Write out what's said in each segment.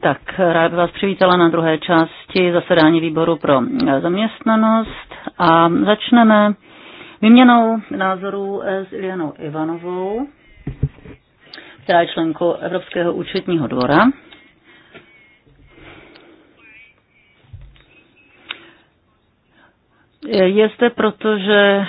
Tak, rád bych vás přivítala na druhé části zasedání výboru pro zaměstnanost a začneme výměnou názorů eh, s Ilianou Ivanovou, která je členkou Evropského účetního dvora. Je zde proto, že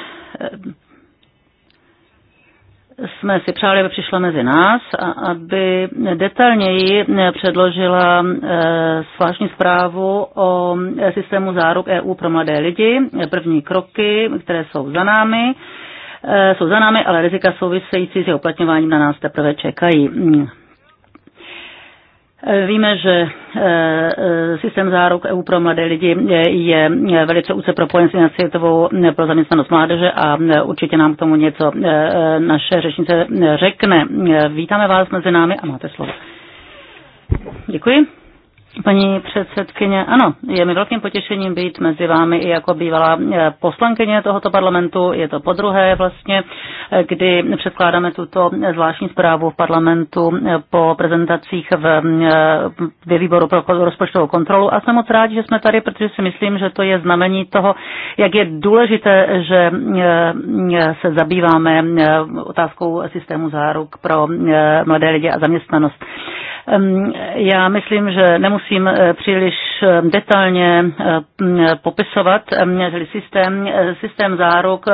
jsme si přáli, aby přišla mezi nás a aby detailněji předložila eh, zvláštní zprávu o eh, systému záruk EU pro mladé lidi, první kroky, které jsou za námi, eh, jsou za námi, ale rizika související s jeho uplatňováním na nás teprve čekají. Eh, víme, že eh, eh, systém záruk EU pro mladé lidi je velice úce propojen s iniciativou pro zaměstnanost mládeže a určitě nám k tomu něco naše řečnice řekne. Vítáme vás mezi námi a máte slovo. Děkuji. Paní předsedkyně, ano, je mi velkým potěšením být mezi vámi i jako bývalá e, poslankyně tohoto parlamentu. Je to podruhé vlastně, e, kdy předkládáme tuto zvláštní zprávu v parlamentu e, po prezentacích v, ve výboru pro rozpočtovou kontrolu a jsem moc rád, že jsme tady, protože si myslím, že to je znamení toho, jak je důležité, že se zabýváme otázkou systému záruk pro mladé lidi a zaměstnanost. Já myslím, že nemusím eh, příliš eh, detailně eh, popisovat systém, systém záruk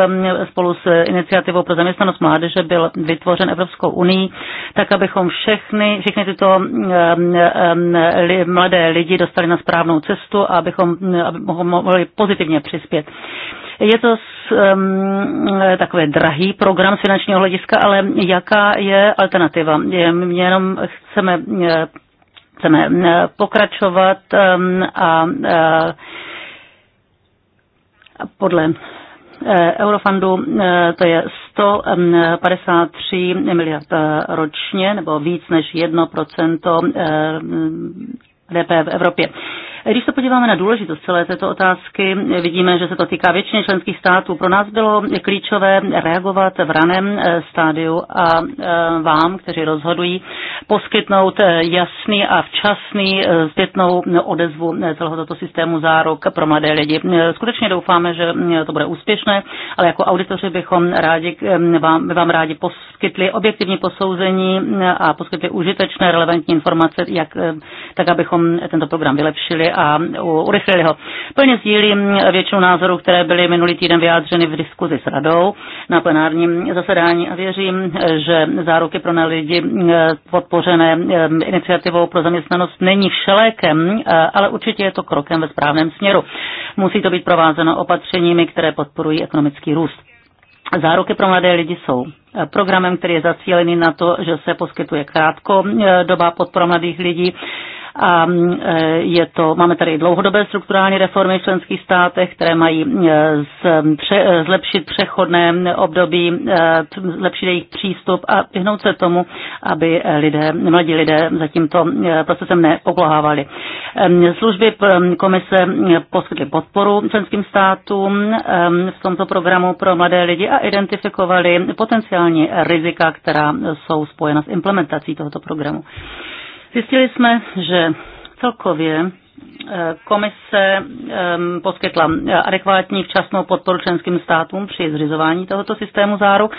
spolu s iniciativou pro zaměstnanost mládeže byl vytvořen Evropskou unii, tak abychom všechny, všechny tyto mladé lidi dostali na správnou cestu a abychom, abychom mohli pozitivně přispět je to s, um, takový drahý program z finančního hlediska, ale jaká je alternativa? Mě jenom chceme, e, chceme e, pokračovat a, e, a podle Eurofundu to je 153 miliard ročně, nebo víc než 1% DP v Evropě. Když se podíváme na důležitost celé této otázky, vidíme, že se to týká většiny členských států. Pro nás bylo klíčové reagovat v raném eh, stádiu a eh, vám, kteří rozhodují, poskytnout eh, jasný a včasný zpětnou odezvu celého toto systému záruk pro mladé lidi. Skutečně doufáme, že mm, to bude úspěšné, ale jako auditoři bychom rádi, mm, vám, vám rádi poskytli objektivní posouzení mm, a poskytli užitečné relevantní informace, jak, tak abychom tento program vylepšili a urychlili ho. Plně sdílím většinu názorů, které byly minulý týden vyjádřeny v diskuzi s radou na plenárním zasedání a věřím, že záruky pro lidi e, podpořené e, iniciativou pro zaměstnanost není všelékem, e, ale určitě je to krokem ve správném směru. Musí to být provázeno opatřeními, které podporují ekonomický růst. Záruky pro mladé lidi jsou programem, který je zacílený na to, že se poskytuje krátko eh, doba podpora mladých lidí a eh, je to, máme tady dlouhodobé strukturální reformy v členských státech, které mají eh, zlepšit přechodné období, zlepšit jejich přístup a vyhnout se tomu, aby lidé, mladí lidé za tímto procesem nepoplohávali. Ehm, služby ehm, komise poskytly podporu členským státům ehm, v tomto programu pro mladé lidi a identifikovali potenciální potenciální rizika, která jsou spojena s implementací tohoto programu. Zjistili jsme, že celkově komise poskytla adekvátní včasnou podporu členským státům při zřizování tohoto systému záruk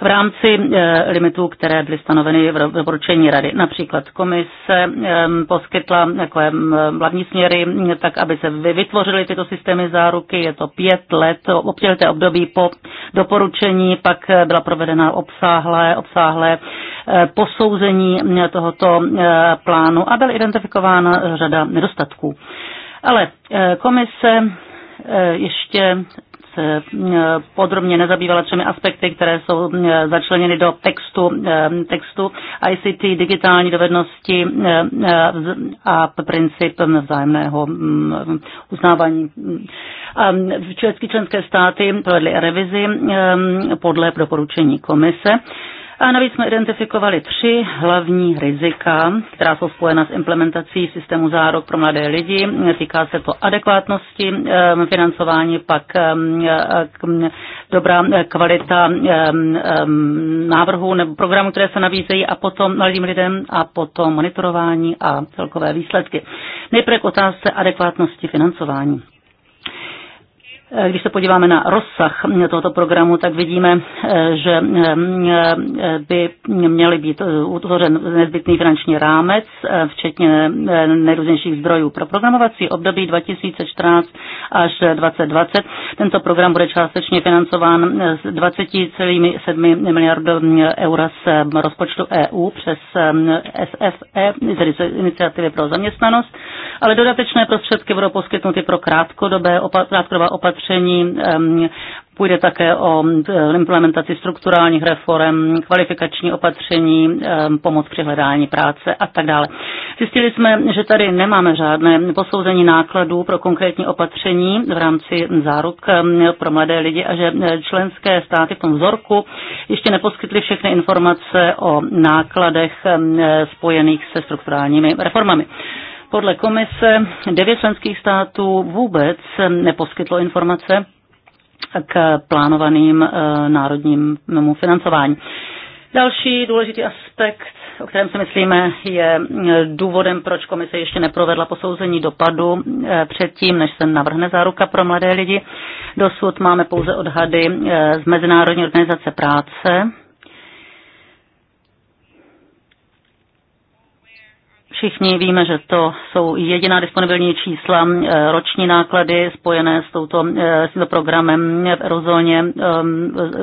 v rámci eh, limitů, které byly stanoveny v doporučení rady. Například komise poskytla takové hlavní směry, tak aby se vytvořily tyto systémy záruky. Je to pět let, obtělité období po doporučení, pak eh, byla provedena obsáhlé, obsáhlé eh, posouzení tohoto plánu a byla identifikována řada nedostatků. Ale eh, komise eh, ještě eh, podrobně nezabývala třemi aspekty, které jsou začleněny do textu, textu ICT, digitální dovednosti a princip vzájemného mm, uznávání. České členské státy provedly revizi podle doporučení komise. A navíc jsme identifikovali tři hlavní rizika, která jsou spojena s implementací systému zárok pro mladé lidi. Týká se to adekvátnosti ehm, financování, pak ehm, ehm, dobrá kvalita návrhů nebo programů, které se nabízejí a potom mladým lidem a potom monitorování a celkové výsledky. Nejprve k otázce adekvátnosti financování. Eh, když se podíváme na rozsah mm, tohoto programu, tak vidíme, eh, že mm, eh, by měly být utvořen nezbytný finanční rámec, včetně nejrůznějších zdrojů. Pro programovací období 2014 až 2020. Tento program bude částečně financován s 20,7 miliard eur z rozpočtu EU přes ehm, SFE, tedy z iniciativy pro zaměstnanost, ale dodatečné prostředky budou poskytnuty pro krátkodobé, opatření, krátkodobá opatření ehm, Půjde také o e, implementaci strukturálních reform, kvalifikační opatření, e, pomoc při hledání práce a tak dále. Zjistili jsme, že tady nemáme žádné posouzení nákladů pro konkrétní opatření v rámci záruk e, pro mladé lidi a že členské státy v tom vzorku ještě neposkytly všechny informace o nákladech spojených se strukturálními reformami. Podle komise devět členských států vůbec neposkytlo informace k plánovaným eh, národnímu financování. Další důležitý aspekt, o kterém si myslíme, je mm, důvodem, proč komise ještě neprovedla posouzení dopadu eh, předtím, než se navrhne záruka pro mladé lidi. Dosud máme pouze odhady eh, z Mezinárodní organizace práce, Všichni víme, že to jsou jediná disponibilní čísla eh, roční náklady spojené s, touto, eh, s tímto programem v eurozóně.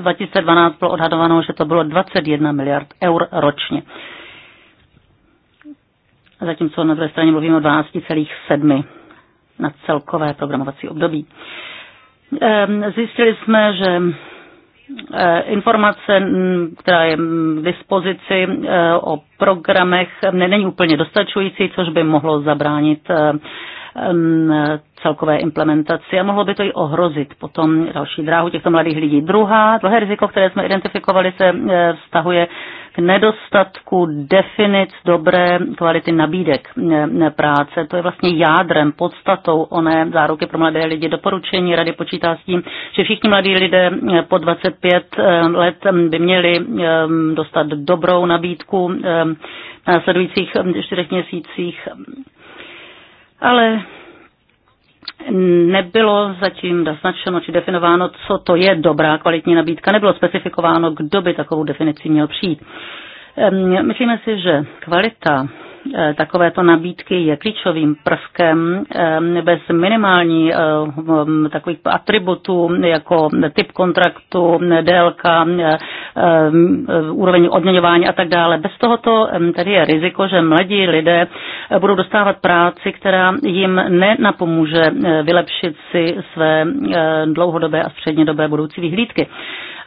2012 eh, bylo odhadováno, že to bylo 21 miliard eur ročně. Zatímco na druhé straně mluvíme o 12,7 na celkové programovací období. Zjistili jsme, že Eh, informace, která je k dispozici eh, o programech, není úplně dostačující, což by mohlo zabránit eh, celkové implementaci a mohlo by to i ohrozit potom další dráhu těchto mladých lidí. Druhá, druhé riziko, které jsme identifikovali, se vztahuje k nedostatku definic dobré kvality nabídek práce. To je vlastně jádrem, podstatou oné záruky pro mladé lidi. Doporučení rady počítá s tím, že všichni mladí lidé eh, po 25 eh, let mm, by měli ehm, dostat dobrou nabídku ehm, na sledujících mm, čtyřech měsících. Ale nebylo zatím naznačeno či definováno, co to je dobrá kvalitní nabídka, nebylo specifikováno, kdo by takovou definici měl přijít. Myslíme si, že kvalita Eh, takovéto nabídky je klíčovým prvkem. Eh, bez minimální eh, hm, takových atributů jako typ kontraktu, délka, úroveň odměňování a tak dále. Bez tohoto hm, tady je riziko, že mladí lidé budou dostávat práci, která jim nenapomůže vylepšit si své dlouhodobé a střednědobé budoucí vyhlídky.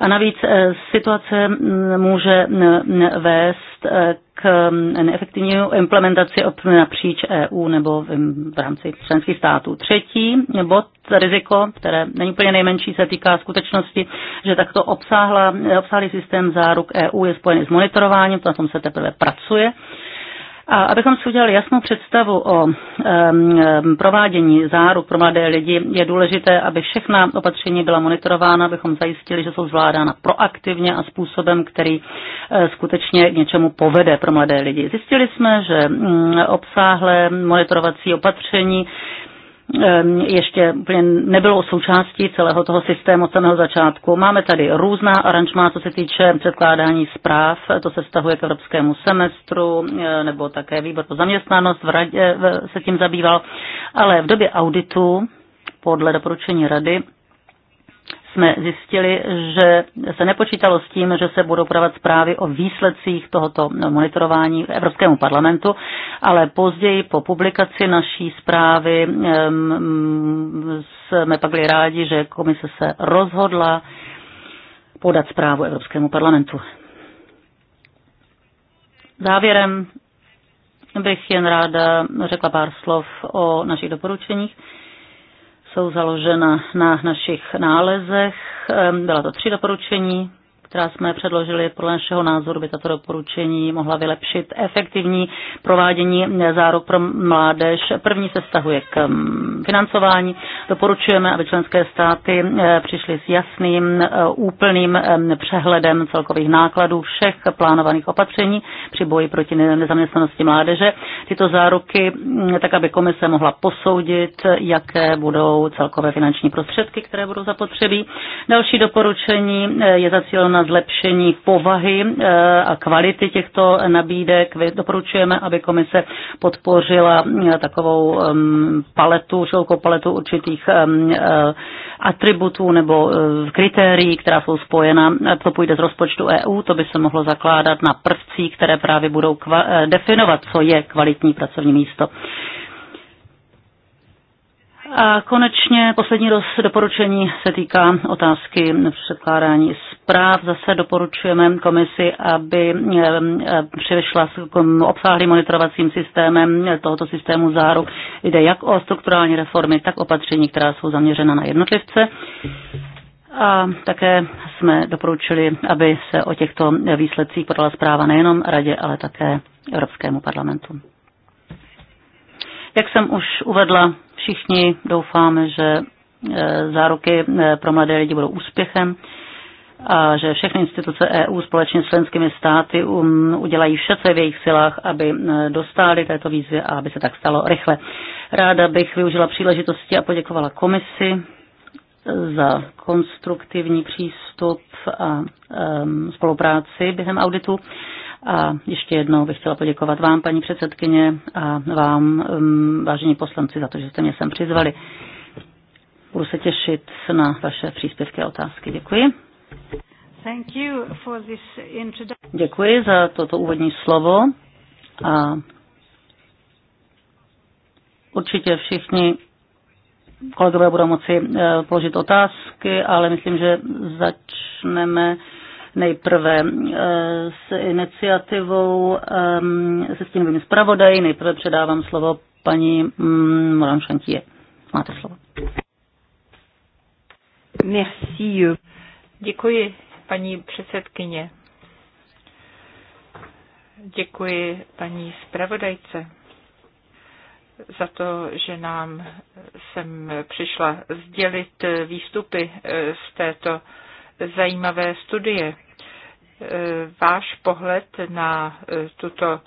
A navíc eh, situace mm, může mm, vést eh, k mm, neefektivní implementaci napříč EU nebo v rámci členských států. Třetí bod, riziko, které není úplně nejmenší, se týká skutečnosti, že takto obsáhla, obsáhlý systém záruk EU je spojený s monitorováním, to na tom se teprve pracuje. A abychom si udělali jasnou představu o um, provádění záruk pro mladé lidi, je důležité, aby všechna opatření byla monitorována, abychom zajistili, že jsou zvládána proaktivně a způsobem, který uh, skutečně k něčemu povede pro mladé lidi. Zjistili jsme, že um, obsáhlé monitorovací opatření uh, Ehm, ještě úplně nebylo součástí celého toho systému od samého začátku. Máme tady různá aranžmá, co se týče předkládání zpráv, to se vztahuje k evropskému semestru, eh, nebo také výbor pro zaměstnanost v radě eh, se tím zabýval, ale v době auditu podle doporučení rady jsme zjistili, že se nepočítalo s tím, že se budou podávat zprávy o výsledcích tohoto monitorování Evropskému parlamentu, ale později po publikaci naší zprávy jsme pak byli rádi, že komise se rozhodla podat zprávu Evropskému parlamentu. Závěrem bych jen ráda řekla pár slov o našich doporučeních jsou založena na našich nálezech. Byla to tři doporučení která jsme předložili, podle našeho názoru by tato doporučení mohla vylepšit efektivní provádění záruk pro mládež. První se vztahuje k mm, financování. Doporučujeme, aby členské státy eh, přišly s jasným, eh, úplným eh, přehledem celkových nákladů všech plánovaných opatření při boji proti nezaměstnanosti mládeže. Tyto záruky, mm, tak aby komise mohla posoudit, jaké budou celkové finanční prostředky, které budou zapotřebí. Další doporučení je zacíleno na zlepšení povahy eh, a kvality těchto nabídek. Doporučujeme, aby komise podpořila eh, takovou paletu, šelkou paletu určitých eh, atributů nebo kritérií, která jsou spojena, co půjde z rozpočtu EU, to by se mohlo zakládat na prvcích, které právě budou definovat, co je kvalitní pracovní místo. A konečně poslední roz, doporučení se týká otázky předkládání zpráv. Zase doporučujeme komisi, aby přivešla s obsáhlým monitorovacím systémem tohoto systému záru. Jde jak o strukturální reformy, tak opatření, která jsou zaměřena na jednotlivce. A také jsme doporučili, aby se o těchto výsledcích podala zpráva nejenom radě, ale také Evropskému parlamentu. Jak jsem už uvedla, všichni doufáme, že e, záruky e, pro mladé lidi budou úspěchem a že všechny instituce EU společně s členskými státy um, udělají vše, co je v jejich silách, aby e, dostály této výzvy a aby se tak stalo rychle. Ráda bych využila příležitosti a poděkovala komisi za konstruktivní přístup a spolupráci během auditu. A ještě jednou bych chtěla poděkovat vám, paní předsedkyně, a vám, mm, vážení poslanci, za to, že jste mě sem přizvali. Budu se těšit na vaše příspěvky a otázky. Děkuji. Thank you for this Děkuji za toto úvodní slovo. A určitě všichni kolegové budou moci eh, položit otázky, ale myslím, že začneme nejprve eh, s iniciativou ehm, se stínovými zpravodaji. Nejprve předávám slovo paní mm, Moran Šantíje. Máte slovo. Merci. Děkuji, paní předsedkyně. Děkuji paní zpravodajce za to, že nám sem přišla sdělit eh, výstupy eh, z této zajímavé studie. Eh, váš pohled na eh, tuto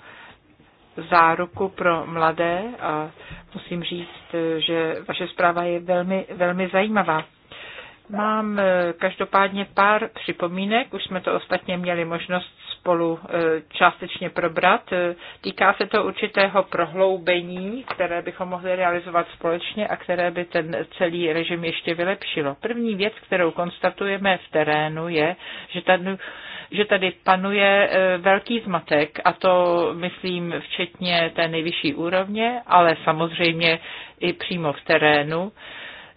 záruku pro mladé a musím říct, eh, že vaše zpráva je velmi, velmi zajímavá. Mám každopádně pár připomínek, už jsme to ostatně měli možnost spolu e, částečně probrat. E, týká se to určitého prohloubení, které bychom mohli realizovat společně a které by ten celý režim ještě vylepšilo. První věc, kterou konstatujeme v terénu, je, že tady, že tady panuje e, velký zmatek, a to myslím včetně té nejvyšší úrovně, ale samozřejmě i přímo v terénu,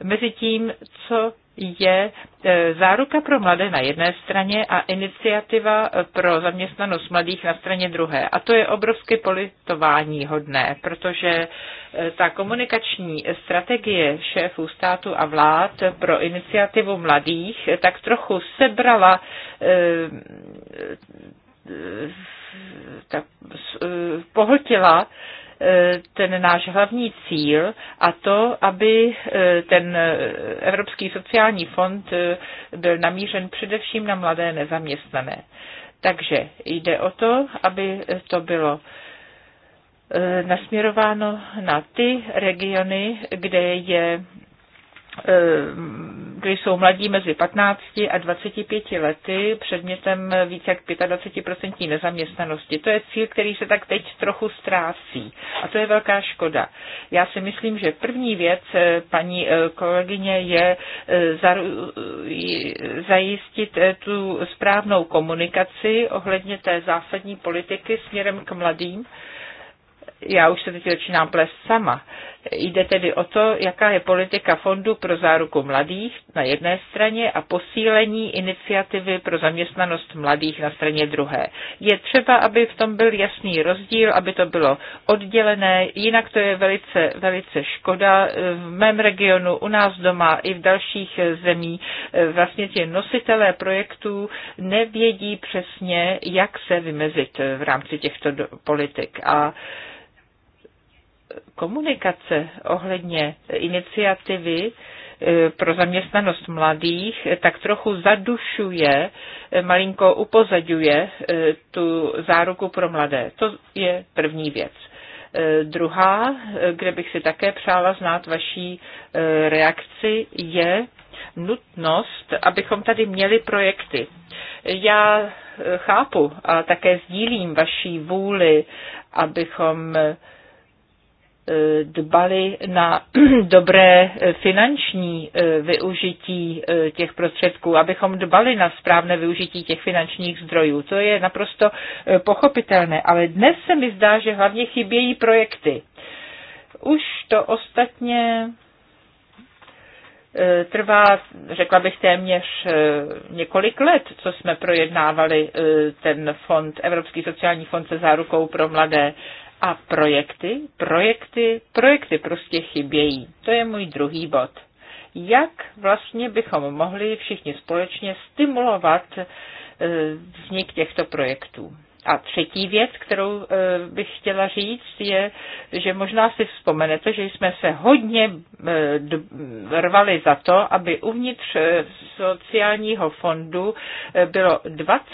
mezi tím, co je e, záruka pro mladé na jedné straně a iniciativa e, pro zaměstnanost mladých na straně druhé. A to je obrovsky politování hodné, protože e, ta komunikační strategie šéfů státu a vlád pro iniciativu mladých tak trochu sebrala pohltila ten náš hlavní cíl a to, aby eh, ten eh, Evropský sociální fond eh, byl namířen především na mladé nezaměstnané. Takže jde o to, aby to bylo nasměrováno na ty regiony, kde je Eh, kdy jsou mladí mezi 15 a 25 lety předmětem více jak 25% nezaměstnanosti. To je cíl, který se tak teď trochu ztrácí. A to je velká škoda. Já si myslím, že první věc, eh, paní eh, kolegyně, je zajistit tu správnou komunikaci ohledně té zásadní politiky směrem k mladým já už se teď začínám plést sama. Jde tedy o to, jaká je politika Fondu pro záruku mladých na jedné straně a posílení iniciativy pro zaměstnanost mladých na straně druhé. Je třeba, aby v tom byl jasný rozdíl, aby to bylo oddělené, jinak to je velice, velice škoda. V mém regionu, u nás doma i v dalších zemí vlastně ti nositelé projektů nevědí přesně, jak se vymezit v rámci těchto politik. A komunikace ohledně iniciativy eh, pro zaměstnanost mladých eh, tak trochu zadušuje, eh, malinko upozaďuje tu záruku pro mladé. To je první věc. Druhá, kde bych si také přála znát vaší reakci, je nutnost, abychom tady měli projekty. Já chápu a také sdílím vaší vůli, abychom Eh, dbali na dobré eh, finanční eh, využití těch prostředků, abychom dbali na správné využití těch finančních zdrojů. To je naprosto pochopitelné, ale dnes se mi zdá, že hlavně chybějí projekty. Už to ostatně trvá, řekla bych, téměř několik let, co jsme projednávali ten fond, Evropský sociální fond se zárukou pro mladé. A projekty, projekty, projekty prostě chybějí. To je můj druhý bod. Jak vlastně bychom mohli všichni společně stimulovat eh, vznik těchto projektů? A třetí věc, kterou eh, bych chtěla říct, je, že možná si vzpomenete, že jsme se hodně eh, rvali za to, aby uvnitř sociálního fondu bylo 20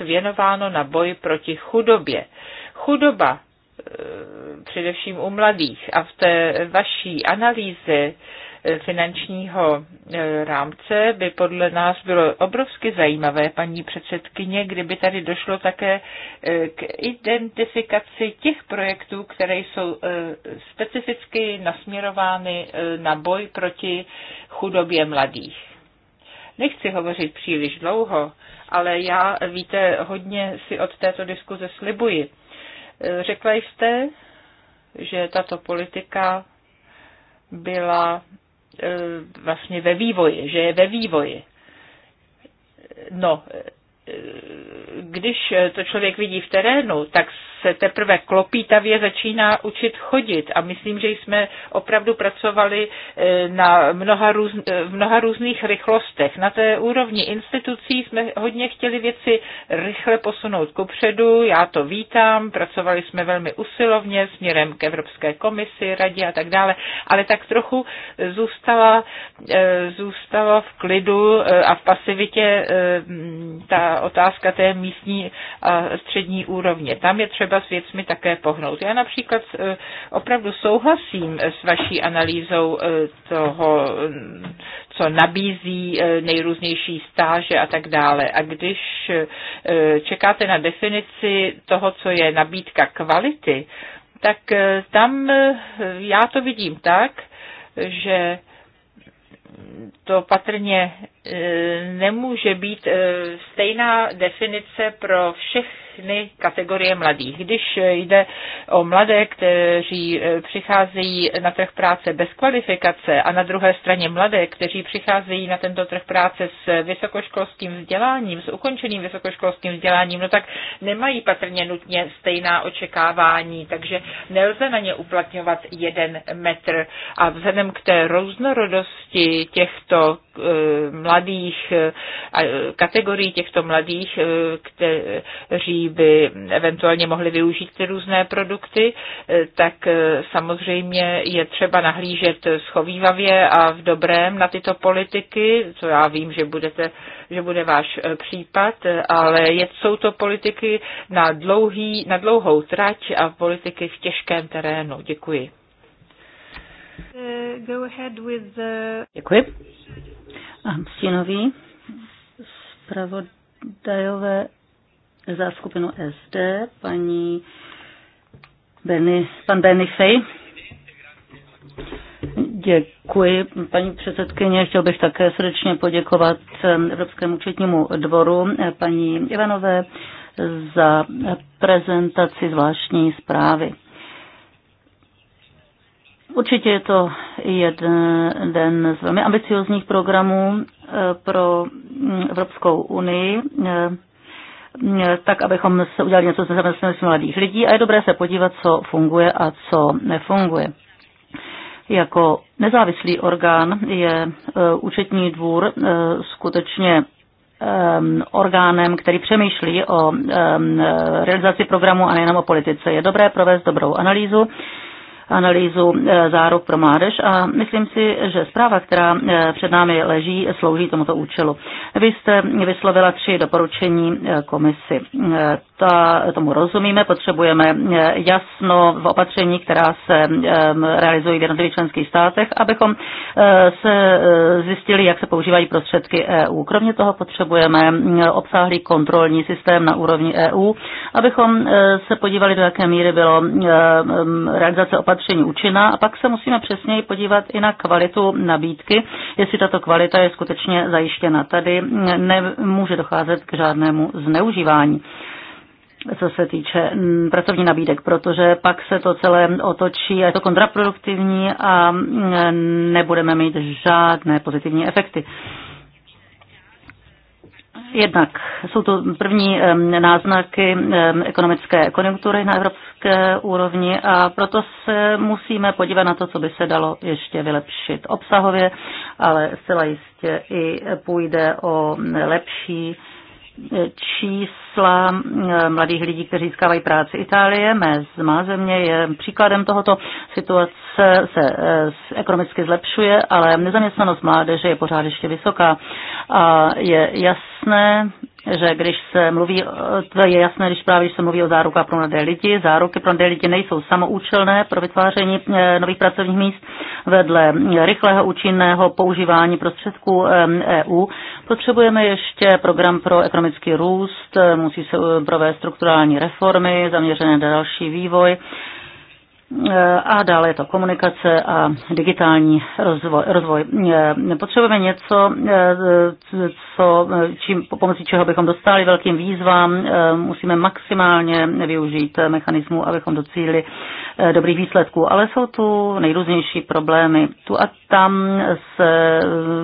věnováno na boj proti chudobě. Chudoba především u mladých. A v té vaší analýze eh, finančního eh, rámce by podle nás bylo obrovsky zajímavé, paní předsedkyně, kdyby tady došlo také eh, k identifikaci těch projektů, které jsou specificky nasměrovány na boj proti chudobě mladých. Nechci hovořit příliš dlouho, ale já, víte, hodně si od této diskuze slibuji. Eh, řekla jste, že tato politika byla eh, vlastně ve vývoji, že je ve vývoji. No, Eh, když to člověk vidí v terénu, tak se teprve klopítavě začíná učit chodit. A myslím, že jsme opravdu pracovali eh, na mnoha růz, eh, v mnoha různých rychlostech. Na té úrovni institucí jsme hodně chtěli věci rychle posunout kupředu. Já to vítám. Pracovali jsme velmi usilovně směrem k Evropské komisi, radě a tak dále. Ale tak trochu zůstala, zůstala v klidu a v pasivitě ta otázka té místní a střední úrovně. Tam je třeba s věcmi také pohnout. Já například eh, opravdu souhlasím s vaší analýzou eh, toho, co nabízí eh, nejrůznější stáže a tak dále. A když čekáte na definici toho, co je nabídka kvality, tak tam já to vidím tak, že to patrně Eh, nemůže být eh, stejná definice pro všechny kategorie mladých. Když jde o mladé, kteří eh, přicházejí na trh práce bez kvalifikace a na druhé straně mladé, kteří přicházejí na tento trh práce s vysokoškolským vzděláním, s ukončeným vysokoškolským vzděláním, no tak nemají patrně nutně stejná očekávání, takže nelze na ně uplatňovat jeden metr. A vzhledem k té různorodosti těchto Eh, mladých eh, eh, kategorií těchto mladých, kteří by eventuálně mohli využít ty různé produkty, tak samozřejmě je třeba nahlížet schovývavě a v dobrém na tyto politiky, co já vím, že, budete, že bude váš případ, ale je, jsou to politiky na, dlouhý, na dlouhou trať a politiky v těžkém terénu. Děkuji. Děkuji a stínový zpravodajové za skupinu SD, paní Benny, pan Benny Fej. Děkuji, paní předsedkyně. Chtěl bych také srdečně poděkovat eh, Evropskému účetnímu dvoru eh, paní Ivanové za prezentaci zvláštní zprávy. Určitě je to jeden z velmi ambiciozních programů eh, pro mm, Evropskou unii eh, tak, abychom se udělali něco z nezaměstnanosti mladých lidí a je dobré se podívat, co funguje a co nefunguje. Jako nezávislý orgán je eh, účetní dvůr skutečně ehm, orgánem, který přemýšlí o ehm, realizaci programu a nejenom o politice. Je dobré provést dobrou analýzu analýzu eh, zárok pro mládež a myslím si, že zpráva, která eh, před námi leží, slouží tomuto účelu. Vy jste vyslovila tři doporučení eh, komisi ta, tomu rozumíme, potřebujeme eh, jasno v opatření, která se realizují v jednotlivých členských státech, abychom eh, se eh, zjistili, jak se používají prostředky EU. Kromě toho potřebujeme obsáhlý kontrolní systém na úrovni EU, abychom se podívali, do jaké míry bylo realizace opatření účinná a pak se musíme přesněji podívat i na kvalitu nabídky, jestli tato kvalita je skutečně zajištěna. Tady mm, nemůže docházet k žádnému zneužívání co se týče mm, pracovní nabídek, protože pak se to celé otočí a je to kontraproduktivní a mm, nebudeme mít žádné pozitivní efekty. Jednak jsou to první náznaky ekonomické konjunktury na evropské úrovni a proto se musíme podívat na to, co by se dalo ještě vylepšit obsahově, ale zcela jistě i půjde o lepší čísla eh, mladých lidí, kteří získávají práci Itálie, mé z má země, je příkladem tohoto. Situace se eh, ekonomicky zlepšuje, ale nezaměstnanost mládeže je pořád ještě vysoká. A je jasné, že když se mluví, to je jasné, když právě když se mluví o zárukách pro mladé lidi, záruky pro mladé lidi nejsou samoučelné pro vytváření eh, nových pracovních míst. Vedle rychlého účinného používání prostředků EU eh, e potřebujeme ještě program pro ekonomický růst, eh, musí se provést strukturální reformy zaměřené na další vývoj Eh, a dále je to komunikace a digitální rozvoj. rozvoj. Eh, potřebujeme něco, eh, co, čím, pomocí čeho bychom dostali velkým výzvám. Musíme maximálně využít mechanismu, abychom docílili dobrých výsledků. Ale jsou tu nejrůznější problémy. Tu a tam se,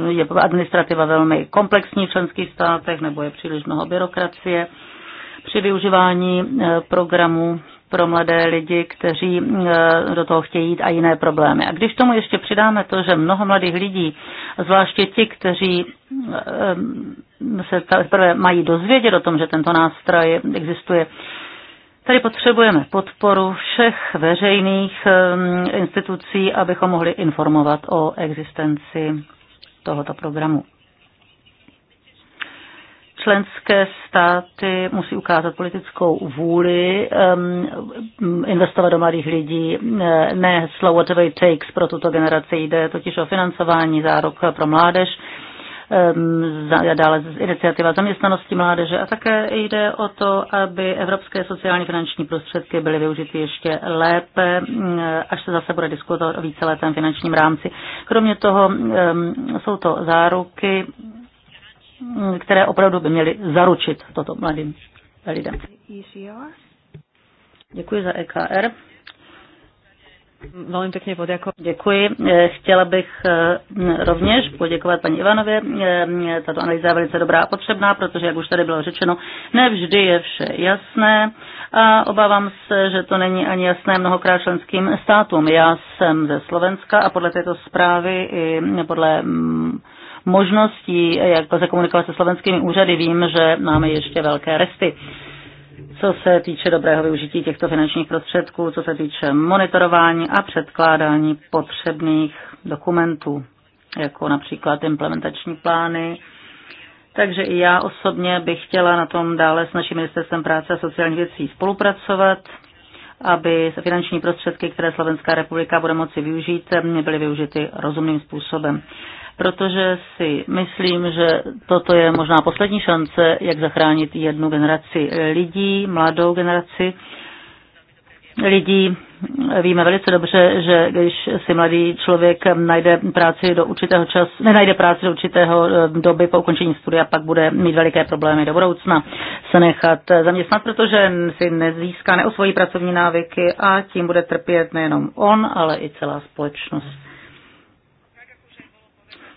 je administrativa velmi komplexní v členských státech nebo je příliš mnoho byrokracie při využívání programů pro mladé lidi, kteří eh, do toho chtějí jít a jiné problémy. A když tomu ještě přidáme to, že mnoho mladých lidí, zvláště ti, kteří eh, se prvé mají dozvědět o tom, že tento nástroj existuje, Tady potřebujeme podporu všech veřejných eh, institucí, abychom mohli informovat o existenci tohoto programu. Členské státy musí ukázat politickou vůli um, investovat do mladých lidí. Eh, ne slow whatever it takes pro tuto generaci. Jde totiž o financování zárok pro mládež um, dále iniciativa zaměstnanosti mládeže a také jde o to, aby evropské sociální finanční prostředky byly využity ještě lépe, eh, až se zase bude diskutovat o víceletém finančním rámci. Kromě toho eh, jsou to záruky, Mm, které opravdu by měly zaručit toto mladým lidem. Děkuji za EKR. Velmi pěkně poděkuji. Děkuji. Eh, chtěla bych eh, mm, rovněž poděkovat paní Ivanově. Eh, mm, tato analýza je velice dobrá a potřebná, protože, jak už tady bylo řečeno, nevždy je vše jasné a obávám se, že to není ani jasné mnohokrát členským státům. Já jsem ze Slovenska a podle této zprávy i podle možností, jak se komunikovat se slovenskými úřady, vím, že máme ještě velké resty co se týče dobrého využití těchto finančních prostředků, co se týče monitorování a předkládání potřebných dokumentů, jako například implementační plány. Takže i já osobně bych chtěla na tom dále s naším ministerstvem práce a sociálních věcí spolupracovat, aby se finanční prostředky, které Slovenská republika bude moci využít, byly využity rozumným způsobem protože si myslím, že toto je možná poslední šance, jak zachránit jednu generaci lidí, mladou generaci lidí. Víme velice dobře, že když si mladý člověk najde práci do určitého času, nenajde práci do určitého eh, doby po ukončení studia, pak bude mít veliké problémy do budoucna se nechat zaměstnat, protože si nezíská, neosvojí pracovní návyky a tím bude trpět nejenom on, ale i celá společnost.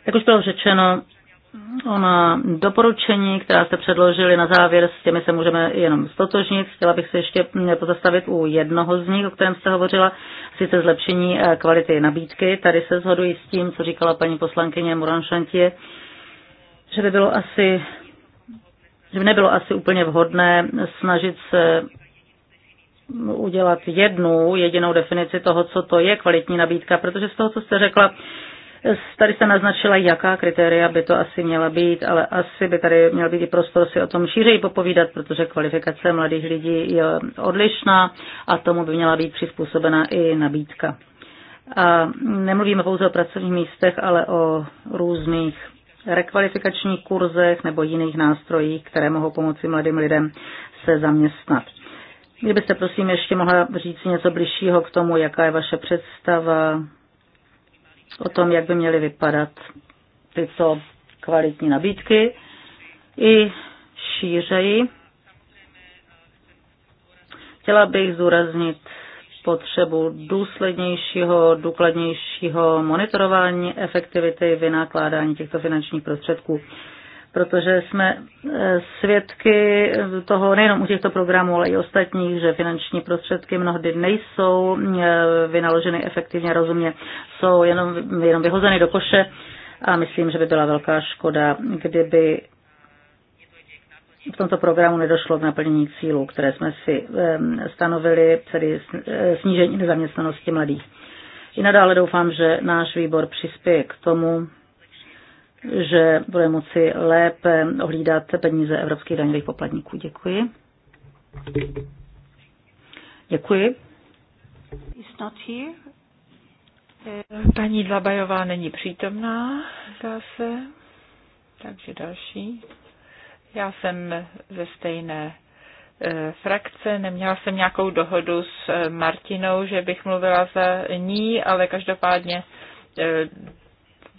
Jak už bylo řečeno, ona doporučení, která jste předložili na závěr, s těmi se můžeme jenom stotožnit. Chtěla bych se ještě eh, pozastavit u jednoho z nich, o kterém jste hovořila, sice zlepšení eh, kvality nabídky. Tady se shoduji s tím, co říkala paní poslankyně Moran Šantě, že by bylo asi že by nebylo asi úplně vhodné snažit se udělat jednu jedinou definici toho, co to je kvalitní nabídka, protože z toho, co jste řekla, Tady se naznačila, jaká kritéria by to asi měla být, ale asi by tady měl být i prostor si o tom šířeji popovídat, protože kvalifikace mladých lidí je odlišná a tomu by měla být přizpůsobena i nabídka. A nemluvíme pouze o pracovních místech, ale o různých rekvalifikačních kurzech nebo jiných nástrojích, které mohou pomoci mladým lidem se zaměstnat. Kdybyste prosím ještě mohla říct něco bližšího k tomu, jaká je vaše představa o tom, jak by měly vypadat tyto kvalitní nabídky i šířeji. Chtěla bych zúraznit potřebu důslednějšího, důkladnějšího monitorování efektivity vynakládání těchto finančních prostředků protože jsme eh, svědky toho nejenom u těchto programů, ale i ostatních, že finanční prostředky mnohdy nejsou eh, vynaloženy efektivně, rozumně, jsou jenom, jenom vyhozeny do koše a myslím, že by byla velká škoda, kdyby v tomto programu nedošlo k naplnění cílů, které jsme si stanovili, tedy eh, snížení nezaměstnanosti mladých. I nadále doufám, že náš výbor přispěje k tomu, že bude moci lépe ohlídat peníze evropských daňových poplatníků. Děkuji. Děkuji. He's not here. Eh, paní Dlabajová není přítomná, zdá se. Takže další. Já jsem ze stejné eh, frakce, neměla jsem nějakou dohodu s eh, Martinou, že bych mluvila za ní, ale každopádně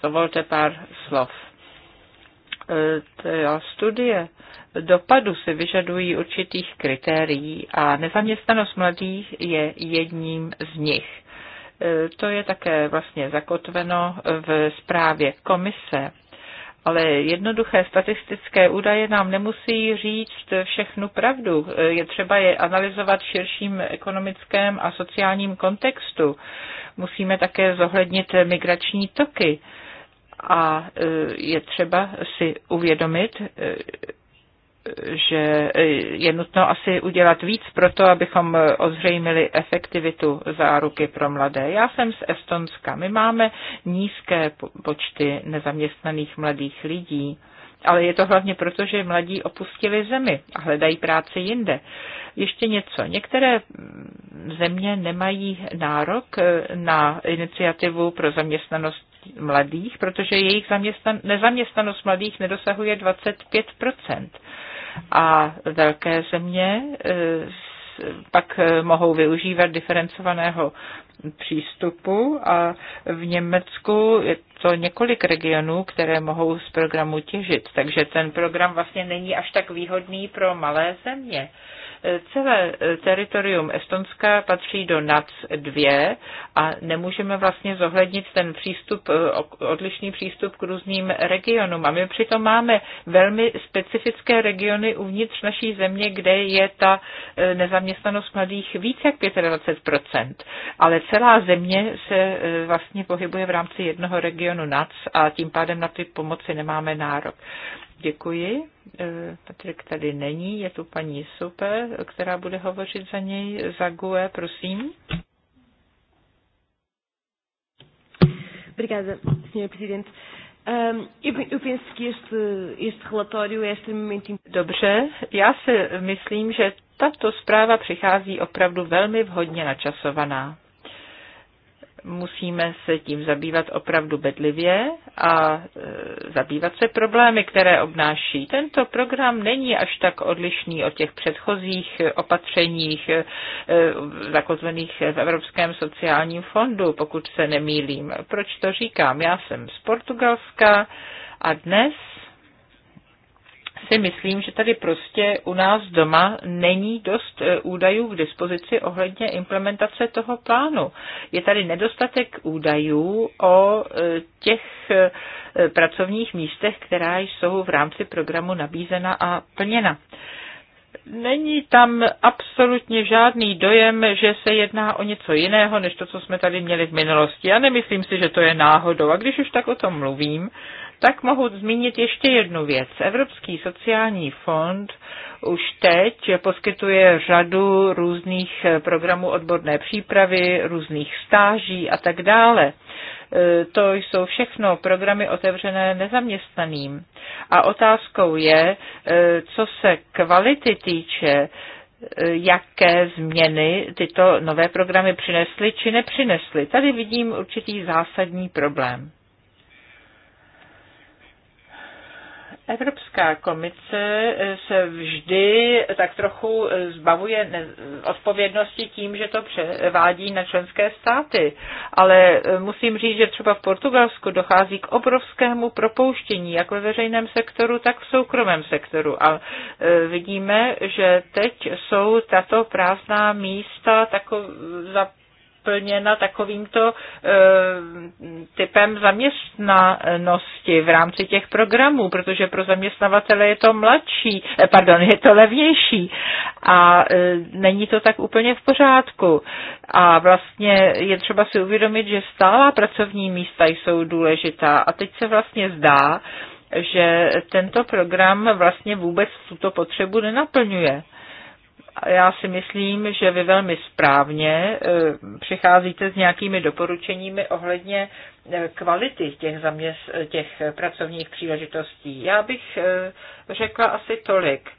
dovolte pár slov. E, Ta studie dopadu se vyžadují určitých kritérií a nezaměstnanost mladých je jedním z nich. E, to je také vlastně zakotveno v zprávě komise ale jednoduché statistické údaje nám nemusí říct všechnu pravdu. E, je třeba je analyzovat v širším ekonomickém a sociálním kontextu. Musíme také zohlednit migrační toky. A e, je třeba si uvědomit, e, že e, je nutno asi udělat víc pro to, abychom ozřejmili efektivitu záruky pro mladé. Já jsem z Estonska. My máme nízké počty nezaměstnaných mladých lidí, ale je to hlavně proto, že mladí opustili zemi a hledají práci jinde. Ještě něco. Některé země nemají nárok na iniciativu pro zaměstnanost mladých, protože jejich zaměstnan- nezaměstnanost mladých nedosahuje 25 A velké země e, pak e, mohou využívat diferencovaného přístupu a v Německu je to několik regionů, které mohou z programu těžit. Takže ten program vlastně není až tak výhodný pro malé země. Celé eh, teritorium Estonska patří do NAC 2 a nemůžeme vlastně zohlednit ten přístup, eh, odlišný přístup k různým regionům. A my přitom máme velmi specifické regiony uvnitř naší země, kde je ta eh, nezaměstnanost mladých více jak 25%. Ale celá země se vlastně pohybuje v rámci jednoho regionu NAC a tím pádem na ty pomoci nemáme nárok. Děkuji. E, Patrik tady není, je tu paní Supe, která bude hovořit za něj. Za GUE, prosím. Obrigada, Sr. Presidente. eu, penso que este, este relatório é extremamente importante. Dobře, já se myslím, že tato zpráva přichází opravdu velmi vhodně načasovaná musíme se tím zabývat opravdu bedlivě a e, zabývat se problémy, které obnáší. Tento program není až tak odlišný od těch předchozích opatřeních e, zakotvených v Evropském sociálním fondu, pokud se nemýlím. Proč to říkám? Já jsem z Portugalska a dnes si myslím, že tady prostě u nás doma není dost eh, údajů k dispozici ohledně implementace toho plánu. Je tady nedostatek údajů o eh, těch eh, pracovních místech, která jsou v rámci programu nabízena a plněna. Není tam absolutně žádný dojem, že se jedná o něco jiného, než to, co jsme tady měli v minulosti. Já nemyslím si, že to je náhodou. A když už tak o tom mluvím, tak mohu zmínit ještě jednu věc. Evropský sociální fond už teď poskytuje řadu různých eh, programů odborné přípravy, různých stáží a tak dále. Eh, to jsou všechno programy otevřené nezaměstnaným. A otázkou je, eh, co se kvality týče, jaké změny tyto nové programy přinesly či nepřinesly. Tady vidím určitý zásadní problém. Evropská komice se vždy tak trochu zbavuje odpovědnosti tím, že to převádí na členské státy. Ale musím říct, že třeba v Portugalsku dochází k obrovskému propouštění, jak ve veřejném sektoru, tak v soukromém sektoru. A e, vidíme, že teď jsou tato prázdná místa tako za plněna takovýmto eh, typem zaměstnanosti v rámci těch programů, protože pro zaměstnavatele je to mladší, eh, pardon, je to levnější a eh, není to tak úplně v pořádku. A vlastně je třeba si uvědomit, že stálá pracovní místa jsou důležitá a teď se vlastně zdá, že tento program vlastně vůbec tuto potřebu nenaplňuje já si myslím, že vy velmi správně e, přicházíte s nějakými doporučeními ohledně e, kvality těch, zaměst, e, těch pracovních příležitostí. Já bych řekla asi tolik.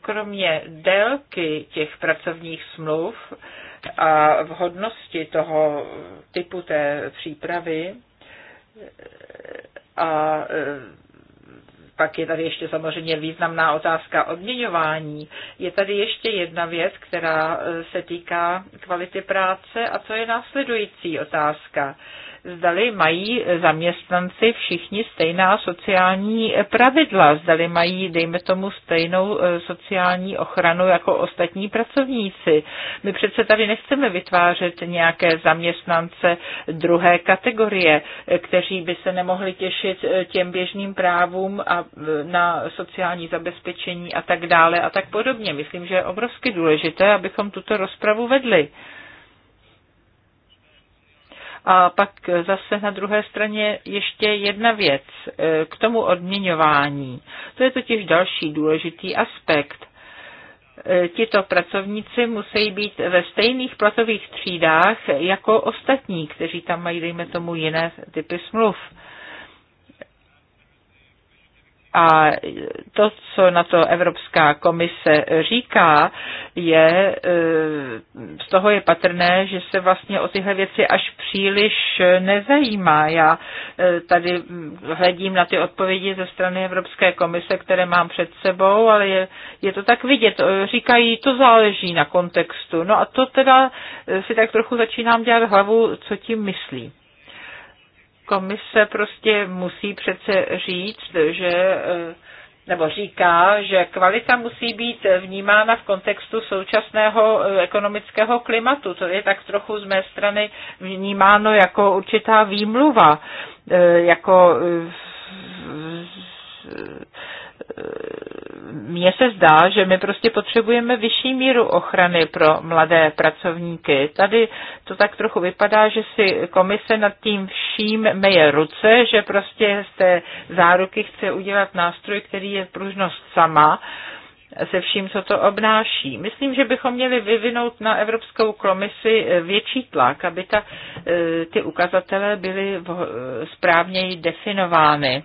Kromě délky těch pracovních smluv a vhodnosti toho typu té přípravy a pak je tady ještě samozřejmě významná otázka odměňování. Je tady ještě jedna věc, která eh, se týká kvality práce a co je následující otázka zdali mají zaměstnanci všichni stejná sociální pravidla, zdali mají, dejme tomu, stejnou eh, sociální ochranu jako ostatní pracovníci. My přece tady nechceme vytvářet nějaké zaměstnance druhé kategorie, eh, kteří by se nemohli těšit eh, těm běžným právům a na sociální zabezpečení a tak dále a tak podobně. Myslím, že je obrovsky důležité, abychom tuto rozpravu vedli. A pak zase na druhé straně ještě jedna věc e, k tomu odměňování. To je totiž další důležitý aspekt e, tito pracovníci musí být ve stejných platových třídách jako ostatní, kteří tam mají, dejme tomu, jiné typy smluv. A to, co na to Evropská komise říká, je, e, z toho je patrné, že se vlastně o tyhle věci až příliš nezajímá. Já e, tady hledím na ty odpovědi ze strany Evropské komise, které mám před sebou, ale je, je to tak vidět. E, říkají, to záleží na kontextu. No a to teda si tak trochu začínám dělat hlavu, co tím myslí komise prostě musí přece říct, že e, nebo říká, že kvalita musí být vnímána v kontextu současného e, ekonomického klimatu. To je tak trochu z mé strany vnímáno jako určitá výmluva, e, jako mně se zdá, že my prostě potřebujeme vyšší míru ochrany pro mladé pracovníky. Tady to tak trochu vypadá, že si komise nad tím vším meje ruce, že prostě z té záruky chce udělat nástroj, který je pružnost sama se vším, co to obnáší. Myslím, že bychom měli vyvinout na Evropskou komisi větší tlak, aby ta, eh, ty ukazatele byly správněji definovány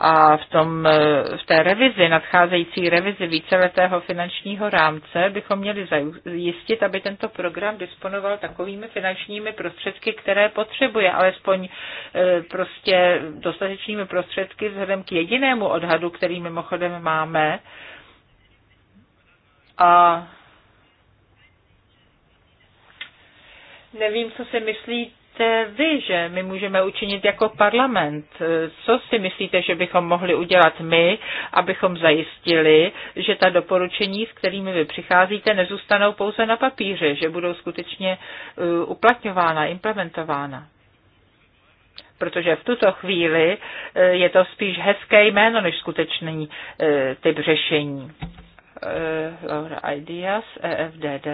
a v, tom, e, v té revizi, nadcházející revizi víceletého finančního rámce bychom měli zajistit, aby tento program disponoval takovými finančními prostředky, které potřebuje, alespoň e, prostě dostatečnými prostředky vzhledem k jedinému odhadu, který mimochodem máme. A nevím, co si myslí myslíte vy, že my můžeme učinit jako parlament? Eh, co si myslíte, že bychom mohli udělat my, abychom zajistili, že ta doporučení, s kterými vy přicházíte, nezůstanou pouze na papíře, že budou skutečně eh, uplatňována, implementována? protože v tuto chvíli eh, je to spíš hezké jméno než skutečný typ řešení. Laura Ideas, EFDD.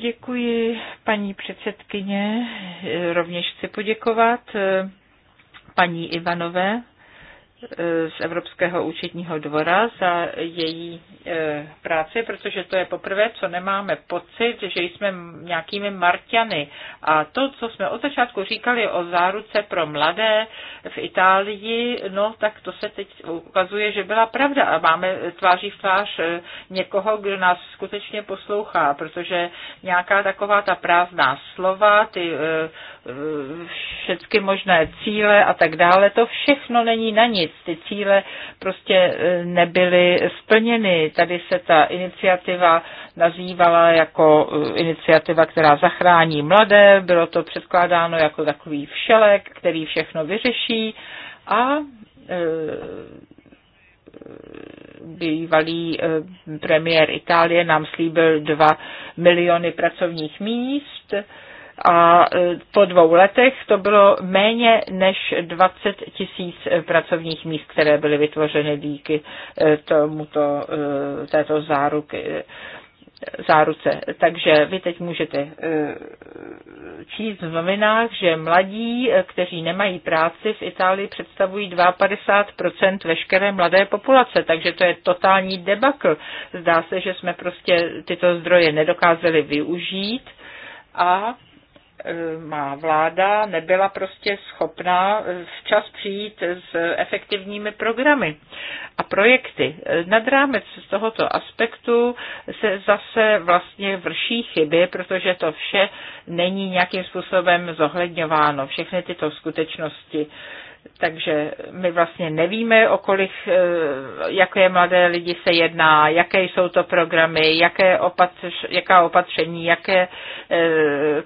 Děkuji, paní předsedkyně. Rovněž chci poděkovat eh, paní Ivanové z Evropského účetního dvora za její e, práci, protože to je poprvé, co nemáme pocit, že jsme nějakými marťany. A to, co jsme od začátku říkali o záruce pro mladé v Itálii, no tak to se teď ukazuje, že byla pravda. A máme tváří v tvář e, někoho, kdo nás skutečně poslouchá, protože nějaká taková ta prázdná slova, ty e, všechny možné cíle a tak dále. To všechno není na nic. Ty cíle prostě e, nebyly splněny. Tady se ta iniciativa nazývala jako e, iniciativa, která zachrání mladé. Bylo to předkládáno jako takový všelek, který všechno vyřeší. A e, bývalý premiér Itálie nám slíbil 2 miliony pracovních míst a e, po dvou letech to bylo méně než 20 tisíc pracovních míst, které byly vytvořeny díky e, tomuto, e, této záruky záruce. Takže vy teď můžete číst v novinách, že mladí, kteří nemají práci v Itálii, představují 52% veškeré mladé populace, takže to je totální debakl. Zdá se, že jsme prostě tyto zdroje nedokázali využít a má vláda nebyla prostě schopná včas přijít s efektivními programy a projekty. Nad rámec z tohoto aspektu se zase vlastně vrší chyby, protože to vše není nějakým způsobem zohledňováno, všechny tyto skutečnosti takže my vlastně nevíme, o kolik, eh, jaké mladé lidi se jedná, jaké jsou to programy, jaké opatř, jaká opatření, jaké eh,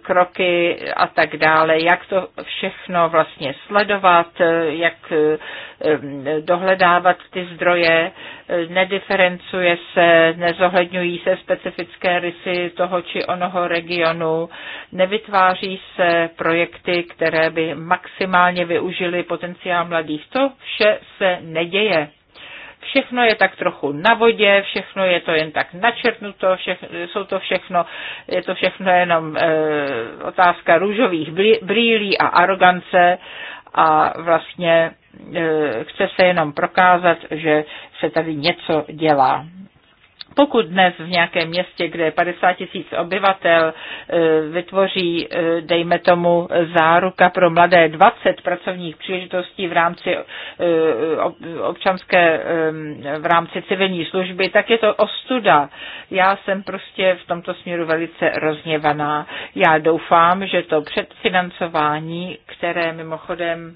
kroky a tak dále, jak to všechno vlastně sledovat, eh, jak dohledávat ty zdroje nediferencuje se, nezohledňují se specifické rysy toho či onoho regionu, nevytváří se projekty, které by maximálně využily potenciál mladých. To vše se neděje všechno je tak trochu na vodě, všechno je to jen tak načrtnuto, všechno, jsou to všechno, je to všechno jenom e, otázka růžových brýlí a arogance a vlastně E, chce se jenom prokázat, že se tady něco dělá. Pokud dnes v nějakém městě, kde je 50 tisíc obyvatel, e, vytvoří, e, dejme tomu, záruka pro mladé 20 pracovních příležitostí v rámci občanské, v rámci civilní služby, tak je to ostuda. Já jsem prostě v tomto směru velice rozněvaná. Já doufám, že to předfinancování, které mimochodem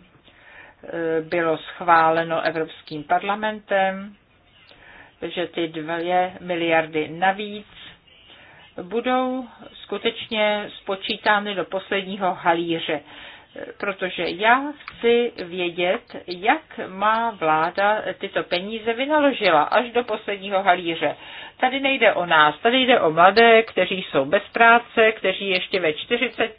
Eh, bylo schváleno Evropským parlamentem, že ty dvě miliardy navíc budou skutečně spočítány do posledního halíře protože já chci vědět, jak má vláda tyto peníze vynaložila až do posledního halíře. Tady nejde o nás, tady jde o mladé, kteří jsou bez práce, kteří ještě ve 40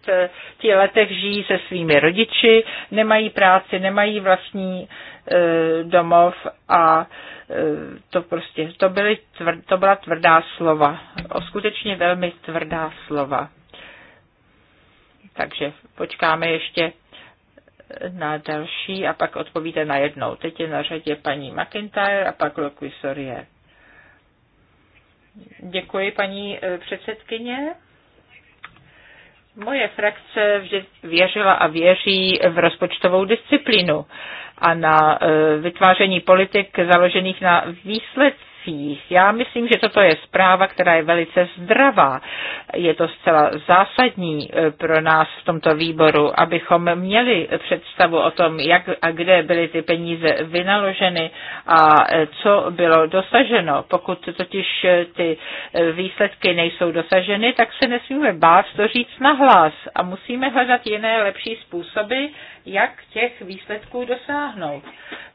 letech žijí se svými rodiči, nemají práci, nemají vlastní e, domov a e, to prostě, to, byly tvr, to byla tvrdá slova, o skutečně velmi tvrdá slova. Takže počkáme ještě na další a pak odpovíte na jednou. Teď je na řadě paní McIntyre a pak Lokuj Sorier. Děkuji, paní eh, předsedkyně. Moje frakce vždy věřila a věří v rozpočtovou disciplínu a na eh, vytváření politik založených na výsledcích nemocích. Já myslím, že toto je zpráva, která je velice zdravá. Je to zcela zásadní eh, pro nás v tomto výboru, abychom měli představu o tom, jak a kde byly ty peníze vynaloženy a eh, co bylo dosaženo. Pokud totiž eh, ty výsledky nejsou dosaženy, tak se nesmíme bát to říct nahlas a musíme hledat jiné lepší způsoby, jak těch výsledků dosáhnout.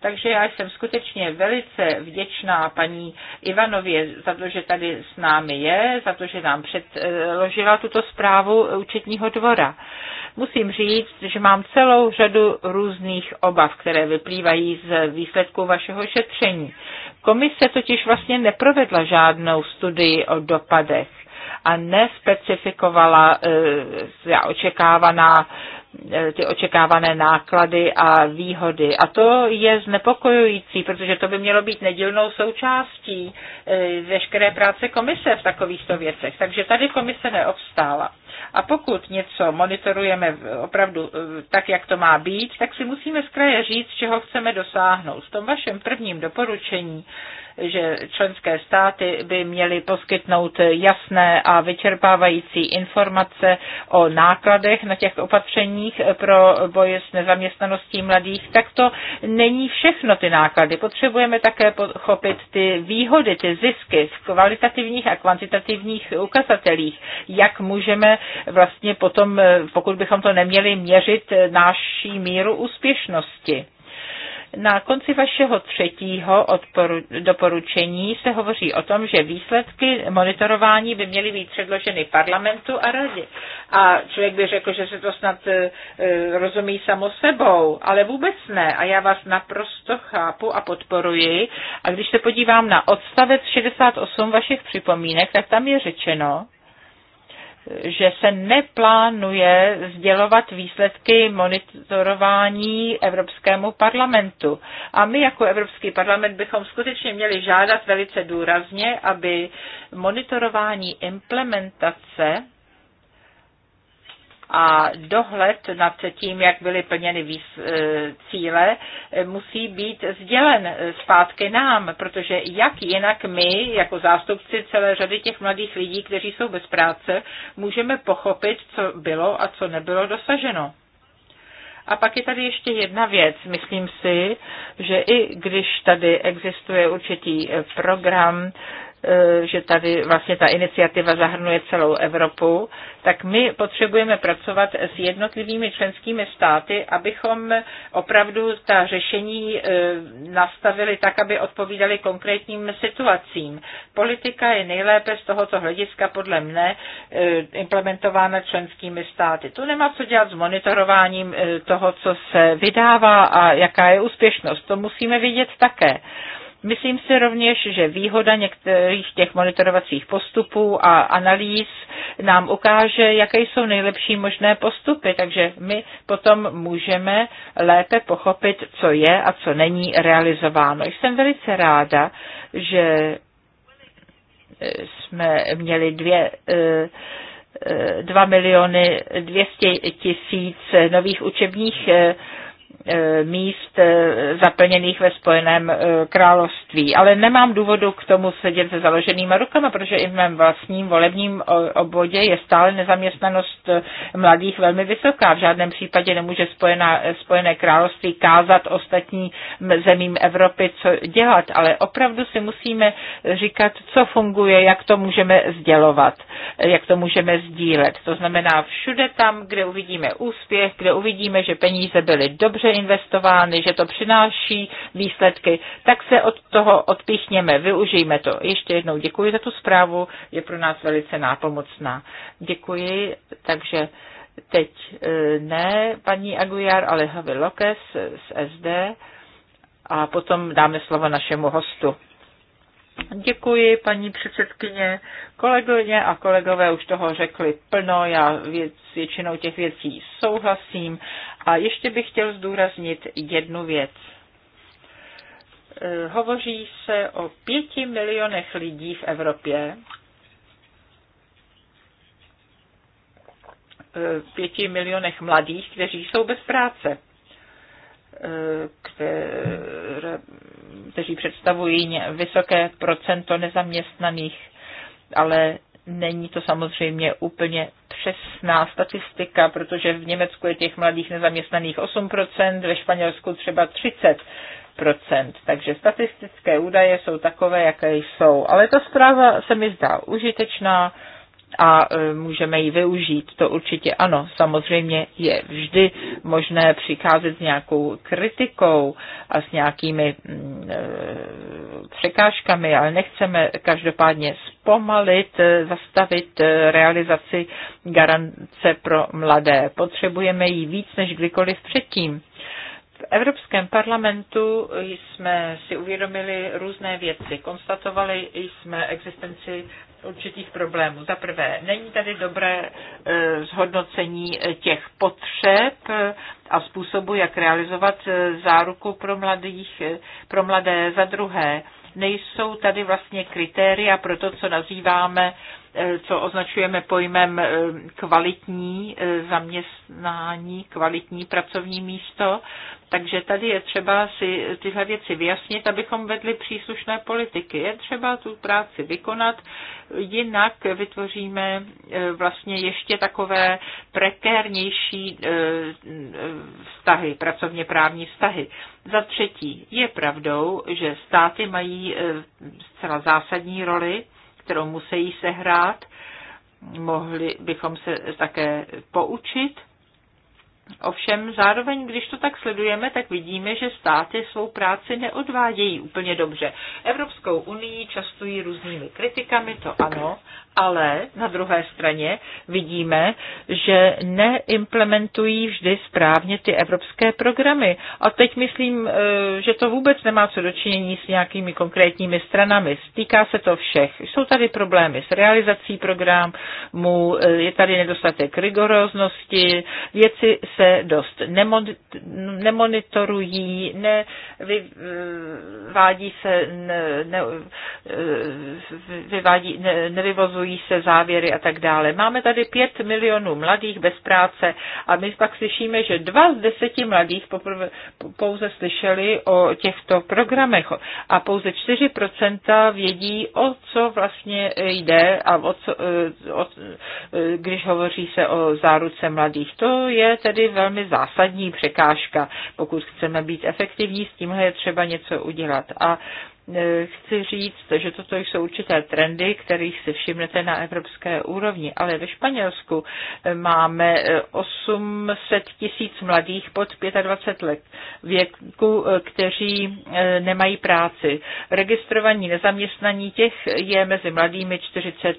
Takže já jsem skutečně velice vděčná paní Ivanově za to, že tady s námi je, za to, že nám předložila tuto zprávu účetního dvora. Musím říct, že mám celou řadu různých obav, které vyplývají z výsledků vašeho šetření. Komise totiž vlastně neprovedla žádnou studii o dopadech a nespecifikovala e, očekávaná eh, ty očekávané náklady a výhody. A to je znepokojující, protože to by mělo být nedílnou součástí eh, veškeré práce komise v takovýchto věcech. Takže tady komise neobstála. A pokud něco monitorujeme opravdu tak, jak to má být, tak si musíme z kraje říct, čeho chceme dosáhnout. V tom vašem prvním doporučení že členské státy by měly poskytnout jasné a vyčerpávající informace o nákladech na těch opatřeních pro boje s nezaměstnaností mladých, tak to není všechno ty náklady. Potřebujeme také pochopit ty výhody, ty zisky v kvalitativních a kvantitativních ukazatelích, jak můžeme vlastně potom, pokud bychom to neměli měřit, náší míru úspěšnosti. Na konci vašeho třetího doporučení se hovoří o tom, že výsledky monitorování by měly být předloženy parlamentu a radě. A člověk by řekl, že se to snad e, e, rozumí samo sebou, ale vůbec ne. A já vás naprosto chápu a podporuji. A když se podívám na odstavec 68 vašich připomínek, tak tam je řečeno, že se neplánuje sdělovat výsledky monitorování Evropskému parlamentu. A my jako Evropský parlament bychom skutečně měli žádat velice důrazně, aby monitorování implementace a dohled nad tím, jak byly plněny výs, e, cíle, e, musí být sdělen e, zpátky nám, protože jak jinak my, jako zástupci celé řady těch mladých lidí, kteří jsou bez práce, můžeme pochopit, co bylo a co nebylo dosaženo. A pak je tady ještě jedna věc. Myslím si, že i když tady existuje určitý program, E, že tady vlastně ta iniciativa zahrnuje celou Evropu, tak my potřebujeme pracovat s jednotlivými členskými státy, abychom opravdu ta řešení e, nastavili tak, aby odpovídali konkrétním situacím. Politika je nejlépe z tohoto hlediska podle mne e, implementována členskými státy. Tu nemá co dělat s monitorováním toho, co se vydává a jaká je úspěšnost. To musíme vidět také. Myslím si rovněž, že výhoda některých těch monitorovacích postupů a analýz nám ukáže, jaké jsou nejlepší možné postupy, takže my potom můžeme lépe pochopit, co je a co není realizováno. Jsem velice ráda, že eh, jsme měli dvě. 2 eh, eh, miliony 200 tisíc nových učebních E, míst e, zaplněných ve Spojeném e, království. Ale nemám důvodu k tomu sedět se založenýma rukama, protože i v mém vlastním volebním obvodě je stále nezaměstnanost mladých velmi vysoká. V žádném případě nemůže Spojená, Spojené království kázat ostatní zemím Evropy, co dělat, ale opravdu si musíme říkat, co funguje, jak to můžeme sdělovat, jak to můžeme sdílet. To znamená všude tam, kde uvidíme úspěch, kde uvidíme, že peníze byly dobře dobře investovány, že to přináší výsledky, tak se od toho odpíchněme, využijme to. Ještě jednou děkuji za tu zprávu, je pro nás velice nápomocná. Děkuji, takže teď e, ne paní Aguiar, ale Havi Lokes z SD a potom dáme slovo našemu hostu. Děkuji, paní předsedkyně. Kolegyně a kolegové už toho řekli plno, já věc, většinou těch věcí souhlasím. A ještě bych chtěl zdůraznit jednu věc. E, hovoří se o pěti milionech lidí v Evropě, e, pěti milionech mladých, kteří jsou bez práce které, kteří představují vysoké procento nezaměstnaných, ale není to samozřejmě úplně přesná statistika, protože v Německu je těch mladých nezaměstnaných 8%, ve Španělsku třeba 30%. Takže statistické údaje jsou takové, jaké jsou. Ale ta zpráva se mi zdá užitečná, a e, můžeme ji využít, to určitě ano. Samozřejmě je vždy možné přicházet s nějakou kritikou a s nějakými mm, e, překážkami, ale nechceme každopádně zpomalit, e, zastavit realizaci garance pro mladé. Potřebujeme ji víc než kdykoliv předtím. V Evropském parlamentu jsme si uvědomili různé věci. Konstatovali jsme existenci určitých problémů. Za prvé, není tady dobré e, zhodnocení e, těch potřeb e, a způsobu, jak realizovat záruku pro, mladých, pro mladé. Za druhé, nejsou tady vlastně kritéria pro to, co nazýváme Eh, co označujeme pojmem eh, kvalitní eh, zaměstnání, kvalitní pracovní místo. Takže tady je třeba si tyhle věci vyjasnit, abychom vedli příslušné politiky. Je třeba tu práci vykonat, jinak vytvoříme vlastně ještě takové prekérnější vztahy, pracovně právní vztahy. Za třetí, je pravdou, že státy mají zcela zásadní roli kterou musí sehrát. Mohli bychom se také poučit Ovšem zároveň, když to tak sledujeme, tak vidíme, že státy svou práci neodvádějí úplně dobře. Evropskou unii častují různými kritikami, to ano, ale na druhé straně vidíme, že neimplementují vždy správně ty evropské programy. A teď myslím, eh, že to vůbec nemá co dočinění s nějakými konkrétními stranami. Stýká se to všech. Jsou tady problémy s realizací programů, eh, je tady nedostatek rigoroznosti, věci se dost nemonitorují, nevyvádí se, ne, ne, eh, vyvádí, ne, nevyvozují se závěry a tak dále. Máme tady pět milionů mladých bez práce a my pak slyšíme, že dva z deseti mladých poprvé, pouze slyšeli o těchto programech a pouze 4% vědí, o co vlastně jde a o co, eh, o, eh, když hovoří se o záruce mladých. To je tedy tedy velmi zásadní překážka. Pokud chceme být efektivní, s tímhle je třeba něco udělat. A e, chci říct, že toto jsou určité trendy, kterých si všimnete na evropské úrovni, ale ve Španělsku e, máme 800 e, tisíc mladých pod 25 let věku, kteří nemají práci. Registrovaní nezaměstnaní těch je mezi mladými 40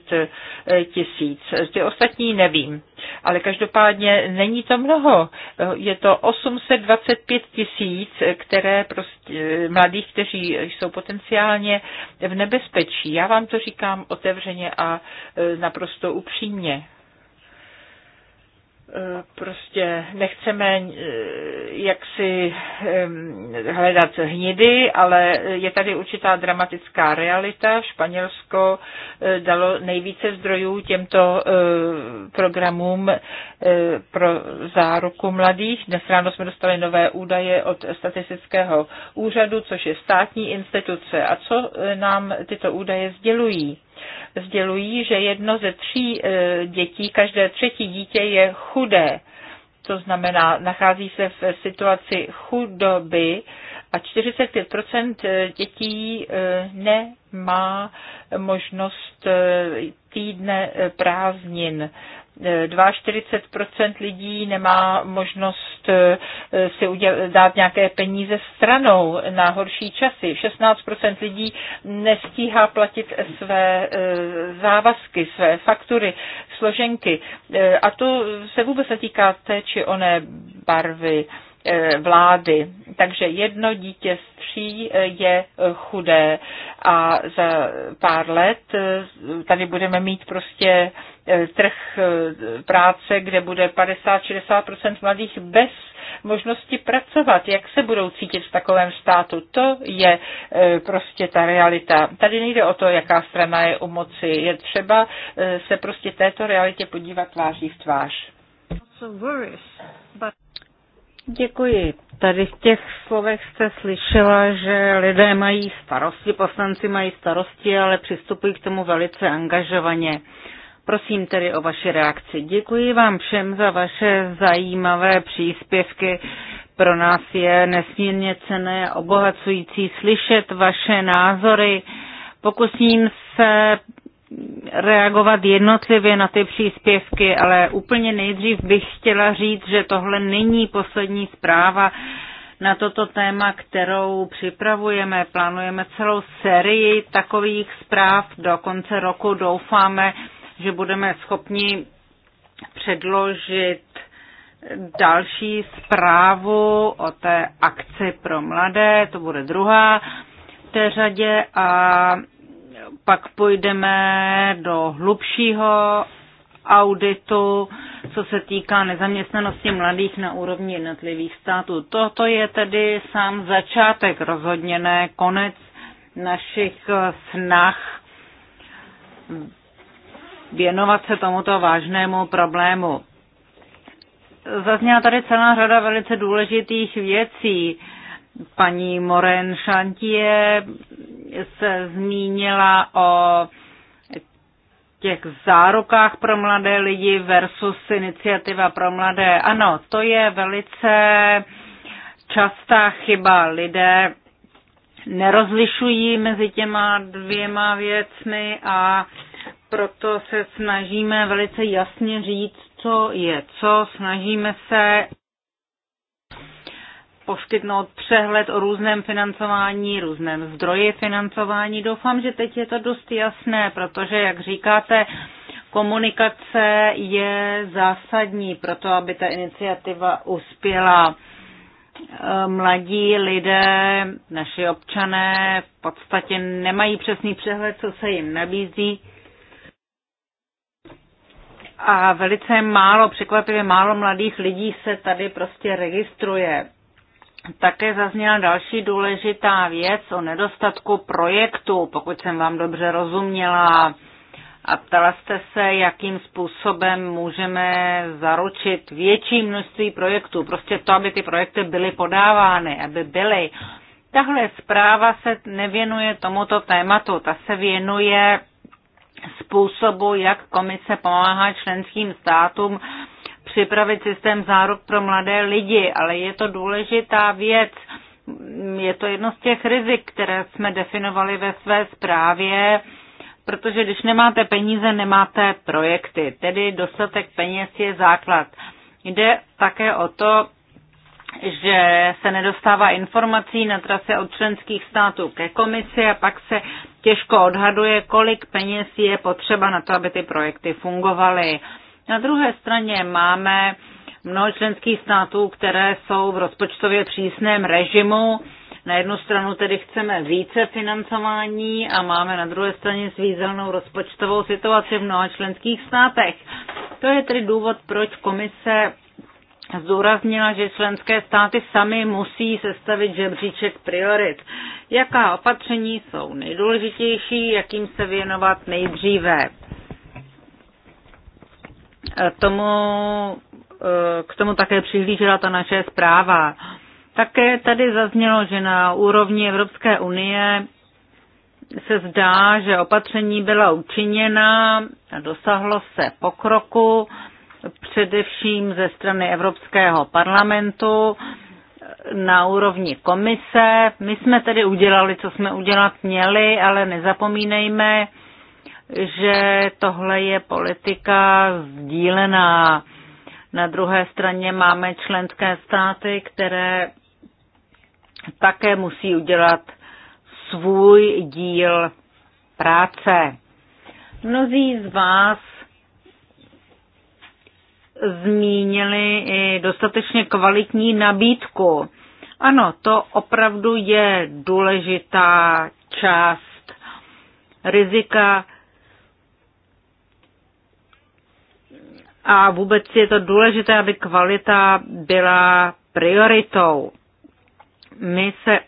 tisíc. Ty ostatní nevím ale každopádně není to mnoho. Je to 825 tisíc, které prostě, mladých, kteří jsou potenciálně v nebezpečí. Já vám to říkám otevřeně a e, naprosto upřímně prostě nechceme eh, jak si hledat hnidy, ale je tady určitá dramatická realita. Španělsko eh, dalo nejvíce zdrojů těmto eh, programům pro záruku mladých. Dnes ráno jsme dostali nové údaje od statistického úřadu, což je státní instituce. A co nám tyto údaje sdělují? sdělují, že jedno ze tří e, dětí, každé třetí dítě je chudé. To znamená, nachází se v situaci chudoby a 45 e, dětí e, nemá možnost týdne prázdnin. 42% lidí nemá možnost eh, si dát nějaké peníze stranou na horší časy. 16% lidí nestíhá platit své eh, závazky, své faktury, složenky. Eh, a to se vůbec netýká té či oné barvy E, vlády. Takže jedno dítě z tří e, je e, chudé a za pár let tady budeme mít prostě trh práce, kde bude 50-60% mladých bez možnosti pracovat. Jak se budou cítit v takovém státu? To je prostě ta realita. Tady nejde o to, jaká strana je u moci. Je třeba se prostě této realitě podívat tváří v tvář. Děkuji. Tady v těch slovech jste slyšela, že lidé mají starosti, poslanci mají starosti, ale přistupují k tomu velice angažovaně. Prosím tedy o vaši reakci. Děkuji vám všem za vaše zajímavé příspěvky. Pro nás je nesmírně cené a obohacující slyšet vaše názory. Pokusím se reagovat jednotlivě na ty příspěvky, ale úplně nejdřív bych chtěla říct, že tohle není poslední zpráva na toto téma, kterou připravujeme. Plánujeme celou sérii takových zpráv do konce roku. Doufáme, že budeme schopni předložit další zprávu o té akci pro mladé, to bude druhá té řadě a pak půjdeme do hlubšího auditu, co se týká nezaměstnanosti mladých na úrovni jednotlivých států. Toto je tedy sám začátek, rozhodně ne konec našich snah věnovat se tomuto vážnému problému. Zazněla tady celá řada velice důležitých věcí. Paní Moren Šantie se zmínila o těch zárukách pro mladé lidi versus iniciativa pro mladé. Ano, to je velice častá chyba. Lidé nerozlišují mezi těma dvěma věcmi a proto se snažíme velice jasně říct, co je co. Snažíme se poskytnout přehled o různém financování, různém zdroji financování. Doufám, že teď je to dost jasné, protože, jak říkáte, komunikace je zásadní pro to, aby ta iniciativa uspěla. Mladí lidé, naši občané v podstatě nemají přesný přehled, co se jim nabízí. A velice málo, překvapivě málo mladých lidí se tady prostě registruje. Také zazněla další důležitá věc o nedostatku projektu, pokud jsem vám dobře rozuměla. A ptala jste se, jakým způsobem můžeme zaručit větší množství projektů. Prostě to, aby ty projekty byly podávány, aby byly. Tahle zpráva se nevěnuje tomuto tématu, ta se věnuje způsobu, jak komise pomáhá členským státům připravit systém záruk pro mladé lidi, ale je to důležitá věc. Je to jedno z těch rizik, které jsme definovali ve své zprávě, protože když nemáte peníze, nemáte projekty. Tedy dostatek peněz je základ. Jde také o to, že se nedostává informací na trase od členských států ke komisi a pak se těžko odhaduje, kolik peněz je potřeba na to, aby ty projekty fungovaly. Na druhé straně máme mnoho členských států, které jsou v rozpočtově přísném režimu. Na jednu stranu tedy chceme více financování a máme na druhé straně svízelnou rozpočtovou situaci v mnoha členských státech. To je tedy důvod, proč komise zdůraznila, že členské státy sami musí sestavit žebříček priorit. Jaká opatření jsou nejdůležitější, jakým se věnovat nejdříve. Eh, tomu, eh, k tomu také přihlížela ta naše zpráva. Také tady zaznělo, že na úrovni Evropské unie se zdá, že opatření byla učiněna a dosahlo se pokroku, především ze strany Evropského parlamentu eh, na úrovni komise. My jsme tedy udělali, co jsme udělat měli, ale nezapomínejme, že tohle je politika sdílená. Na druhé straně máme členské státy, které také musí udělat svůj díl práce. Mnozí z vás zmínili i dostatečně kvalitní nabídku. Ano, to opravdu je důležitá část rizika a vůbec je to důležité, aby kvalita byla prioritou. My se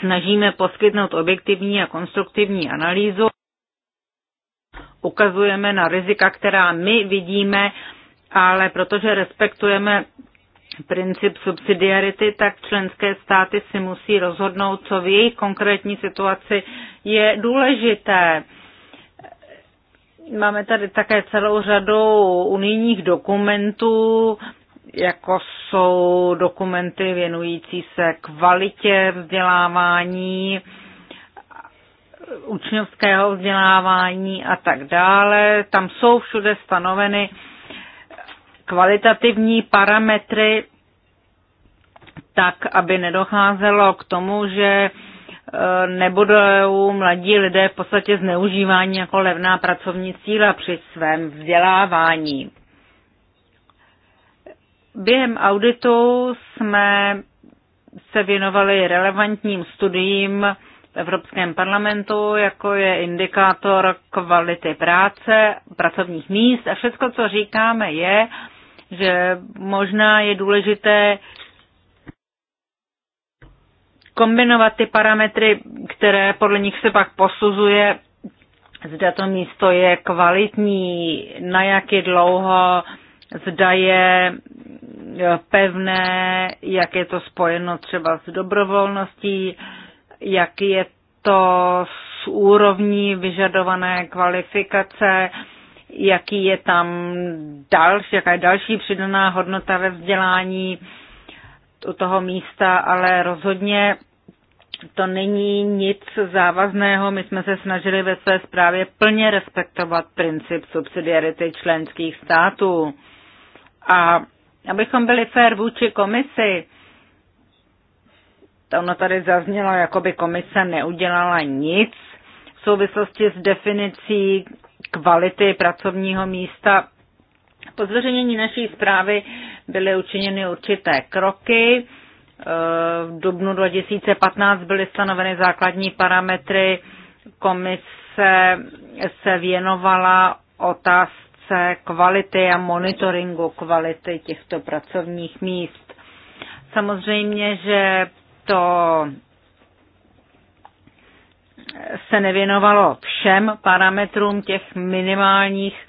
snažíme poskytnout objektivní a konstruktivní analýzu. Ukazujeme na rizika, která my vidíme, ale protože respektujeme princip subsidiarity, tak členské státy si musí rozhodnout, co v jejich konkrétní situaci je důležité. Máme tady také celou řadu unijních dokumentů, jako jsou dokumenty věnující se kvalitě vzdělávání, učňovského vzdělávání a tak dále. Tam jsou všude stanoveny kvalitativní parametry tak, aby nedocházelo k tomu, že nebudou mladí lidé v podstatě zneužívání jako levná pracovní síla při svém vzdělávání. Během auditu jsme se věnovali relevantním studiím v Evropském parlamentu, jako je indikátor kvality práce, pracovních míst a všechno, co říkáme, je, že možná je důležité kombinovat ty parametry, které podle nich se pak posuzuje, zda to místo je kvalitní, na jak je dlouho, zda je e, pevné, jak je to spojeno třeba s dobrovolností, jak je to s úrovní vyžadované kvalifikace, jaký je tam další, jaká je další přidaná hodnota ve vzdělání, u toho místa, ale rozhodně to není nic závazného. My jsme se snažili ve své zprávě plně respektovat princip subsidiarity členských států. A abychom byli fér vůči komisi, to ono tady zaznělo, jako by komise neudělala nic v souvislosti s definicí kvality pracovního místa po zveřejnění naší zprávy byly učiněny určité kroky. E, v dubnu 2015 byly stanoveny základní parametry. Komise se věnovala otázce kvality a monitoringu kvality těchto pracovních míst. Samozřejmě, že to se nevěnovalo všem parametrům těch minimálních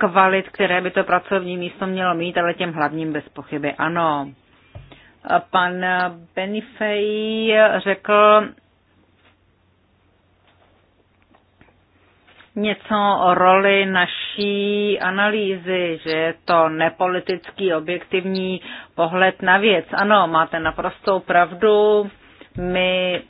kvalit, které by to pracovní místo mělo mít, ale těm hlavním bez pochyby ano. Pan Benifej řekl něco o roli naší analýzy, že je to nepolitický, objektivní pohled na věc. Ano, máte naprostou pravdu. My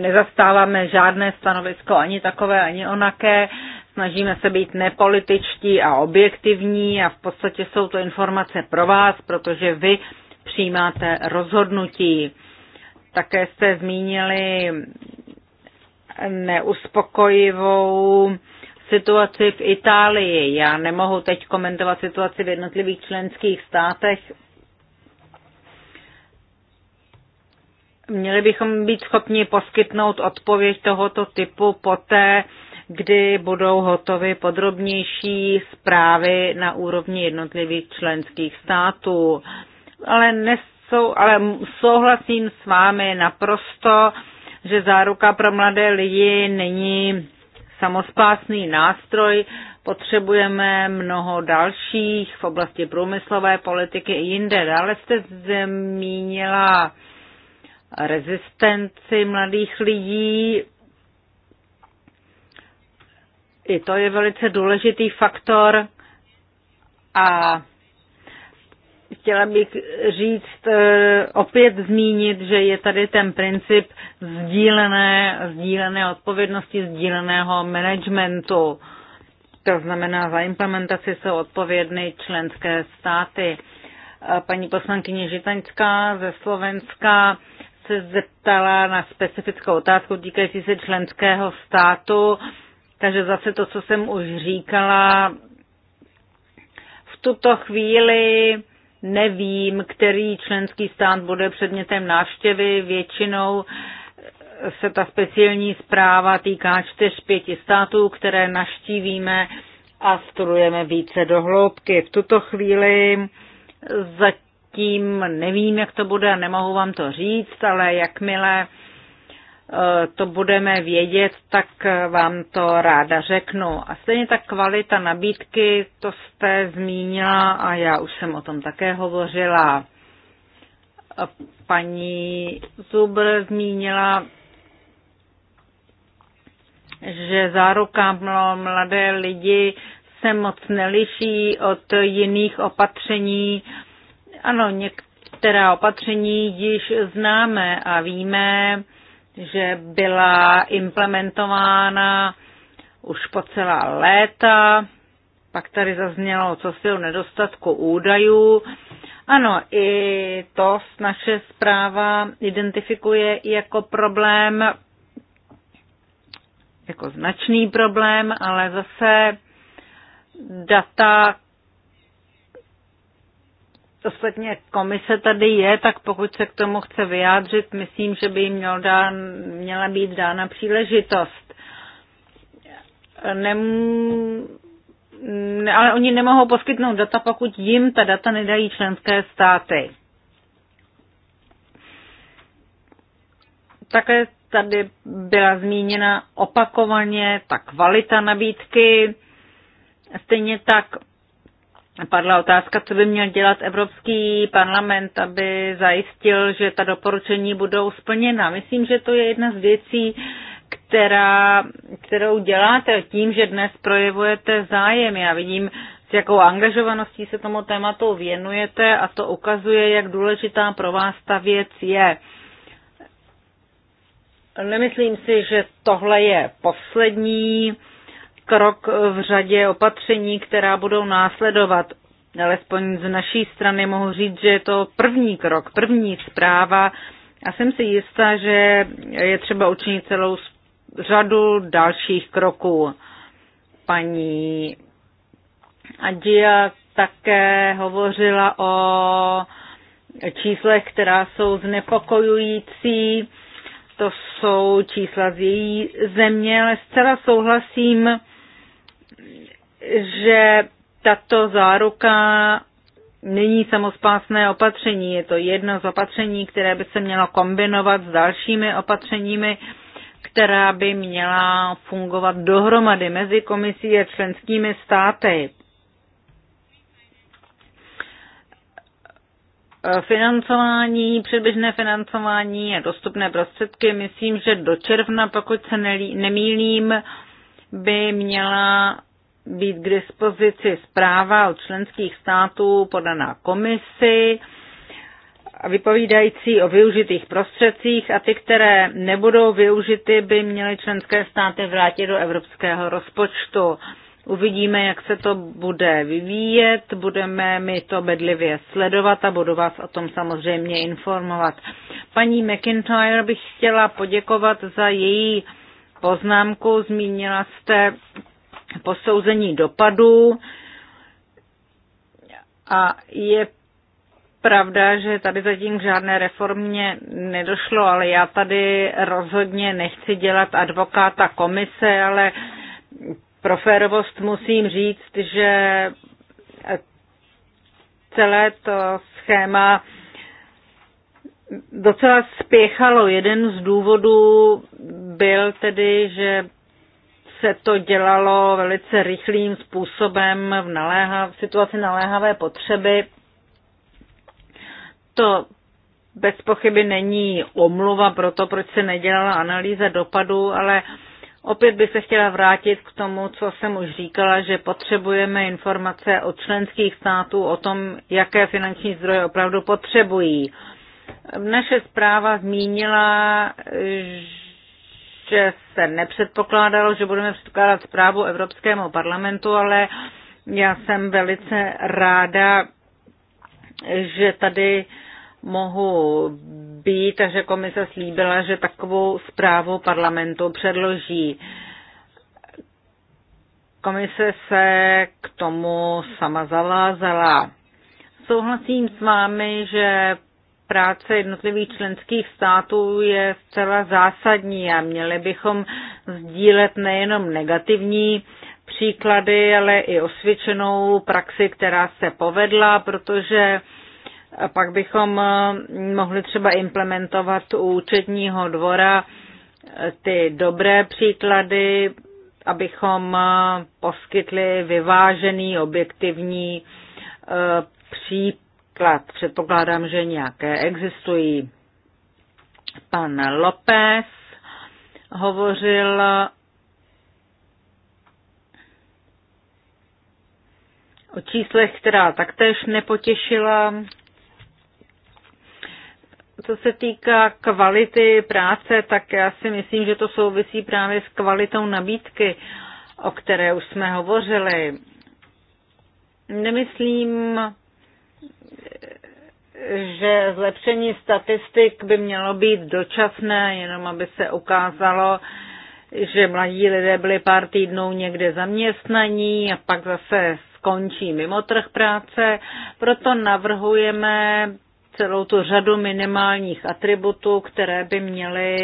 nezastáváme žádné stanovisko, ani takové, ani onaké. Snažíme se být nepolitičtí a objektivní a v podstatě jsou to informace pro vás, protože vy přijímáte rozhodnutí. Také jste zmínili neuspokojivou situaci v Itálii. Já nemohu teď komentovat situaci v jednotlivých členských státech. Měli bychom být schopni poskytnout odpověď tohoto typu poté, kdy budou hotovy podrobnější zprávy na úrovni jednotlivých členských států. Ale, nesou, ale souhlasím s vámi naprosto, že záruka pro mladé lidi není samozpásný nástroj, potřebujeme mnoho dalších v oblasti průmyslové politiky i jinde. Dále jste zmínila rezistenci mladých lidí. I to je velice důležitý faktor a chtěla bych říct, e, opět zmínit, že je tady ten princip sdílené, sdílené odpovědnosti, sdíleného managementu. To znamená, za implementaci jsou odpovědny členské státy. E, paní poslankyně Žitaňská ze Slovenska se zeptala na specifickou otázku týkající se členského státu. Takže zase to, co jsem už říkala, v tuto chvíli nevím, který členský stát bude předmětem návštěvy. Většinou se ta speciální zpráva týká čtyř pěti států, které naštívíme a studujeme více do hloubky. V tuto chvíli zatím nevím, jak to bude a nemohu vám to říct, ale jakmile Eh, to budeme vědět, tak vám to ráda řeknu. A stejně tak kvalita nabídky, to jste zmínila a já už jsem o tom také hovořila. Eh, paní Zubr zmínila, že záruka mladé lidi se moc neliší od jiných opatření. Ano, některá opatření již známe a víme, že byla implementována už po celá léta. Pak tady zaznělo, co si o nedostatku údajů. Ano, i to naše zpráva identifikuje jako problém, jako značný problém, ale zase data Ostatně komise tady je, tak pokud se k tomu chce vyjádřit, myslím, že by jim měl dán, měla být dána příležitost. Nem, ale oni nemohou poskytnout data, pokud jim ta data nedají členské státy. Také tady byla zmíněna opakovaně ta kvalita nabídky, stejně tak Padla otázka, co by měl dělat Evropský parlament, aby zajistil, že ta doporučení budou splněna. Myslím, že to je jedna z věcí, která, kterou děláte tím, že dnes projevujete zájem. Já vidím, s jakou angažovaností se tomu tématu věnujete a to ukazuje, jak důležitá pro vás ta věc je. Nemyslím si, že tohle je poslední krok v řadě opatření, která budou následovat. Alespoň z naší strany mohu říct, že je to první krok, první zpráva a jsem si jistá, že je třeba učinit celou řadu dalších kroků. Paní Adia také hovořila o číslech, která jsou znepokojující. To jsou čísla z její země, ale zcela souhlasím že tato záruka není samozpásné opatření. Je to jedno z opatření, které by se mělo kombinovat s dalšími opatřeními, která by měla fungovat dohromady mezi komisí a členskými státy. Financování, předběžné financování a dostupné prostředky, myslím, že do června, pokud se nemýlím, by měla být k dispozici zpráva od členských států podaná komisi vypovídající o využitých prostředcích a ty, které nebudou využity, by měly členské státy vrátit do evropského rozpočtu. Uvidíme, jak se to bude vyvíjet, budeme my to bedlivě sledovat a budu vás o tom samozřejmě informovat. Paní McIntyre bych chtěla poděkovat za její poznámku. Zmínila jste posouzení dopadů a je pravda, že tady zatím k žádné reformě nedošlo, ale já tady rozhodně nechci dělat advokáta komise, ale pro férovost musím říct, že celé to schéma docela spěchalo. Jeden z důvodů byl tedy, že se to dělalo velice rychlým způsobem v, naléha, v situaci naléhavé potřeby. To bez pochyby není omluva pro to, proč se nedělala analýza dopadu, ale opět bych se chtěla vrátit k tomu, co jsem už říkala, že potřebujeme informace od členských států o tom, jaké finanční zdroje opravdu potřebují. Naše zpráva zmínila, že že se nepředpokládalo, že budeme předkládat zprávu Evropskému parlamentu, ale já jsem velice ráda, že tady mohu být a že komise slíbila, že takovou zprávu parlamentu předloží. Komise se k tomu sama zavázala. Souhlasím s vámi, že práce jednotlivých členských států je zcela zásadní a měli bychom sdílet nejenom negativní příklady, ale i osvědčenou praxi, která se povedla, protože pak bychom mohli třeba implementovat u účetního dvora ty dobré příklady, abychom poskytli vyvážený, objektivní eh, pří, Klad předpokládám, že nějaké existují. Pan López hovořil o číslech, která taktéž nepotěšila. Co se týká kvality práce, tak já si myslím, že to souvisí právě s kvalitou nabídky, o které už jsme hovořili. Nemyslím že zlepšení statistik by mělo být dočasné, jenom aby se ukázalo, že mladí lidé byli pár týdnů někde zaměstnaní a pak zase skončí mimo trh práce. Proto navrhujeme celou tu řadu minimálních atributů, které by měly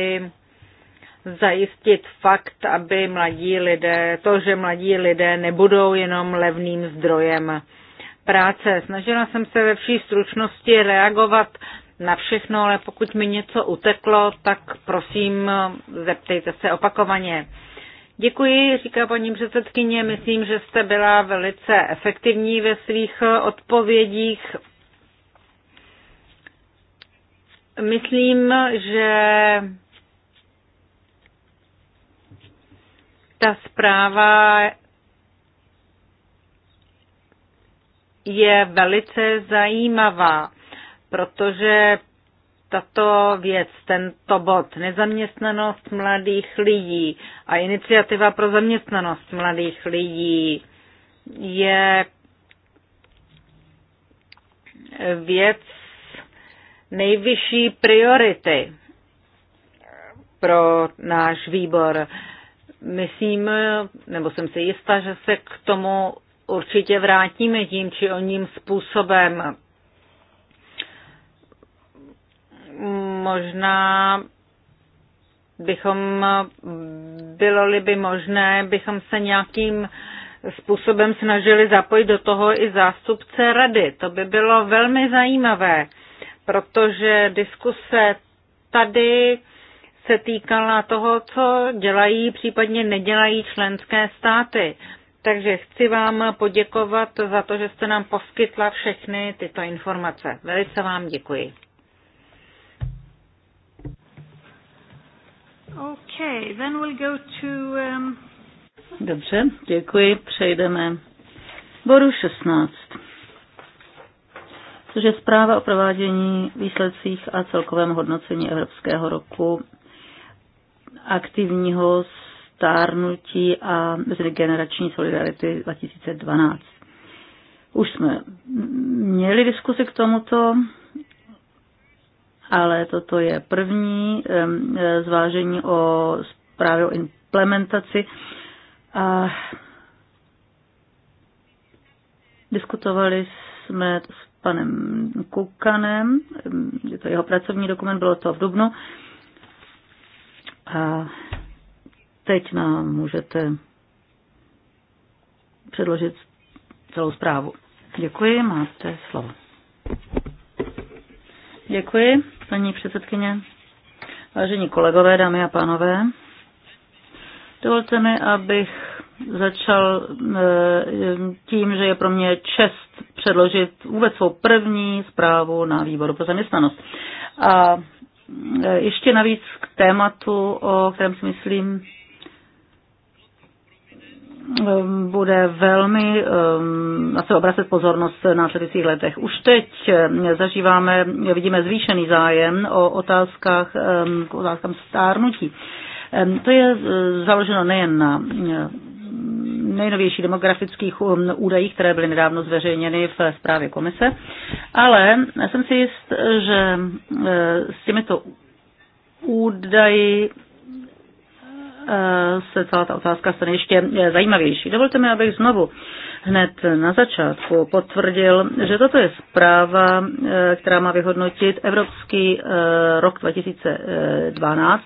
zajistit fakt, aby mladí lidé, to, že mladí lidé nebudou jenom levným zdrojem práce. Snažila jsem se ve vší stručnosti reagovat na všechno, ale pokud mi něco uteklo, tak prosím, zeptejte se opakovaně. Děkuji, říká paní předsedkyně. Myslím, že jste byla velice efektivní ve svých odpovědích. Myslím, že ta zpráva je velice zajímavá, protože tato věc, tento bod, nezaměstnanost mladých lidí a iniciativa pro zaměstnanost mladých lidí je věc nejvyšší priority pro náš výbor. Myslím, nebo jsem si jistá, že se k tomu určitě vrátíme tím či ním způsobem. Možná bychom, bylo-li by možné, bychom se nějakým způsobem snažili zapojit do toho i zástupce rady. To by bylo velmi zajímavé, protože diskuse tady se týkala toho, co dělají, případně nedělají členské státy. Takže chci vám poděkovat za to, že jste nám poskytla všechny tyto informace. Velice vám děkuji. Okay, then we'll go to, um... Dobře, děkuji. Přejdeme bodu 16, což je zpráva o provádění výsledcích a celkovém hodnocení Evropského roku aktivního stárnutí a mezigenerační solidarity 2012. Už jsme měli diskusi k tomuto, ale toto je první zvážení o zprávě o implementaci. A diskutovali jsme s panem Kukanem, je to jeho pracovní dokument, bylo to v Dubnu. A Teď nám můžete předložit celou zprávu. Děkuji, máte slovo. Děkuji, paní předsedkyně. Vážení kolegové, dámy a pánové, dovolte mi, abych začal eh, tím, že je pro mě čest předložit vůbec svou první zprávu na výboru pro zaměstnanost. A eh, ještě navíc k tématu, o kterém si myslím, Ehm, bude velmi na ehm, se obracet pozornost v následujících letech. Už teď ehm, zažíváme, vidíme zvýšený zájem o otázkách, k otázkám stárnutí. To je e, založeno nejen na e, nejnovějších demografických um, údajích, které byly nedávno zveřejněny v zprávě komise, ale jsem si jist, že e, s těmito údaji Eh, se celá ta otázka stane ještě eh, zajímavější. Dovolte mi, abych znovu hned na začátku potvrdil, že toto je zpráva, eh, která má vyhodnotit Evropský rok 2012,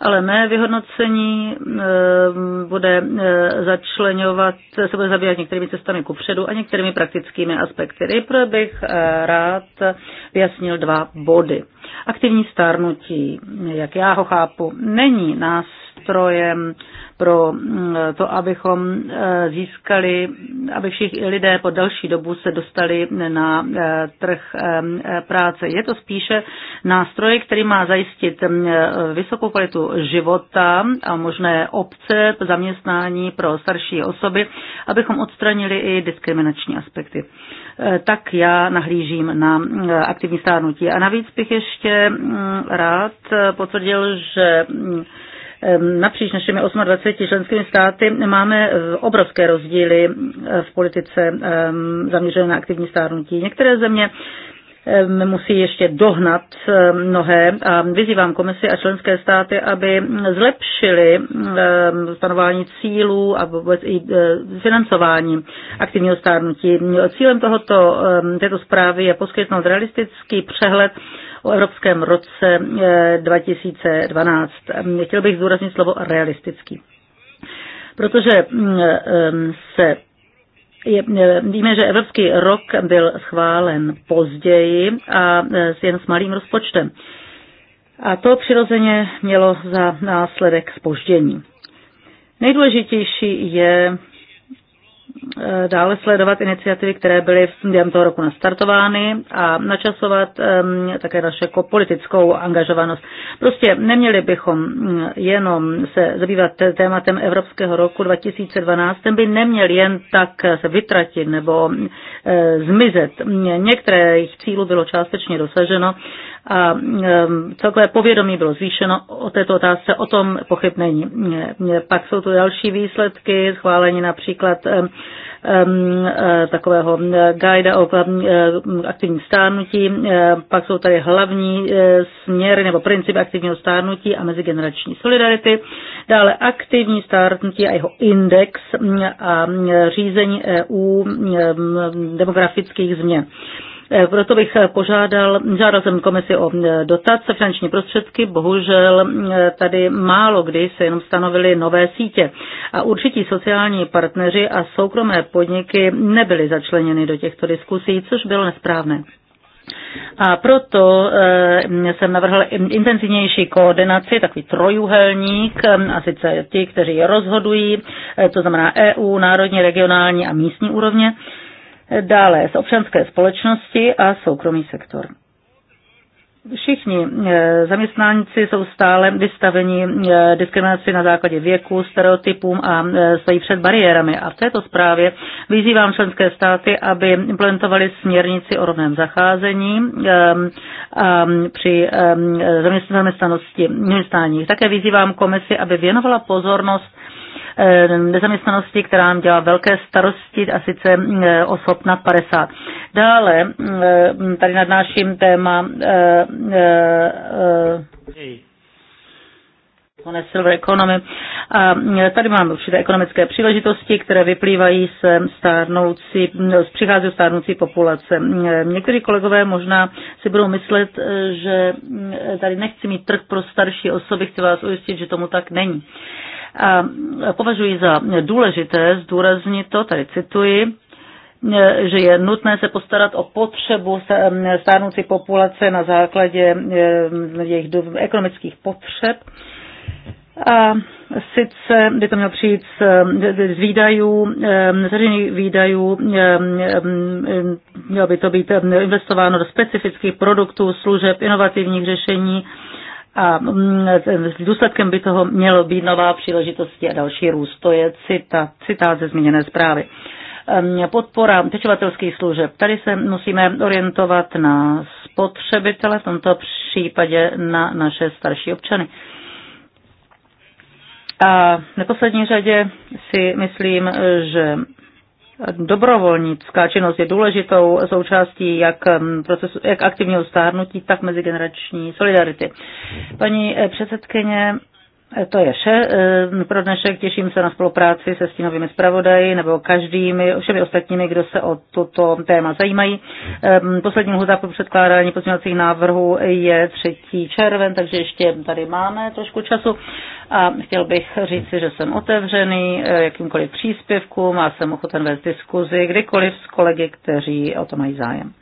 ale mé vyhodnocení bude začlenovat, se bude zabývat některými cestami kupředu a některými praktickými aspekty. Nejprve bych rád vyjasnil dva body. Aktivní stárnutí, jak já ho chápu, není nástrojem pro mm, to, abychom eh, získali, aby všichni lidé po další dobu se dostali na eh, trh eh, práce. Je to spíše nástroj, který má zajistit mm, vysokou kvalitu života a možné obce zaměstnání pro starší osoby, abychom odstranili i diskriminační aspekty. Eh, tak já nahlížím na eh, aktivní stárnutí. A navíc bych ještě mm, rád eh, potvrdil, že mm, napříč našimi 28 členskými státy máme obrovské rozdíly v politice zaměřené na aktivní stárnutí. Některé země musí ještě dohnat mnohé a vyzývám komisi a členské státy, aby zlepšili stanování cílů a vůbec i e, financování aktivního stárnutí. Cílem tohoto, této zprávy je poskytnout realistický přehled o Evropském roce 2012. E, chtěl bych zdůraznit slovo realistický protože se E, víme, že Evropský rok byl schválen později a e, jen s malým rozpočtem. A to přirozeně mělo za následek spoždění. Nejdůležitější je Eh, dále sledovat iniciativy, které byly během toho roku nastartovány a načasovat také naše jako politickou angažovanost. Prostě neměli bychom mm, jenom se zabývat tématem Evropského roku 2012, ten by neměl jen tak se vytratit nebo eh, zmizet. Některé jejich cílů bylo částečně dosaženo, a celkové povědomí bylo zvýšeno o této otázce, o tom pochyb není. Pak jsou tu další výsledky, schválení například e, takového guida o e, aktivním stárnutí, e, pak jsou tady hlavní směry nebo principy aktivního stárnutí a mezigenerační solidarity, dále aktivní stárnutí a jeho index a řízení EU demografických změn. Eh, proto bych eh, požádal, žádal jsem komisi o eh, dotace, finanční prostředky, bohužel tady málo kdy se jenom stanovily nové sítě a určití sociální partneři a soukromé podniky nebyly začleněny do těchto diskusí, což bylo nesprávné. A proto jsem navrhl intenzivnější koordinaci, takový trojuhelník, a sice ti, kteří rozhodují, to znamená EU, národní, regionální a místní úrovně, dále z občanské společnosti a soukromý sektor. Všichni eh, zaměstnanci jsou stále vystaveni eh, diskriminaci na základě věku, stereotypům a eh, stojí před bariérami. A v této zprávě vyzývám členské státy, aby implementovali směrnici o rovném zacházení ehm, a při ehm, zaměstnanosti. Také vyzývám komisi, aby věnovala pozornost Eh, nezaměstnanosti, která nám dělá velké starosti, a sice eh, osob nad 50. Dále eh, tady nad naším téma Silver Economy. A tady máme určité ekonomické příležitosti, které vyplývají z, stárnoucí, z přichází stárnoucí populace. Někteří kolegové možná si budou myslet, že tady nechci mít trh pro starší osoby, chci vás ujistit, že tomu tak není. A považuji za důležité zdůraznit to, tady cituji, že je nutné se postarat o potřebu stárnoucí populace na základě jejich ekonomických potřeb. A sice by to mělo přijít z, z výdajů, z výdajů, mělo by to být investováno do specifických produktů, služeb, inovativních řešení a mm, důsledkem by toho mělo být nová příležitosti a další růst. To je cita, citát ze zmíněné zprávy. Ehm, podpora pečovatelských služeb. Tady se musíme orientovat na spotřebitele, v tomto případě na naše starší občany. A v neposlední řadě si myslím, že Dobrovolnická činnost je důležitou součástí jak, mm, procesu, jak aktivního stárnutí, tak mezigenerační solidarity. Paní eh, předsedkyně, to je vše eh, pro dnešek. Těším se na spolupráci se stínovými zpravodaji nebo každými, všemi ostatními, kdo se o toto téma zajímají. Eh, poslední lhuta po předkládání pozměňovacích návrhů je 3. červen, takže ještě tady máme trošku času. A chtěl bych říci, že jsem otevřený eh, jakýmkoliv příspěvkům a jsem ochoten vést diskuzi kdykoliv s kolegy, kteří o to mají zájem.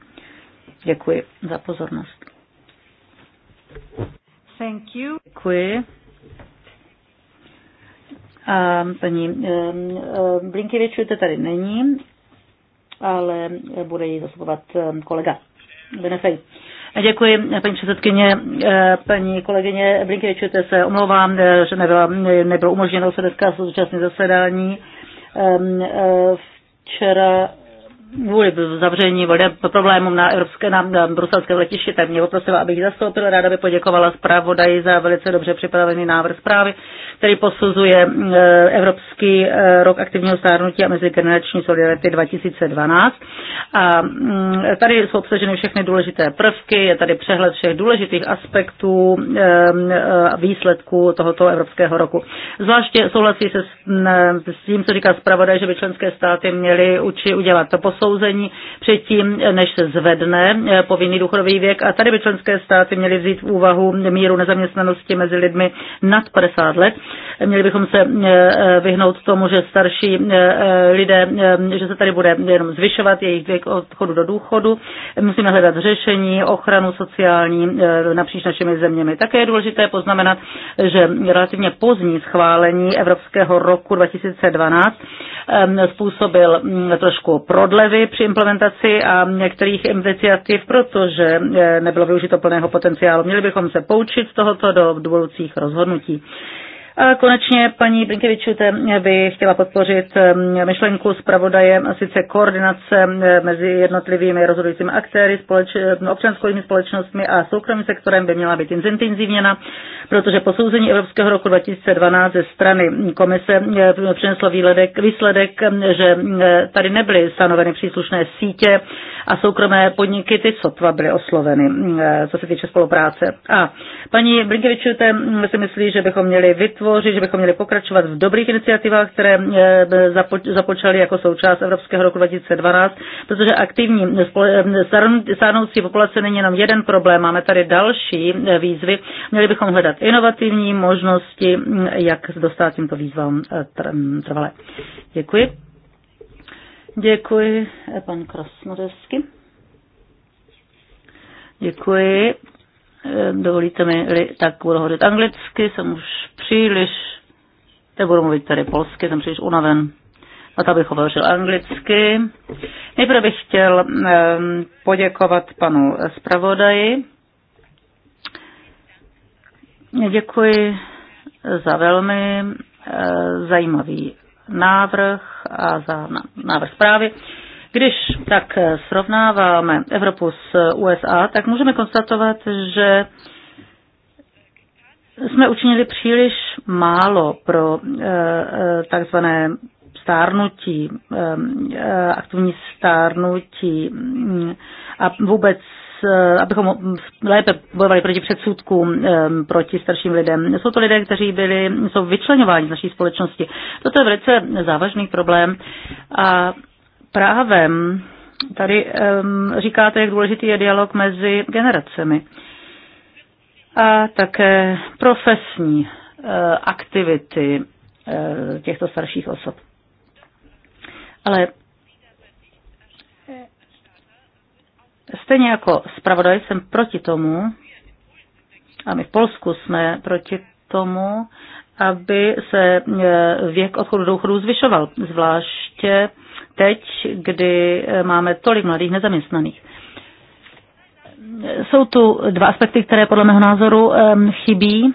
Děkuji za pozornost. Thank you. Děkuji. Ehm, paní paní ehm, ehm, Blinkevičujte tady není, ale bude ji zastupovat kolega Benefej. Děkuji, paní předsedkyně. Paní kolegyně Blinkevičujte se omlouvám, eh, že nebylo, nebylo umožněno se dneska současné zasedání. Eh, včera kvůli zavření problémům na, evropské, na, na bruselském letišti, tak mě poprosila, abych zastoupila. Ráda by poděkovala zpravodaji za velice dobře připravený návrh zprávy který posuzuje eh, Evropský eh, rok aktivního stárnutí a mezigenerační solidarity 2012. A mm, tady jsou obsaženy všechny důležité prvky, je tady přehled všech důležitých aspektů a ehm, eh, výsledků tohoto Evropského roku. Zvláště souhlasí se mm, s tím, co říká zpravodaj, že by členské státy měly uči udělat to posouzení předtím, než se zvedne povinný důchodový věk. A tady by členské státy měly vzít v úvahu míru nezaměstnanosti mezi lidmi nad 50 let Měli bychom se eh, eh, vyhnout tomu, že starší eh, lidé, že se tady bude jenom zvyšovat jejich věk odchodu do důchodu. Musíme hledat řešení, ochranu sociální napříč našimi zeměmi. Také je důležité poznamenat, že relativně pozdní schválení Evropského roku 2012 ehm, způsobil mm, trošku prodlevy při implementaci a některých iniciativ, protože nebylo využito plného potenciálu. Měli bychom se poučit z tohoto do budoucích rozhodnutí. A eh, konečně paní Blinkevičute by chtěla podpořit eh, myšlenku zpravodaje, sice koordinace eh, mezi jednotlivými rozhodujícími aktéry, společ, občanskými společnostmi a soukromým sektorem by měla být intenzivněna, protože posouzení Evropského roku 2012 ze strany komise přineslo výsledek, výsledek že tady nebyly stanoveny příslušné sítě a soukromé podniky, ty sotva byly osloveny, mm, eh, co se týče spolupráce. A paní Blinkevičute mm, si myslí, že bychom měli vytvořit, že bychom měli pokračovat v dobrých iniciativách, které eh, započaly jako součást Evropského roku 2012, protože aktivní stárnoucí eh, populace není jenom jeden problém, máme tady další výzvy. Měli bychom hledat inovativní možnosti, mm, jak dostat tímto výzvám trvalé. Děkuji. Děkuji, pan Krasnodesky. Děkuji. Dovolíte mi, tak budu hovořit anglicky, jsem už příliš, teď budu mluvit tady polsky, jsem příliš unaven. A tak bych hovořil anglicky. Nejprve bych chtěl poděkovat panu zpravodaji. Děkuji za velmi eh, zajímavý návrh a za návrh zprávy. Když tak srovnáváme Evropu s USA, tak můžeme konstatovat, že jsme učinili příliš málo pro eh, eh, takzvané stárnutí, eh, aktivní stárnutí mm, a vůbec Eh, abychom lépe bojovali proti předsudkům eh, proti starším lidem. Jsou to lidé, kteří byli, jsou vyčlenováni z naší společnosti. Toto je velice závažný problém a právem tady eh, říkáte, jak důležitý je dialog mezi generacemi a také profesní aktivity těchto starších osob. Ale Stejně jako zpravodaj jsem proti tomu, a my v Polsku jsme proti tomu, aby se e, věk odchodu do důchodu zvyšoval, zvláště teď, kdy e, máme tolik mladých nezaměstnaných. Jsou tu dva aspekty, které podle mého názoru chybí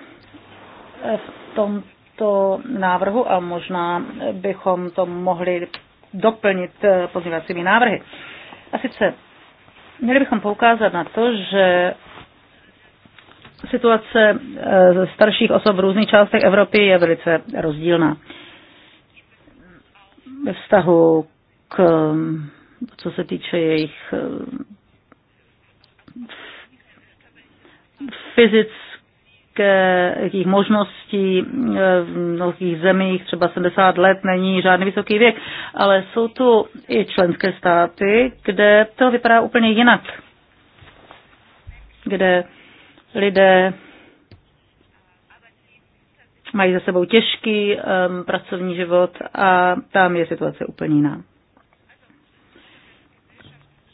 e, v tomto návrhu a možná bychom to mohli doplnit pozměňovacími návrhy. A sice Měli bychom poukázat na to, že situace e, starších osob v různých částech Evropy je velice rozdílná. Ve vztahu k, co se týče jejich e, fyzických jakých možností e, v mnohých zemích, třeba 70 let není žádný vysoký věk, ale jsou tu i členské státy, kde to vypadá úplně jinak, kde lidé mají za sebou těžký um, pracovní život a tam je situace úplně jiná.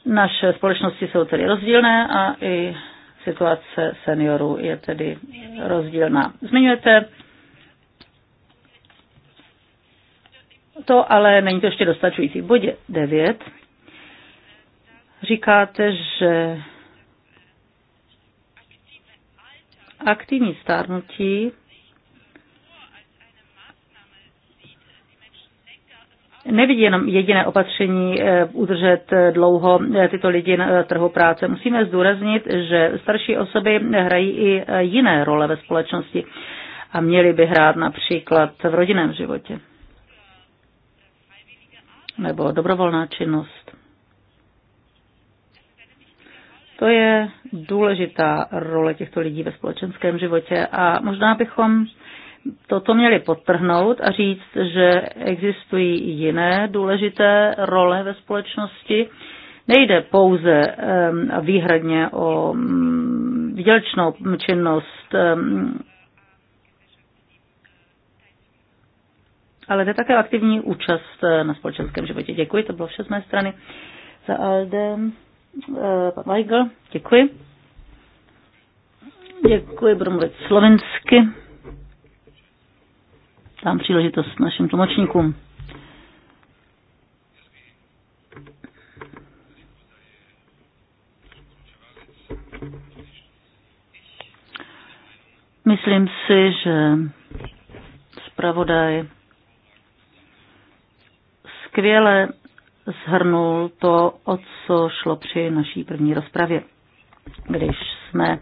Naše společnosti jsou tedy rozdílné a i Situace seniorů je tedy rozdílná. Zmiňujete to, ale není to ještě dostačující. V bodě 9 říkáte, že aktivní stárnutí nevidí jenom jediné opatření eh, udržet eh, dlouho eh, tyto lidi na trhu práce. Musíme zdůraznit, že starší osoby hrají i jiné role ve společnosti a měly by hrát například v rodinném životě nebo dobrovolná činnost. To je důležitá role těchto lidí ve společenském životě a možná bychom toto měli podtrhnout a říct, že existují jiné důležité role ve společnosti. Nejde pouze a výhradně o výdělečnou mm, činnost, ale jde také aktivní účast eh, na společenském životě. Děkuji, to bylo vše z mé strany. Za Alde, eh, pan Weigl, děkuji. Děkuji, budu mluvit slovensky dám příležitost našim tlumočníkům. Myslím si, že zpravodaj skvěle zhrnul to, o co šlo při naší první rozpravě, když jsme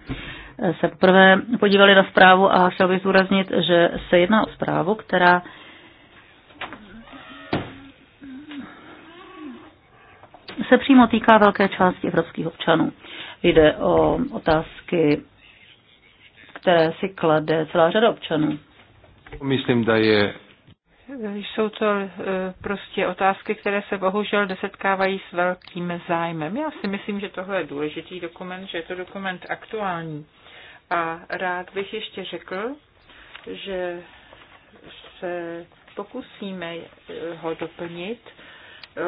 se poprvé podívali na zprávu a chtěl bych zúraznit, že se jedná o zprávu, která se přímo týká velké části evropských občanů. Jde o otázky, které si klade celá řada občanů. Myslím, že je jsou to eh, prostě otázky, které se bohužel nesetkávají s velkým zájmem. Já si myslím, že tohle je důležitý dokument, že je to dokument aktuální. A rád bych ještě řekl, že se pokusíme ho doplnit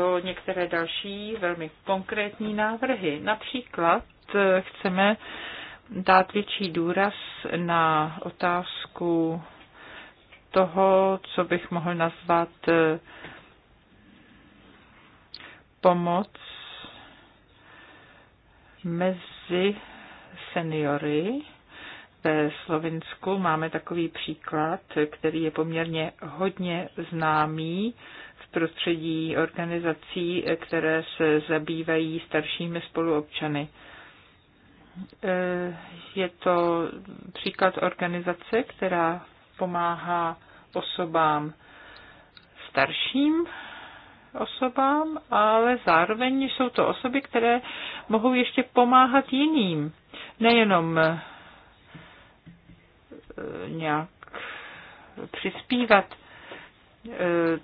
o některé další velmi konkrétní návrhy. Například eh, chceme dát větší důraz na otázku toho, co bych mohl nazvat eh, pomoc mezi seniory ve Slovinsku máme takový příklad, který je poměrně hodně známý v prostředí organizací, které se zabývají staršími spoluobčany. Eh, je to příklad organizace, která pomáhá osobám starším osobám, ale zároveň jsou to osoby, které mohou ještě pomáhat jiným. Nejenom nějak přispívat, e,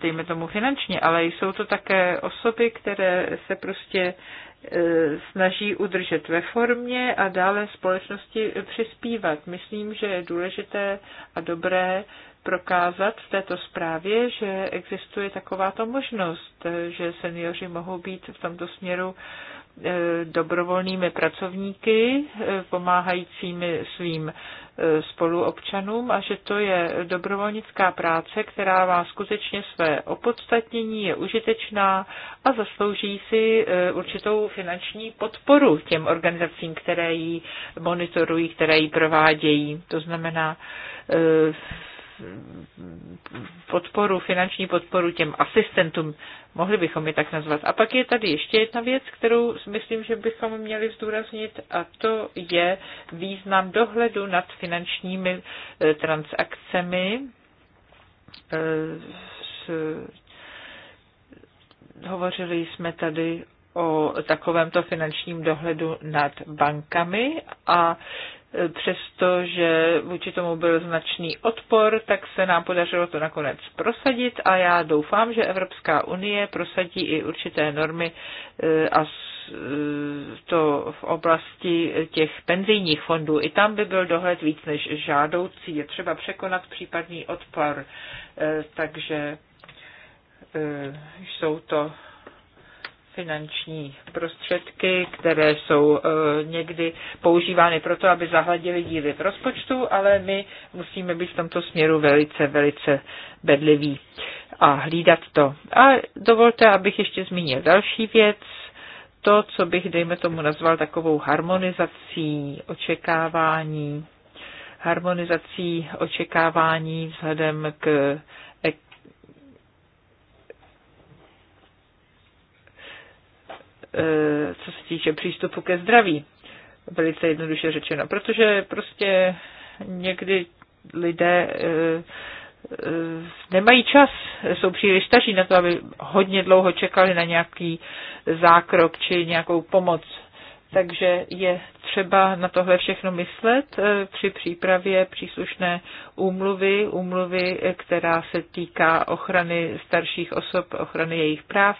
dejme tomu finančně, ale jsou to také osoby, které se prostě e, snaží udržet ve formě a dále společnosti přispívat. Myslím, že je důležité a dobré prokázat v této zprávě, že existuje takováto možnost, že seniori mohou být v tomto směru eh, dobrovolnými pracovníky, eh, pomáhajícími svým eh, spoluobčanům a že to je dobrovolnická práce, která má skutečně své opodstatnění, je užitečná a zaslouží si určitou finanční podporu těm organizacím, které ji monitorují, které ji provádějí. To znamená, podporu, finanční podporu těm asistentům, mohli bychom je tak nazvat. A pak je tady ještě jedna věc, kterou myslím, že bychom měli zdůraznit, a to je význam dohledu nad finančními eh, transakcemi eh, s hovořili jsme tady o takovémto finančním dohledu nad bankami a přestože vůči tomu byl značný odpor, tak se nám podařilo to nakonec prosadit a já doufám, že Evropská unie prosadí i určité normy e, a e, to v oblasti těch penzijních fondů. I tam by byl dohled víc než žádoucí. Je třeba překonat případný odpor. E, takže jsou to finanční prostředky, které jsou eh, někdy používány proto, aby zahladili díly v rozpočtu, ale my musíme být v tomto směru velice, velice bedliví a hlídat to. A dovolte, abych ještě zmínil další věc, to, co bych, dejme tomu, nazval takovou harmonizací očekávání, harmonizací očekávání vzhledem k E, co se týče přístupu ke zdraví. Velice jednoduše řečeno, protože prostě někdy lidé e, e, nemají čas, jsou příliš staří na to, aby hodně dlouho čekali na nějaký zákrok či nějakou pomoc. Takže je třeba na tohle všechno myslet při přípravě příslušné úmluvy, úmluvy, která se týká ochrany starších osob, ochrany jejich práv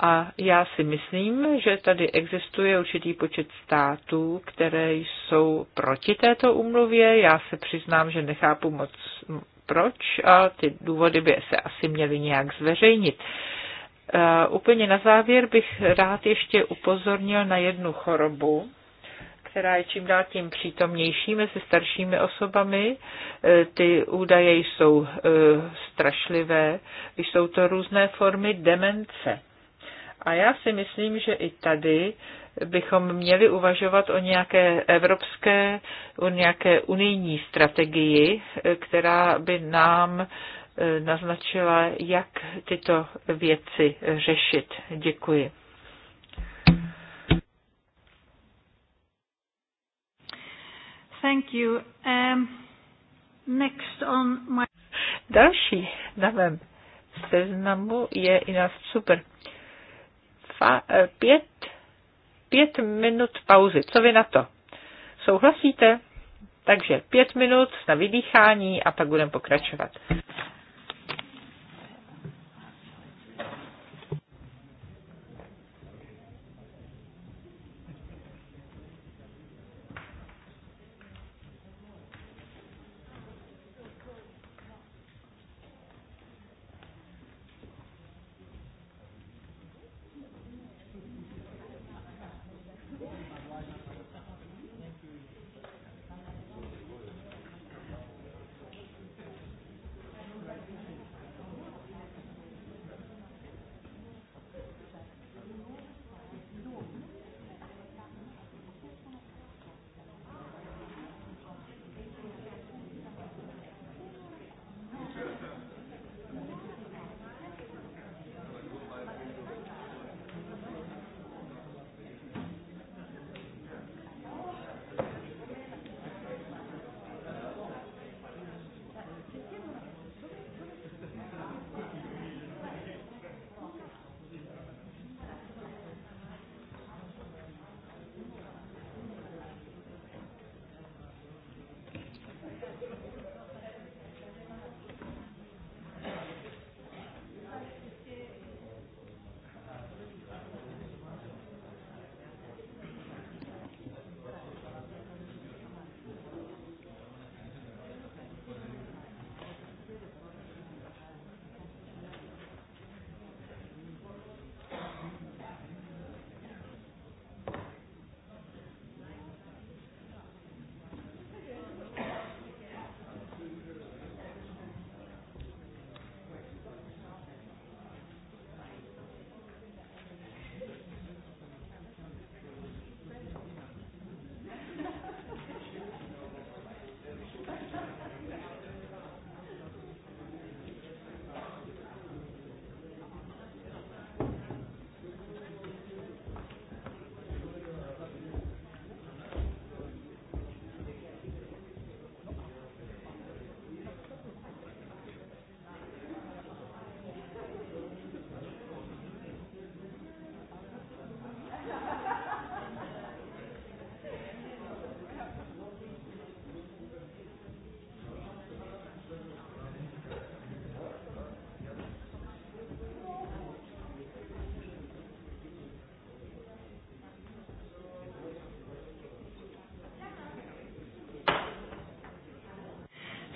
a já si myslím, že tady existuje určitý počet států, které jsou proti této úmluvě. Já se přiznám, že nechápu moc proč a ty důvody by se asi měly nějak zveřejnit. E, úplně na závěr bych rád ještě upozornil na jednu chorobu, která je čím dál tím přítomnější mezi staršími osobami. E, ty údaje jsou e, strašlivé. Jsou to různé formy demence. A já si myslím, že i tady bychom měli uvažovat o nějaké evropské, o nějaké unijní strategii, která by nám e, naznačila, jak tyto věci řešit. Děkuji. Thank you. Um, next on my... Další na mém seznamu je Ina Super. Uh, Eh, pět, pět minut pauzy. Co vy na to? Souhlasíte? Takže pět minut na vydýchání a pak budeme pokračovat.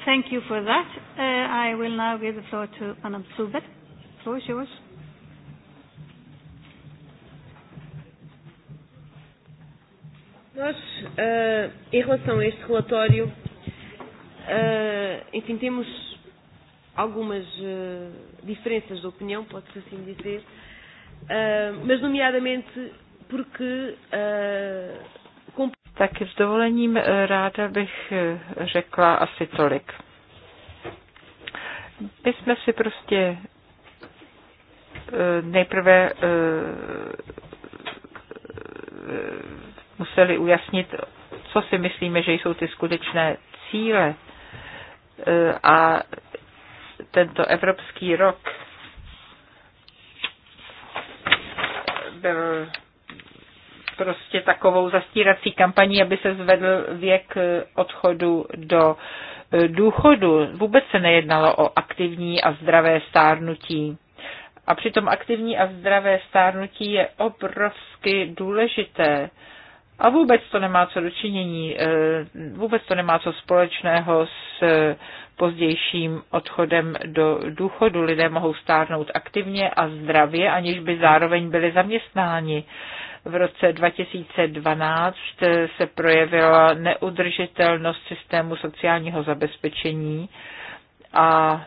Thank you for that. Uh, I will now give the floor to Madam Zuber. The floor is yours. Nós, uh, em relação a este relatório, uh, enfim, temos algumas uh, diferenças de opinião, pode-se assim dizer, uh, mas nomeadamente porque uh, Tak s dovolením eh, ráda bych eh, řekla asi tolik jsme si prostě eh, nejprve eh, eh, museli ujasnit, co si myslíme, že jsou ty skutečné cíle. A tento evropský rok byl prostě takovou zastírací kampaní, aby se zvedl věk odchodu do důchodu. Vůbec se nejednalo o aktivní a zdravé stárnutí. A přitom aktivní a zdravé stárnutí je obrovsky důležité. A vůbec to nemá co dočinění, eh, vůbec to nemá co společného s eh, pozdějším odchodem do důchodu. Lidé mohou stárnout aktivně a zdravě, aniž by zároveň byli zaměstnáni v roce 2012 se projevila neudržitelnost systému sociálního zabezpečení a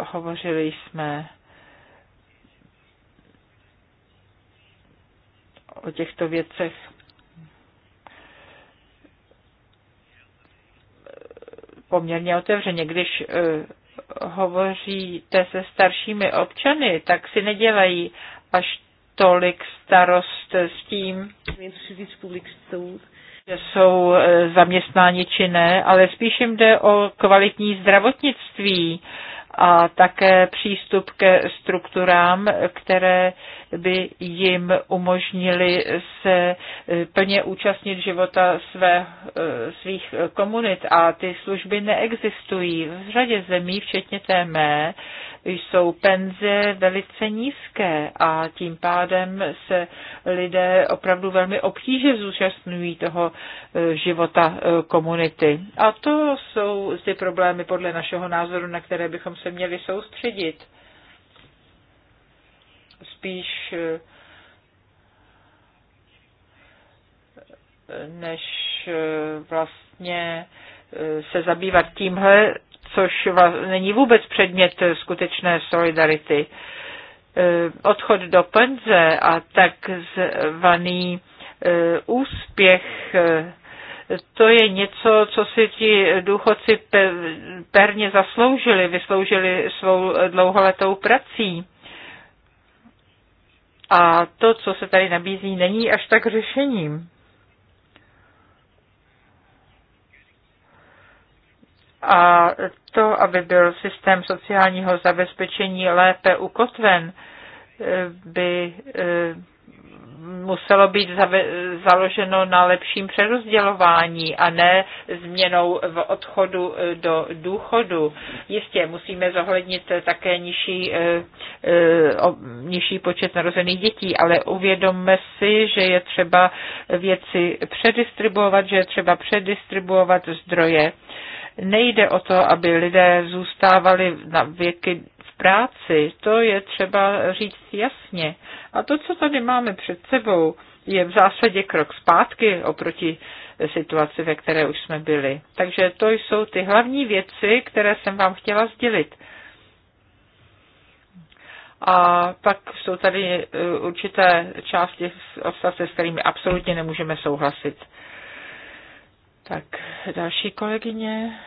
hovořili jsme o těchto věcech. poměrně otevřeně. Když eh, hovoříte se staršími občany, tak si nedělají až tolik starost s tím, že jsou e, zaměstnáni či ne, ale spíš jim jde o kvalitní zdravotnictví a také přístup ke strukturám, které by jim umožnili se eh, plně účastnit života své, eh, svých eh, komunit a ty služby neexistují. V řadě zemí, včetně té mé, jsou penze velice nízké a tím pádem se lidé opravdu velmi obtíže zúčastňují toho života komunity. A to jsou ty problémy podle našeho názoru, na které bychom se měli soustředit spíš než vlastně se zabývat tímhle, což není vůbec předmět skutečné solidarity. Odchod do penze a takzvaný eh, úspěch eh, to je něco, co si ti důchodci perně zasloužili, vysloužili svou dlouholetou prací. A to, co se tady nabízí, není až tak řešením. A to, aby byl systém sociálního zabezpečení lépe ukotven, eh, by eh, muselo být založeno na lepším přerozdělování a ne změnou v odchodu e, do důchodu. Jistě musíme zohlednit také nižší, e, e, nižší počet narozených dětí, ale uvědomme si, že je třeba věci předistribuovat, že je třeba předistribuovat zdroje nejde o to, aby lidé zůstávali na věky práci. To je třeba říct jasně. A to, co tady máme před sebou, je v zásadě krok zpátky oproti situaci, ve které už jsme byli. Takže to jsou ty hlavní věci, které jsem vám chtěla sdělit. A pak jsou tady e, určité části odstavce, s kterými absolutně nemůžeme souhlasit. Tak, další kolegyně.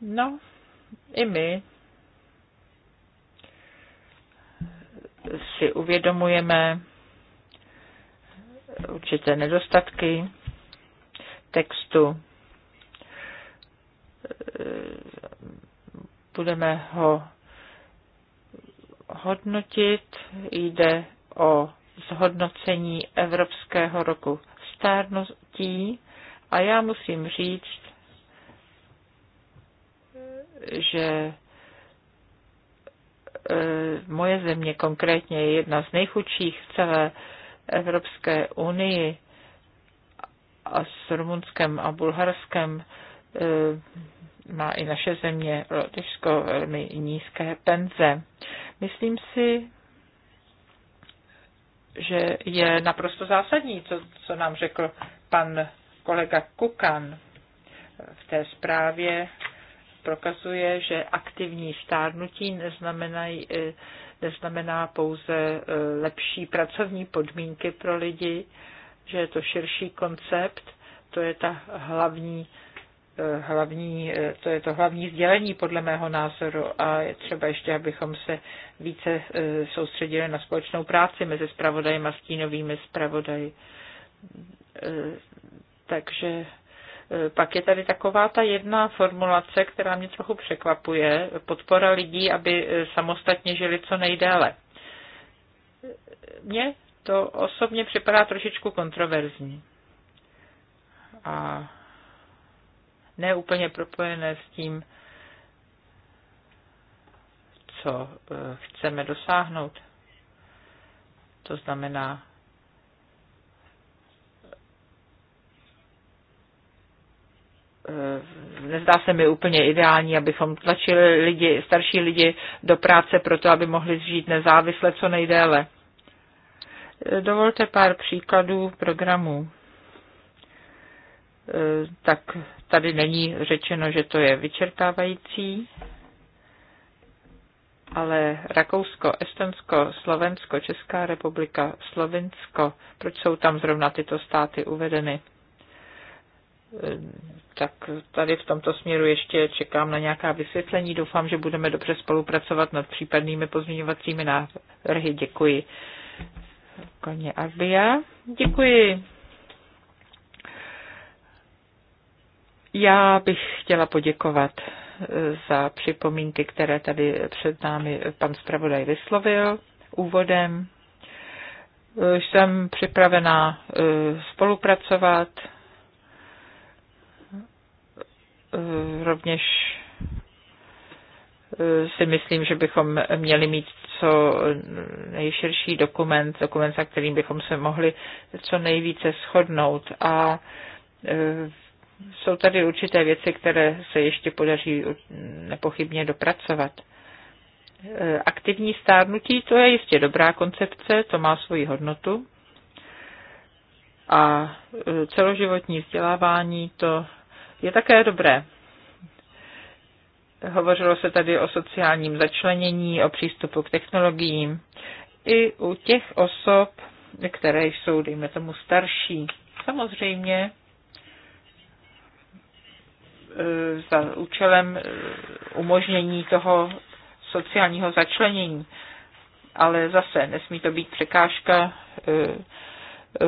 No, i my si uvědomujeme určité nedostatky textu. Budeme ho hodnotit. Jde o zhodnocení Evropského roku stárnutí a já musím říct, že e, moje země konkrétně je jedna z nejchudších v celé Evropské unii a s Rumunskem a Bulharskem e, má i naše země Lotyšsko velmi nízké penze. Myslím si, že je naprosto zásadní co co nám řekl pan kolega Kukan v té zprávě prokazuje, že aktivní stárnutí eh, neznamená pouze eh, lepší pracovní podmínky pro lidi, že je to širší koncept, to je ta hlavní eh, hlavní, to je to hlavní sdělení podle mého názoru a je třeba ještě, abychom se více soustředili na společnou práci mezi spravodajem a stínovými spravodaji. Takže Eh, pak je tady taková ta jedna formulace, která mě trochu překvapuje. Podpora lidí, aby eh, samostatně žili co nejdéle. Mně to osobně připadá trošičku kontroverzní. A ne úplně propojené s tím, co eh, chceme dosáhnout. To znamená Eh, nezdá se mi úplně ideální, abychom tlačili lidi, starší lidi do práce proto, aby mohli žít nezávisle co nejdéle. Eh, dovolte pár příkladů programů. Eh, tak tady není řečeno, že to je vyčerpávající, ale Rakousko, Estonsko, Slovensko, Česká republika, Slovinsko, proč jsou tam zrovna tyto státy uvedeny? tak tady v tomto směru ještě čekám na nějaká vysvětlení. Doufám, že budeme dobře spolupracovat nad případnými pozměňovacími návrhy. Děkuji. Koně Arbia. Děkuji. Já bych chtěla poděkovat eh, za připomínky, které tady před námi pan zpravodaj vyslovil úvodem. Eh, Jsem připravená eh, spolupracovat Eh, rovněž eh, si myslím, že bychom měli mít co nejširší dokument, dokument, za kterým bychom se mohli co nejvíce shodnout. A eh, jsou tady určité věci, které se ještě podaří nepochybně dopracovat. Aktivní stárnutí, to je jistě dobrá koncepce, to má svoji hodnotu. A celoživotní vzdělávání, to je také dobré. Hovořilo se tady o sociálním začlenění, o přístupu k technologiím. I u těch osob, které jsou, dejme tomu, starší, samozřejmě e, za účelem e, umožnění toho sociálního začlenění. Ale zase nesmí to být překážka e,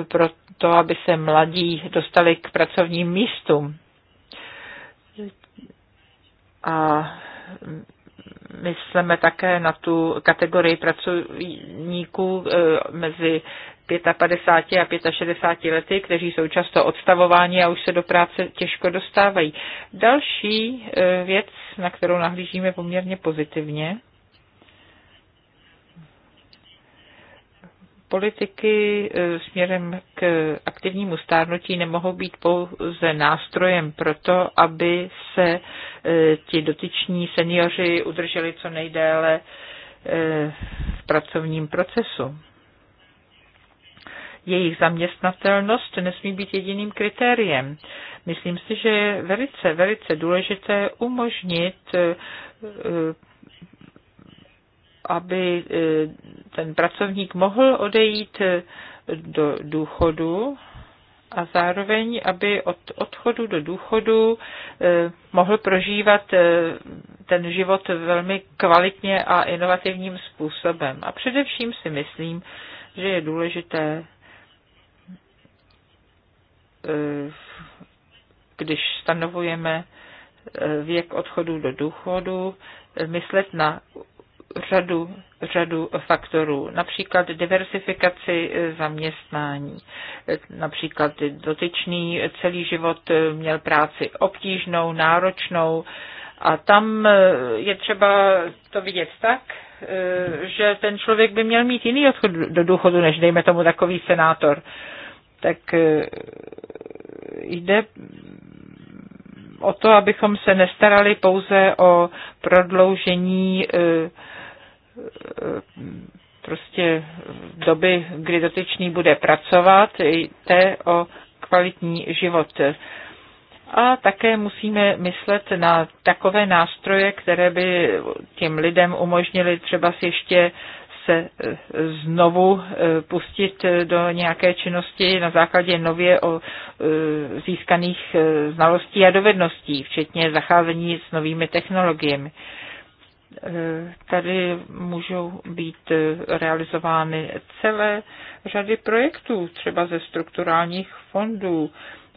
pro to, aby se mladí dostali k pracovním místům a myslíme také na tu kategorii pracovníků e, mezi 55 a 65 lety, kteří jsou často odstavováni a už se do práce těžko dostávají. Další e, věc, na kterou nahlížíme poměrně pozitivně, politiky e, směrem k aktivnímu stárnutí nemohou být pouze nástrojem pro to, aby se e, ti dotyční seniori udrželi co nejdéle e, v pracovním procesu. Jejich zaměstnatelnost nesmí být jediným kritériem. Myslím si, že je velice, velice důležité umožnit aby e, ten pracovník mohl odejít e, do důchodu a zároveň, aby od odchodu do důchodu e, mohl prožívat ten život velmi kvalitně a inovativním způsobem. A především si myslím, že je důležité, když stanovujeme věk odchodu do důchodu, myslet na řadu, řadu faktorů, například diversifikaci e, zaměstnání. E, například dotyčný celý život e, měl práci obtížnou, náročnou a tam je třeba to vidět tak, že ten člověk by měl mít jiný odchod do důchodu, než dejme tomu takový senátor. Tak jde o to, abychom se nestarali pouze o prodloužení e, e, prostě doby, kdy dotyčný bude pracovat, jde o kvalitní život. A také musíme myslet na takové nástroje, které by těm lidem umožnili třeba si ještě se eh, znovu eh, pustit eh, do nějaké činnosti na základě nově o získaných znalostí a dovedností, včetně zacházení s novými technologiemi. Tady můžou být realizovány celé řady projektů, třeba ze strukturálních fondů,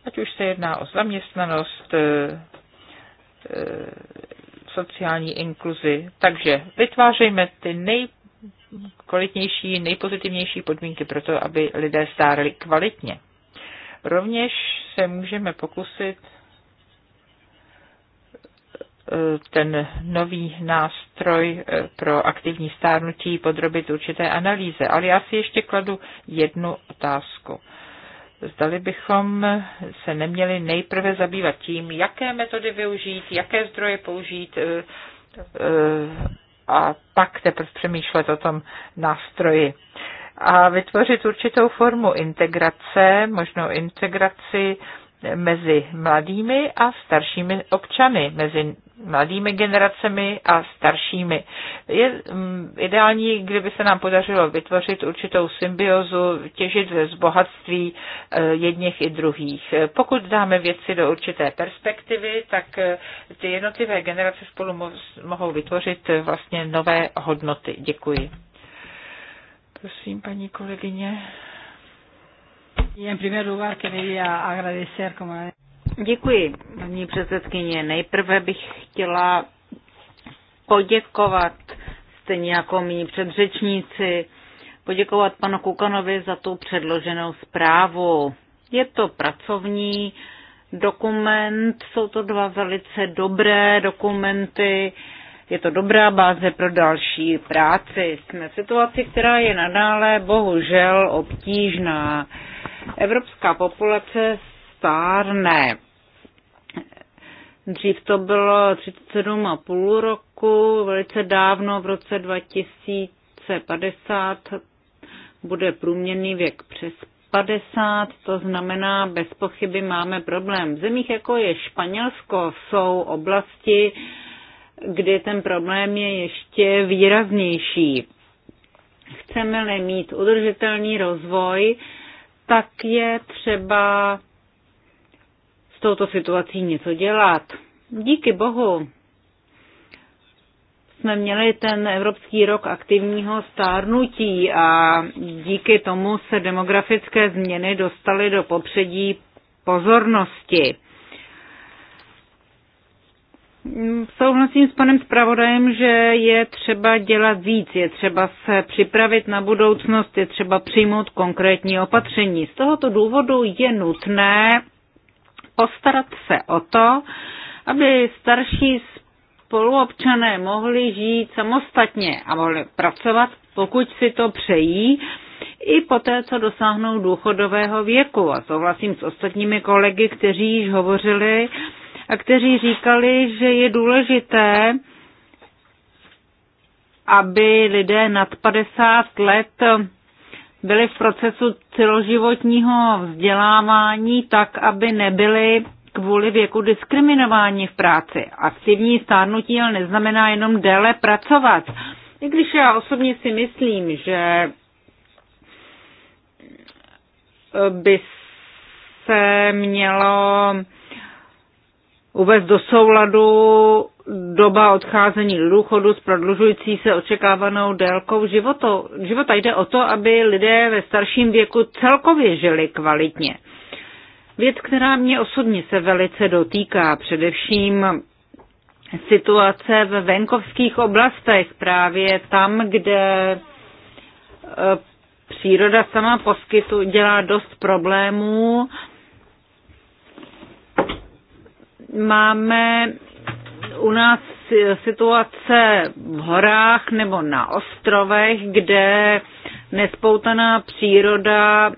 ať už se jedná o zaměstnanost, sociální inkluzi. Takže vytvářejme ty nej nejkvalitnější, nejpozitivnější podmínky pro to, aby lidé stárli kvalitně. Rovněž se můžeme pokusit eh, ten nový nástroj eh, pro aktivní stárnutí podrobit určité analýze. Ale já si ještě kladu jednu otázku. Zdali bychom se neměli nejprve zabývat tím, jaké metody využít, jaké zdroje použít, eh, a pak teprve přemýšlet o tom nástroji. A vytvořit určitou formu integrace, možnou integraci mezi mladými a staršími občany, mezi mladými generacemi a staršími. Je mm, ideální, kdyby se nám podařilo vytvořit určitou symbiozu, těžit z bohatství e, jedněch i druhých. Pokud dáme věci do určité perspektivy, tak e, ty jednotlivé generace spolu mohou vytvořit e, vlastně nové hodnoty. Děkuji. Prosím, paní kolegyně. Y en primer lugar quería agradecer, como Děkuji, paní předsedkyně. Nejprve bych chtěla poděkovat, stejně jako mý předřečníci, poděkovat panu Kukanovi za tu předloženou zprávu. Je to pracovní dokument, jsou to dva velice dobré dokumenty, je to dobrá báze pro další práci. Jsme v situaci, která je nadále bohužel obtížná. Evropská populace stárne. Dřív to bylo 37,5 roku, velice dávno, v roce 2050 bude průměrný věk přes 50, to znamená, bez pochyby máme problém. V zemích, jako je Španělsko, jsou oblasti, kde ten problém je ještě výraznější. Chceme-li mít udržitelný rozvoj, tak je třeba touto situací něco dělat. Díky bohu jsme měli ten Evropský rok aktivního stárnutí a díky tomu se demografické změny dostaly do popředí pozornosti. Souhlasím s panem zpravodajem, že je třeba dělat víc, je třeba se připravit na budoucnost, je třeba přijmout konkrétní opatření. Z tohoto důvodu je nutné postarat se o to, aby starší spoluobčané mohli žít samostatně a mohli pracovat, pokud si to přejí, i poté, co dosáhnou důchodového věku. A souhlasím s ostatními kolegy, kteří již hovořili a kteří říkali, že je důležité, aby lidé nad 50 let byli v procesu celoživotního vzdělávání tak, aby nebyli kvůli věku diskriminováni v práci. Aktivní stárnutí ale neznamená jenom déle pracovat. I když já osobně si myslím, že by se mělo uvést do souladu doba odcházení do důchodu s prodlužující se očekávanou délkou života. života. Jde o to, aby lidé ve starším věku celkově žili kvalitně. Věc, která mě osobně se velice dotýká, především situace ve venkovských oblastech, právě tam, kde e, příroda sama poskytu dělá dost problémů. Máme u nás situace v horách nebo na ostrovech, kde nespoutaná příroda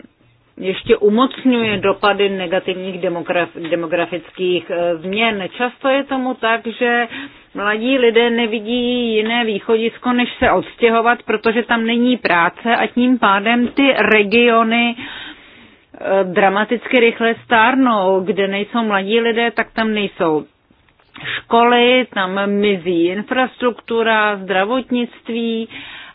ještě umocňuje dopady negativních demografických eh, změn. Často je tomu tak, že mladí lidé nevidí jiné východisko, než se odstěhovat, protože tam není práce a tím pádem ty regiony eh, dramaticky rychle stárnou. Kde nejsou mladí lidé, tak tam nejsou školy, tam mizí infrastruktura, zdravotnictví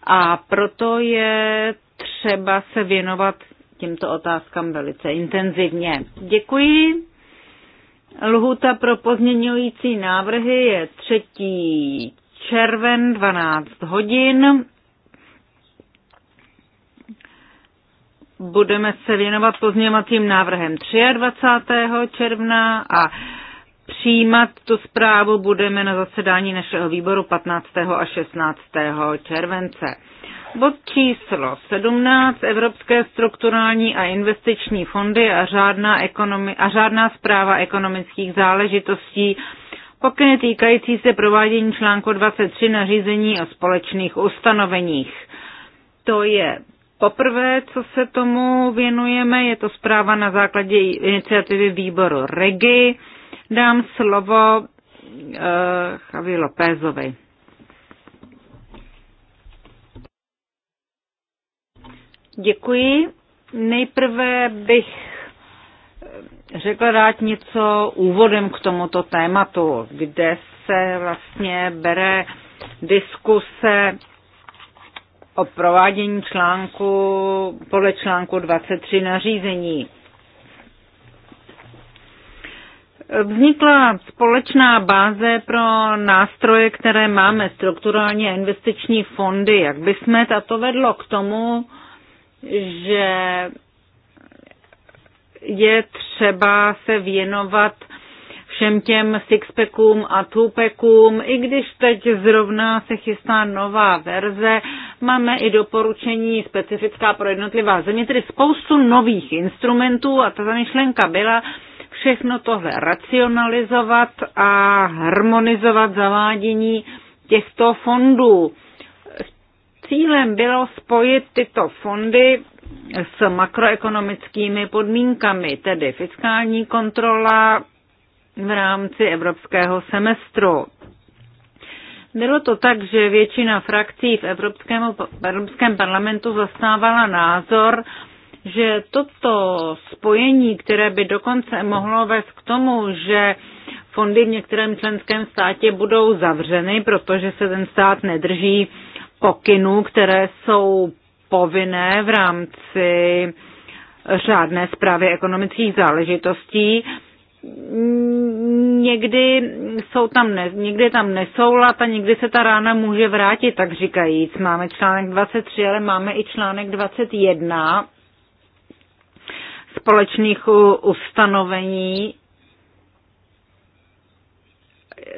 a proto je třeba se věnovat těmto otázkám velice intenzivně. Děkuji. Lhuta pro pozměňující návrhy je 3. červen 12 hodin. Budeme se věnovat pozměňovacím návrhem 23. června a přijímat tu zprávu budeme na zasedání našeho výboru 15. a 16. července. Bod číslo 17. Evropské strukturální a investiční fondy a řádná, ekonomi- a řádná zpráva ekonomických záležitostí. Pokyny týkající se provádění článku 23 nařízení o společných ustanoveních. To je Poprvé, co se tomu věnujeme, je to zpráva na základě iniciativy výboru REGI dám slovo eh, Javi Lopézovi. Děkuji. Nejprve bych řekla dát něco úvodem k tomuto tématu, kde se vlastně bere diskuse o provádění článku podle článku 23 nařízení. Vznikla společná báze pro nástroje, které máme, strukturálně investiční fondy. Jak by jsme tato vedlo k tomu, že je třeba se věnovat všem těm sixpackům a tupekům, i když teď zrovna se chystá nová verze, máme i doporučení specifická pro jednotlivá země, tedy spoustu nových instrumentů a ta zamišlenka byla, všechno tohle racionalizovat a harmonizovat zavádění těchto fondů. Cílem bylo spojit tyto fondy s makroekonomickými podmínkami, tedy fiskální kontrola v rámci evropského semestru. Bylo to tak, že většina frakcí v Evropském, Evropském parlamentu zastávala názor, že toto spojení, které by dokonce mohlo vést k tomu, že fondy v některém členském státě budou zavřeny, protože se ten stát nedrží pokynů, které jsou povinné v rámci řádné zprávy ekonomických záležitostí. Někdy, jsou tam ne, někdy tam nesoulad a někdy se ta rána může vrátit, tak říkajíc. Máme článek 23, ale máme i článek 21 společných ustanovení.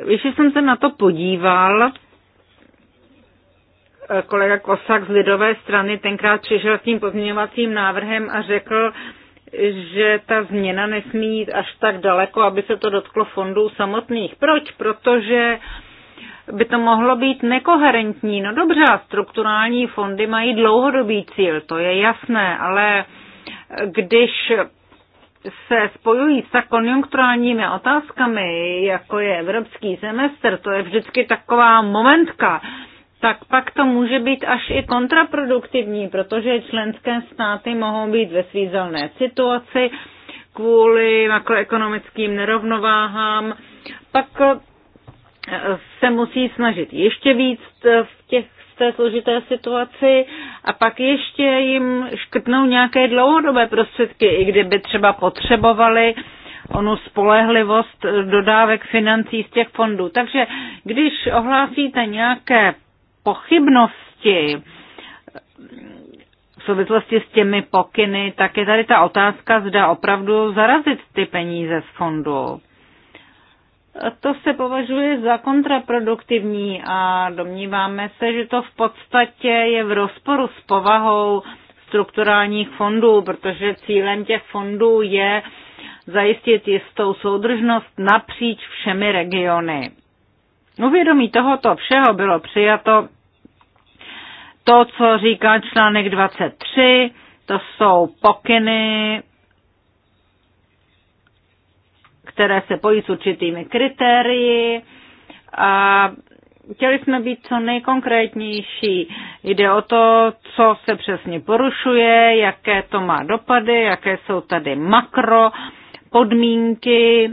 Když jsem se na to podíval, kolega Kosak z Lidové strany tenkrát přišel s tím pozměňovacím návrhem a řekl, že ta změna nesmí jít až tak daleko, aby se to dotklo fondů samotných. Proč? Protože by to mohlo být nekoherentní. No dobře, strukturální fondy mají dlouhodobý cíl, to je jasné, ale když se spojují s tak konjunkturálními otázkami, jako je evropský semestr, to je vždycky taková momentka, tak pak to může být až i kontraproduktivní, protože členské státy mohou být ve svízelné situaci kvůli makroekonomickým nerovnováhám. Pak se musí snažit ještě víc v těch té složité situaci a pak ještě jim škrtnou nějaké dlouhodobé prostředky, i kdyby třeba potřebovali onu spolehlivost dodávek financí z těch fondů. Takže když ohlásíte nějaké pochybnosti v souvislosti s těmi pokyny, tak je tady ta otázka, zda opravdu zarazit ty peníze z fondu to se považuje za kontraproduktivní a domníváme se, že to v podstatě je v rozporu s povahou strukturálních fondů, protože cílem těch fondů je zajistit jistou soudržnost napříč všemi regiony. Uvědomí tohoto všeho bylo přijato to, co říká článek 23, to jsou pokyny které se pojí s určitými kritérii a chtěli jsme být co nejkonkrétnější. Jde o to, co se přesně porušuje, jaké to má dopady, jaké jsou tady makro podmínky,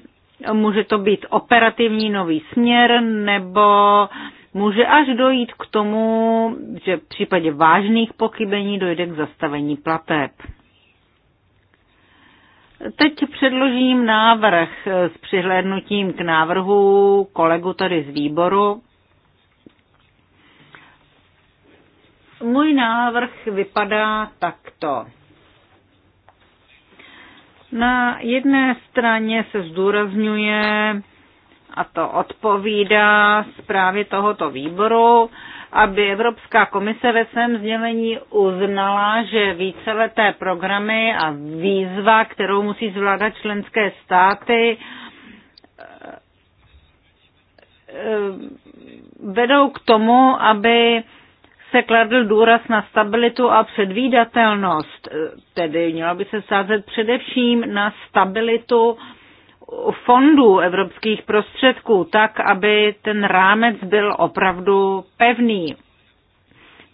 může to být operativní nový směr nebo může až dojít k tomu, že v případě vážných pochybení dojde k zastavení plateb. Teď předložím návrh s přihlédnutím k návrhu kolegu tady z výboru. Můj návrh vypadá takto. Na jedné straně se zdůrazňuje, a to odpovídá zprávě tohoto výboru, aby Evropská komise ve svém sdělení uznala, že víceleté programy a výzva, kterou musí zvládat členské státy, eh, vedou k tomu, aby se kladl důraz na stabilitu a předvídatelnost. Eh, tedy měla by se sázet především na stabilitu fondů evropských prostředků tak, aby ten rámec byl opravdu pevný.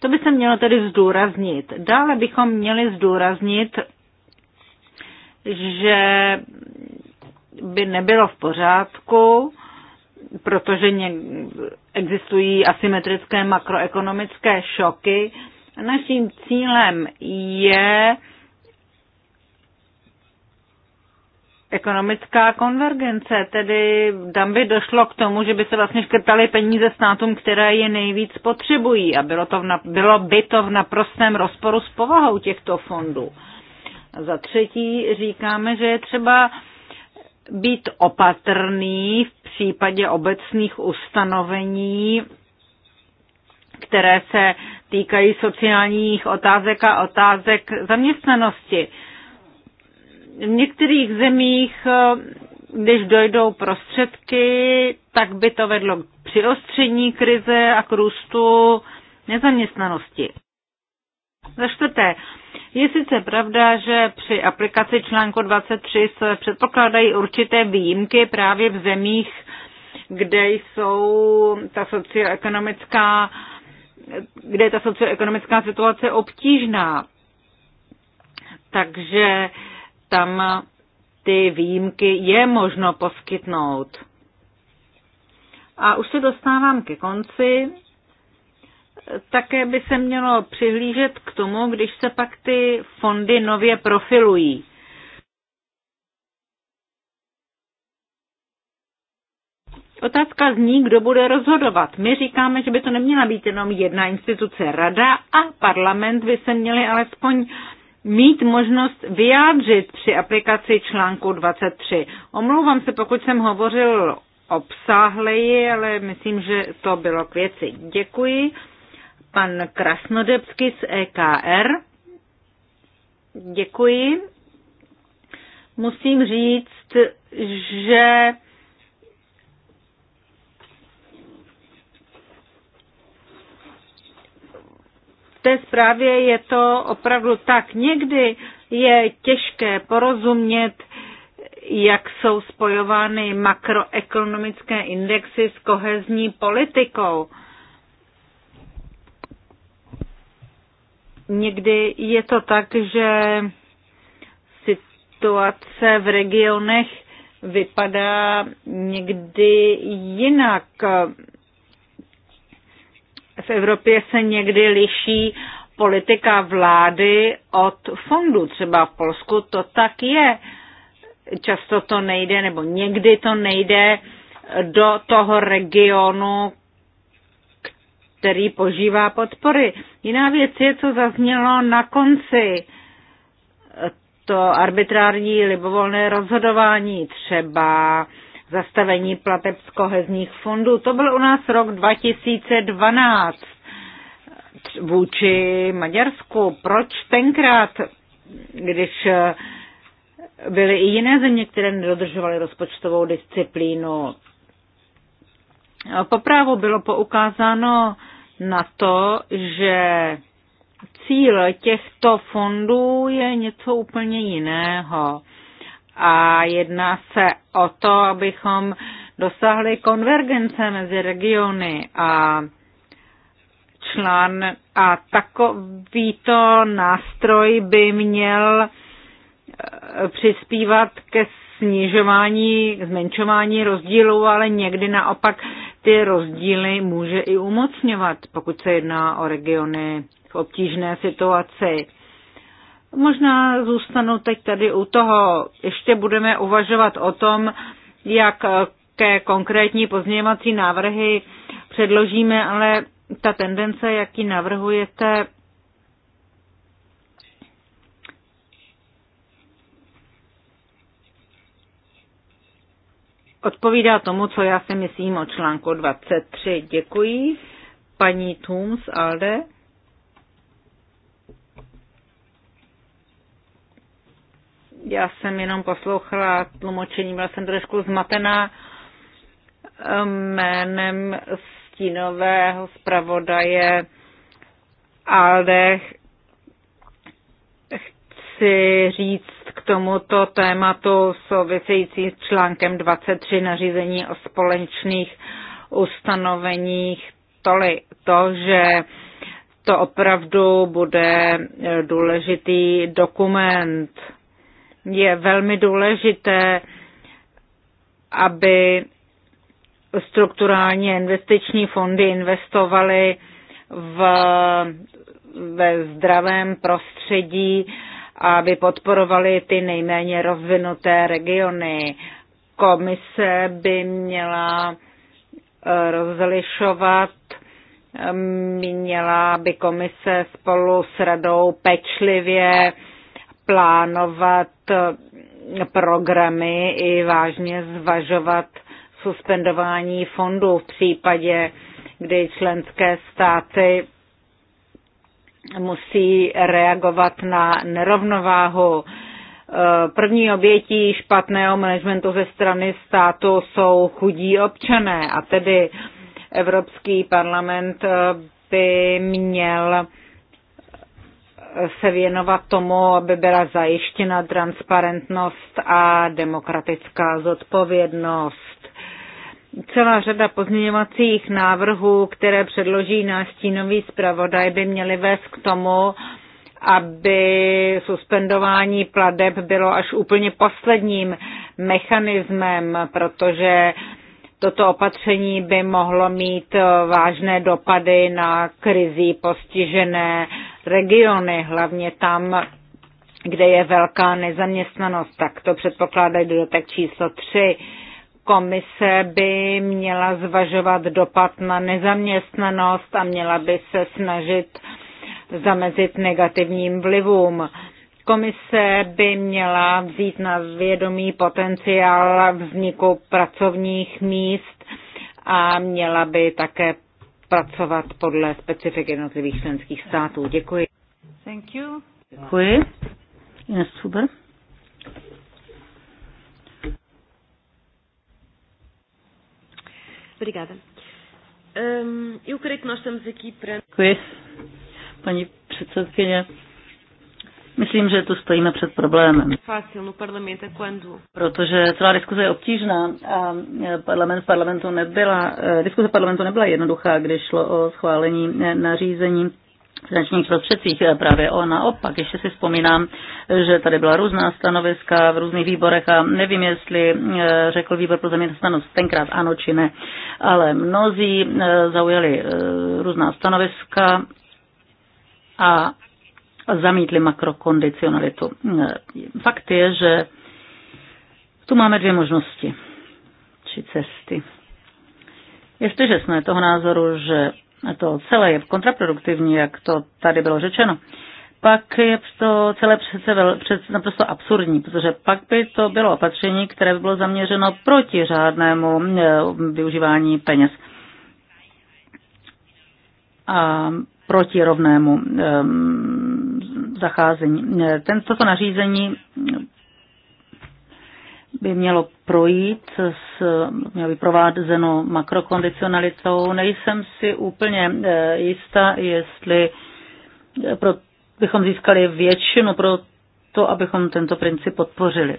To by se mělo tedy zdůraznit. Dále bychom měli zdůraznit, že by nebylo v pořádku, protože existují asymetrické makroekonomické šoky. Naším cílem je ekonomická konvergence, tedy tam by došlo k tomu, že by se vlastně škrtaly peníze státům, které je nejvíc potřebují a bylo, to v na, bylo by to v naprostém rozporu s povahou těchto fondů. Za třetí říkáme, že je třeba být opatrný v případě obecných ustanovení, které se týkají sociálních otázek a otázek zaměstnanosti v některých zemích, eh, když dojdou prostředky, tak by to vedlo k přiostření krize a k růstu nezaměstnanosti. Za čtvrté, je sice pravda, že při aplikaci článku 23 se předpokládají určité výjimky právě v zemích, kde jsou ta socioekonomická, kde je ta socioekonomická situace obtížná. Takže tam ty výjimky je možno poskytnout. A už se dostávám ke konci. Také by se mělo přihlížet k tomu, když se pak ty fondy nově profilují. Otázka zní, kdo bude rozhodovat. My říkáme, že by to neměla být jenom jedna instituce. Rada a parlament by se měli alespoň mít možnost vyjádřit při aplikaci článku 23. Omlouvám se, pokud jsem hovořil obsáhleji, ale myslím, že to bylo k věci. Děkuji. Pan Krasnodebsky z EKR. Děkuji. Musím říct, že té zprávě je to opravdu tak. Někdy je těžké porozumět, jak jsou spojovány makroekonomické indexy s kohezní politikou. Někdy je to tak, že situace v regionech vypadá někdy jinak v Evropě se někdy liší politika vlády od fondů. Třeba v Polsku to tak je. Často to nejde, nebo někdy to nejde do toho regionu, který požívá podpory. Jiná věc je, co zaznělo na konci. To arbitrární libovolné rozhodování třeba zastavení plateb z kohezních fondů. To byl u nás rok 2012 vůči Maďarsku. Proč tenkrát, když eh, byly i jiné země, které nedodržovaly rozpočtovou disciplínu? Eh, Poprávu bylo poukázáno na to, že cíl těchto fondů je něco úplně jiného a jedná se o to, abychom dosáhli konvergence mezi regiony a člán a takovýto nástroj by měl eh, přispívat ke snižování, zmenšování rozdílů, ale někdy naopak ty rozdíly může i umocňovat, pokud se jedná o regiony v obtížné situaci. Možná zůstanu teď tady u toho. Ještě budeme uvažovat o tom, jak ke konkrétní pozměňovací návrhy předložíme, ale ta tendence, jaký navrhujete, odpovídá tomu, co já si myslím o článku 23. Děkuji. Paní Tums, Alde. Já jsem jenom poslouchala tlumočení, byla jsem trošku zmatená jménem stínového zpravodaje Aldech. Chci říct k tomuto tématu související s článkem 23 nařízení o společných ustanoveních toli to, že to opravdu bude důležitý dokument je velmi důležité, aby strukturálně investiční fondy investovaly v, ve zdravém prostředí, aby podporovali ty nejméně rozvinuté regiony. Komise by měla eh, rozlišovat, eh, měla by komise spolu s radou pečlivě plánovat programy i vážně zvažovat suspendování fondů v případě, kdy členské státy musí reagovat na nerovnováhu. První obětí špatného managementu ze strany státu jsou chudí občané a tedy Evropský parlament by měl se věnovat tomu, aby byla zajištěna transparentnost a demokratická zodpovědnost. Celá řada pozměňovacích návrhů, které předloží náš stínový zpravodaj, by měly vést k tomu, aby suspendování pladeb bylo až úplně posledním mechanismem, protože Toto opatření by mohlo mít eh, vážné dopady na krizí postižené regiony, hlavně tam, kde je velká nezaměstnanost. Tak to předpokládají dodatek číslo 3. Komise by měla zvažovat dopad na nezaměstnanost a měla by se snažit zamezit negativním vlivům. Komise by měla vzít na vědomí potenciál vzniku pracovních míst a měla by také pracovat podle specifik jednotlivých členských států. Děkuji. Thank you. Děkuji. Ines Huber. Obrigada. Um, eu creio que nós estamos aqui para... Děkuji, paní předsedkyně. Myslím, že tu stojíme před problémem. No, Protože celá diskuze je obtížná a e, parlament parlamentu nebyla, e, diskuze parlamentu nebyla jednoduchá, když šlo o schválení e, nařízení finančních prostředcích. Právě o naopak, ještě si vzpomínám, že tady byla různá stanoviska v různých výborech a nevím, jestli řekl výbor pro zaměstnanost tenkrát ano či ne, ale mnozí zaujali různá stanoviska a zamítli makrokondicionalitu. Fakt je, že tu máme dvě možnosti či cesty. Jestliže jsme toho názoru, že to celé je kontraproduktivní, jak to tady bylo řečeno, pak je to celé přece, vel, před, naprosto absurdní, protože pak by to bylo opatření, které by bylo zaměřeno proti řádnému e, využívání peněz. A proti rovnému zacházení. E, ten, toto nařízení by mělo projít, s, mělo by provázeno makrokondicionalitou. Nejsem si úplně e, jistá, jestli e, pro, bychom získali většinu pro to, abychom tento princip podpořili.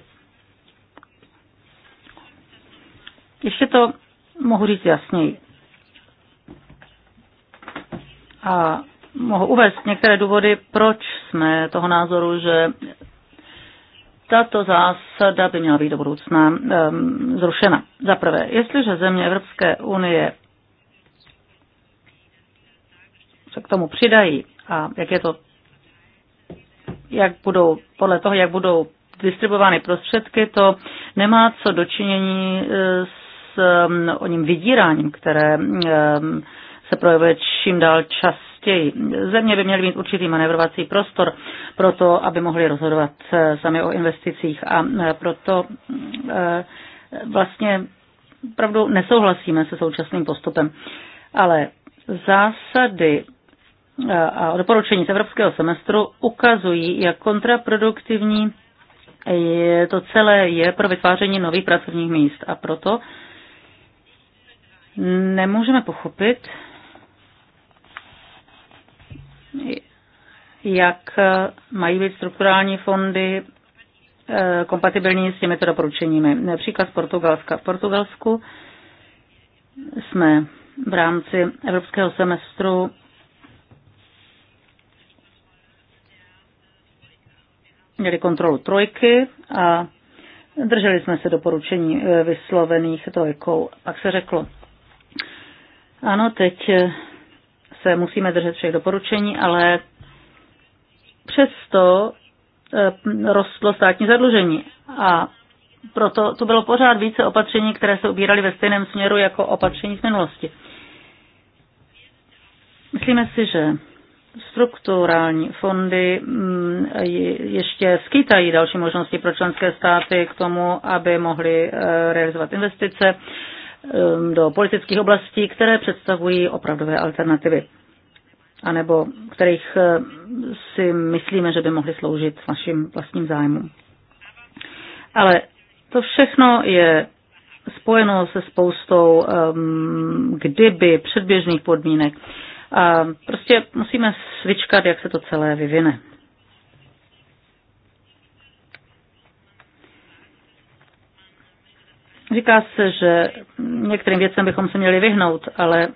Ještě to mohu říct jasněji. A mohu uvést některé důvody, proč jsme toho názoru, že tato zásada by měla být do budoucna um, zrušena. Za prvé, jestliže země Evropské unie se k tomu přidají a jak je to, jak budou, podle toho, jak budou distribuovány prostředky, to nemá co dočinění e, s um, oním vydíráním, které um, se projevuje čím dál častěji. Země by měly mít určitý manevrovací prostor pro to, aby mohly rozhodovat eh, sami o investicích a eh, proto eh, vlastně opravdu nesouhlasíme se současným postupem. Ale zásady a doporučení z evropského semestru ukazují, jak kontraproduktivní je to celé je pro vytváření nových pracovních míst. A proto nemůžeme pochopit, jak eh, mají být strukturální fondy eh, kompatibilní s těmito doporučeními. Například z Portugalska. V Portugalsku jsme v rámci evropského semestru měli kontrolu trojky a drželi jsme se doporučení eh, vyslovených trojkou. Pak se řeklo, ano, teď se musíme držet všech doporučení, ale přesto eh, rostlo státní zadlužení. A proto to bylo pořád více opatření, které se ubíraly ve stejném směru jako opatření z minulosti. Myslíme si, že strukturální fondy mm, ještě skýtají další možnosti pro členské státy k tomu, aby mohly eh, realizovat investice do politických oblastí, které představují opravdové alternativy, anebo kterých eh, si myslíme, že by mohly sloužit našim vlastním zájmům. Ale to všechno je spojeno se spoustou kdyby předběžných podmínek. A prostě musíme svičkat, jak se to celé vyvine. Říká se, že některým věcem bychom se měli vyhnout, ale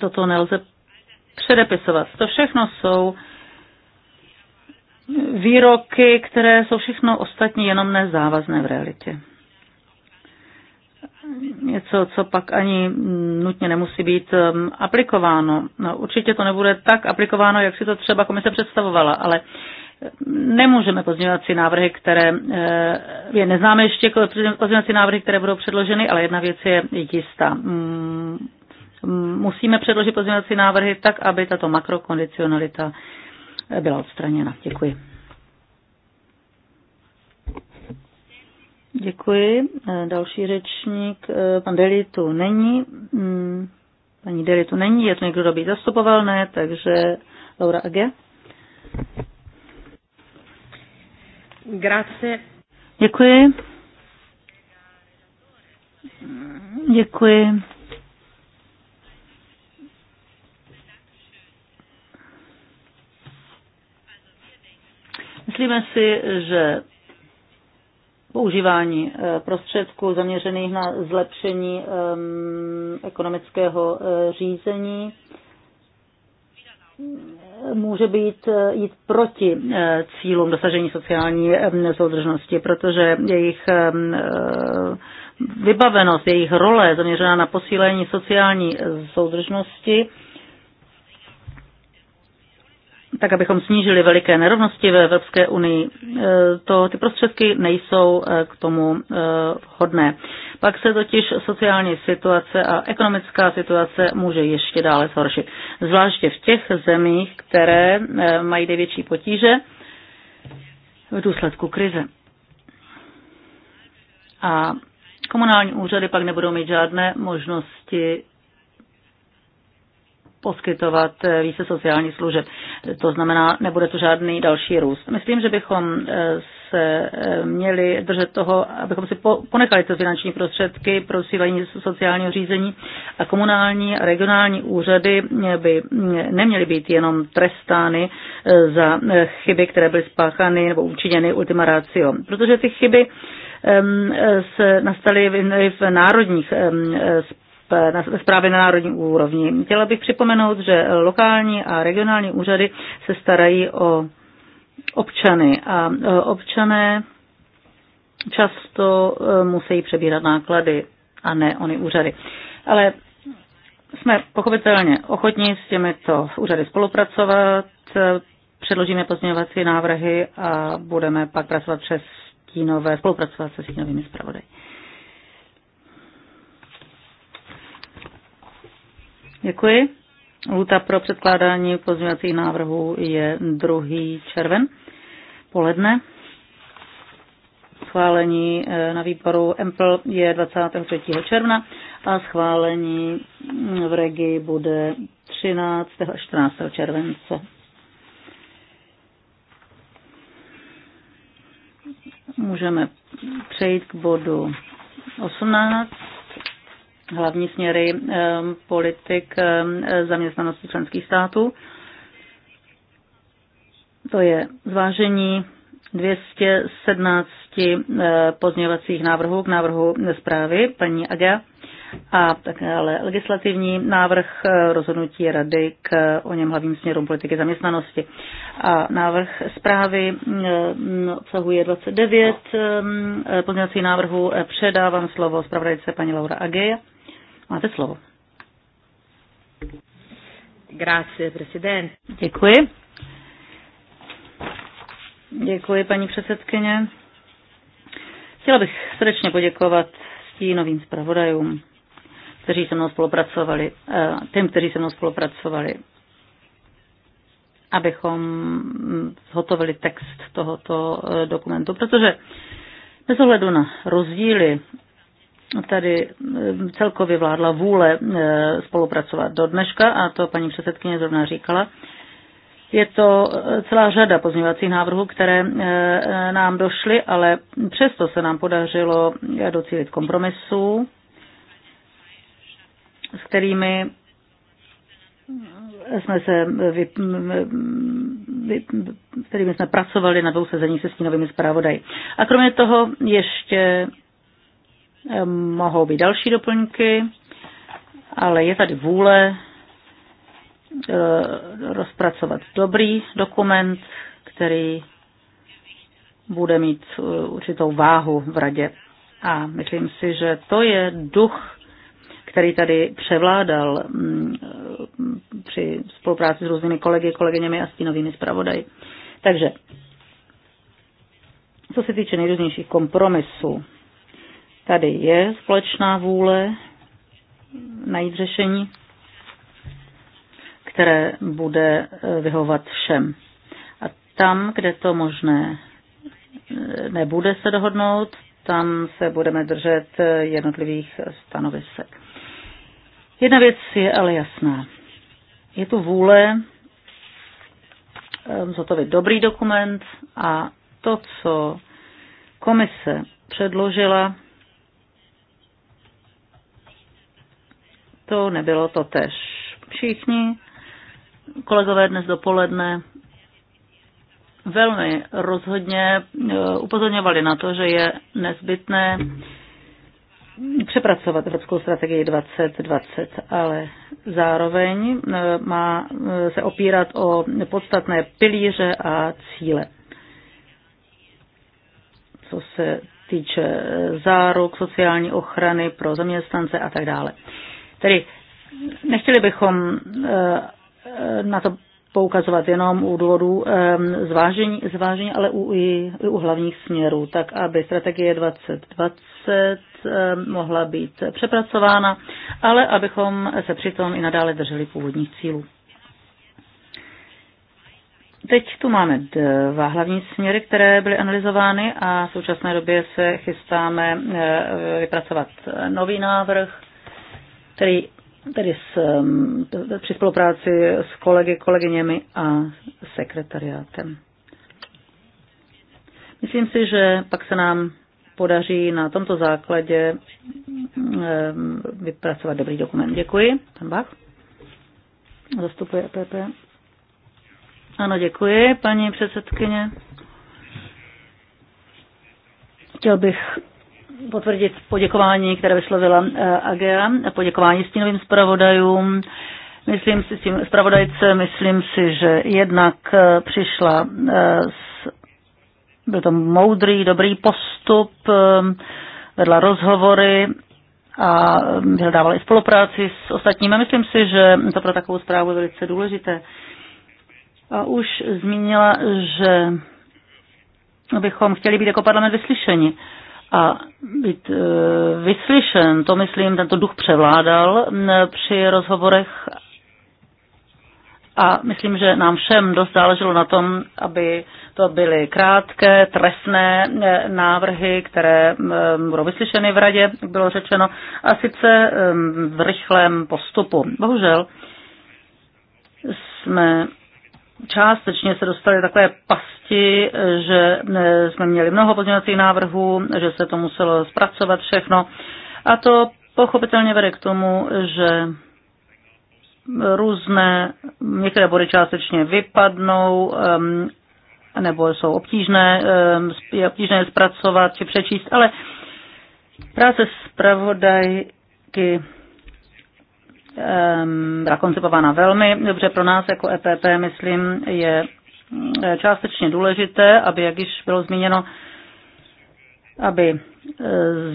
toto nelze předepisovat. To všechno jsou výroky, které jsou všechno ostatní jenom nezávazné v realitě. Něco, co pak ani nutně nemusí být um, aplikováno. No, určitě to nebude tak aplikováno, jak si to třeba komise představovala, ale uh, nemůžeme pozměňovací návrhy, které, eh, je neznáme ještě pozměňovací návrhy, které budou předloženy, ale jedna věc je jistá. Mm, mm, musíme předložit pozměňovací návrhy tak, aby tato makrokondicionalita eh, byla odstraněna. Děkuji. Děkuji. Eh, další řečník, pan Deli tu není. Mm, paní Deli tu není, je to někdo, kdo by zastupoval, ne, takže Laura Age. Grazie. Děkuji. Děkuji. Myslíme si, že používání eh, prostředků zaměřených na zlepšení ehm, ekonomického eh, řízení může být e, jít proti e, cílům dosažení sociální e, soudržnosti, protože jejich vybavenost, jejich role zaměřená na posílení sociální soudržnosti, tak abychom snížili veliké nerovnosti ve Evropské unii, to ty prostředky nejsou k tomu hodné. Pak se totiž sociální situace a ekonomická situace může ještě dále zhoršit. Zvláště v těch zemích, které eh, mají největší potíže v důsledku krize. A komunální úřady pak nebudou mít žádné možnosti poskytovat eh, více sociálních služeb. To znamená, nebude to žádný další růst. Myslím, že bychom eh, se eh, měli držet toho, abychom si ponechali ty finanční prostředky pro posílení sociálního řízení a komunální a regionální úřady eh, by eh, neměly být jenom trestány za chyby, které byly spáchány nebo učiněny ultima ratio, protože ty chyby se nastaly v národních zprávě na národní úrovni. Chtěla bych připomenout, že lokální a regionální úřady se starají o občany a e, občané často e, musí přebírat náklady a ne ony úřady. Ale jsme pochopitelně ochotní s těmito úřady spolupracovat, e, předložíme pozměňovací návrhy a budeme pak pracovat přes stínové, spolupracovat se stínovými zpravodaji. Děkuji. Lhuta pro předkládání pozměňovacích návrhů je 2. červen poledne. Schválení eh, na výboru EMPL je 23. června a schválení mm, v regi bude 13. a 14. července. Můžeme přejít k bodu 18 hlavní směry ehm, politik ehm, zaměstnanosti členských států. To je zvážení 217 eh, pozměňovacích návrhů k návrhu zprávy paní Aga a také ale legislativní návrh eh, rozhodnutí rady k eh, o něm hlavním směrům politiky zaměstnanosti. A návrh zprávy obsahuje 29 pozměňovacích návrhů. Předávám slovo zpravodajce paní Laura Ageje. Máte slovo. Grazie, presidente. Děkuji. Děkuji, paní předsedkyně. Chtěla bych srdečně poděkovat stínovým zpravodajům, kteří se mnou spolupracovali, eh, těm, kteří se mnou spolupracovali, abychom zhotovili text tohoto eh, dokumentu, protože bez ohledu na rozdíly tady eh, celkově vládla vůle spolupracovat do dneška a to paní předsedkyně zrovna říkala. Je to e, celá řada pozměňovacích návrhů, které e, e, nám došly, ale přesto se nám podařilo docílit kompromisů, s kterými jsme se vy, vy, kterými jsme pracovali na dvou sezení se stínovými zpravodaji. A kromě toho ještě mohou být další doplňky, ale je tady vůle Eh, rozpracovat dobrý dokument, který bude mít eh, určitou váhu v radě. A myslím si, že to je duch, který tady převládal mm, při spolupráci s různými kolegy, kolegyněmi a stínovými zpravodaji. Takže, co se týče nejrůznějších kompromisů, tady je společná vůle najít řešení které bude eh, vyhovat všem. A tam, kde to možné eh, nebude se dohodnout, tam se budeme držet eh, jednotlivých stanovisek. Jedna věc je ale jasná. Je tu vůle zotovit dobrý dokument a to, co komise předložila, to nebylo to tež. Všichni kolegové dnes dopoledne velmi rozhodně eh, upozorňovali na to, že je nezbytné přepracovat Evropskou strategii 2020, ale zároveň eh, má eh, se opírat o podstatné pilíře a cíle. Co se týče záruk, sociální ochrany pro zaměstnance a tak dále. Tedy nechtěli bychom, Eh, na to poukazovat jenom u důvodů zvážení, zvážení ale u, i, i u hlavních směrů, tak aby strategie 2020 mohla být přepracována, ale abychom se přitom i nadále drželi původních cílů. Teď tu máme dva hlavní směry, které byly analyzovány a v současné době se chystáme eh, vypracovat nový návrh, který tedy s, um, při spolupráci s kolegy, kolegyněmi a sekretariátem. Myslím si, že pak se nám podaří na tomto základě um, vypracovat dobrý dokument. Děkuji. Pan Bach zastupuje EPP. Ano, děkuji, paní předsedkyně. Chtěl bych potvrdit poděkování, které vyslovila AGEA, eh, poděkování stínovým zpravodajům. Myslím si, s tím zpravodajce, myslím si, že jednak eh, přišla eh, s, byl to moudrý, dobrý postup, vedla rozhovory a vyhledávala i spolupráci s ostatními. Myslím si, že to pro takovou zprávu je velice důležité. A už zmínila, že bychom chtěli být jako parlament vyslyšeni a být e, vyslyšen, to myslím, tento duch převládal při rozhovorech a myslím, že nám všem dost záleželo na tom, aby to byly krátké, trestné e, návrhy, které budou vyslyšeny v radě, jak bylo řečeno, a sice e, v rychlém postupu. Bohužel jsme částečně se dostali takové pasti, že eh, jsme měli mnoho pozměňovacích návrhů, že se to muselo zpracovat všechno. A to pochopitelně vede k tomu, že různé, některé body částečně vypadnou, nebo jsou obtížné, je obtížné zpracovat či přečíst, ale práce zpravodajky Ehm, byla koncipována velmi dobře pro nás jako EPP, myslím, je eh, částečně důležité, aby, jak již bylo zmíněno, aby eh,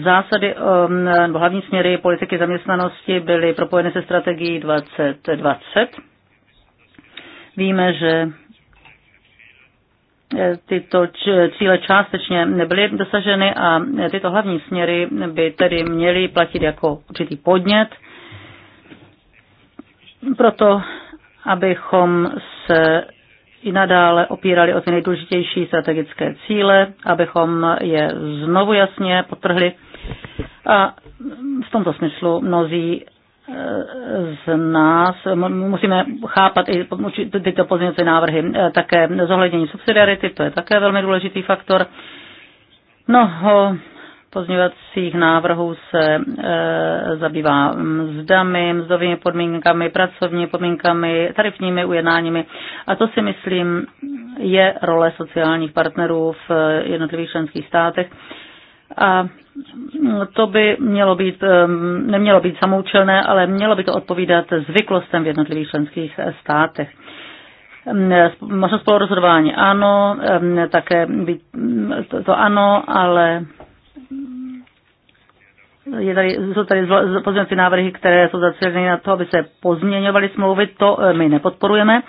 zásady ehm, nebo hlavní směry politiky zaměstnanosti byly propojeny se strategií 2020. Víme, že eh, tyto cíle částečně nebyly dosaženy a tyto hlavní směry by tedy měly platit jako určitý podnět proto, abychom se i nadále opírali o ty nejdůležitější strategické cíle, abychom je znovu jasně potrhli. A v tomto smyslu mnozí e, z nás musíme chápat i tyto pozměňovací návrhy. E, také zohlednění subsidiarity, to je také velmi důležitý faktor. Mnoho pozměňovacích návrhů se e, zabývá mzdami, mzdovými podmínkami, pracovními podmínkami, tarifními ujednáními. A to si myslím je role sociálních partnerů v jednotlivých členských státech. A to by mělo být, e, nemělo být samoučelné, ale mělo by to odpovídat zvyklostem v jednotlivých členských státech. Možnost spolurozhodování ano, e, také by to ano, ale je tady, jsou tady pozměňovací návrhy, které jsou zacílené na to, aby se pozměňovaly smlouvy, to eh, my nepodporujeme,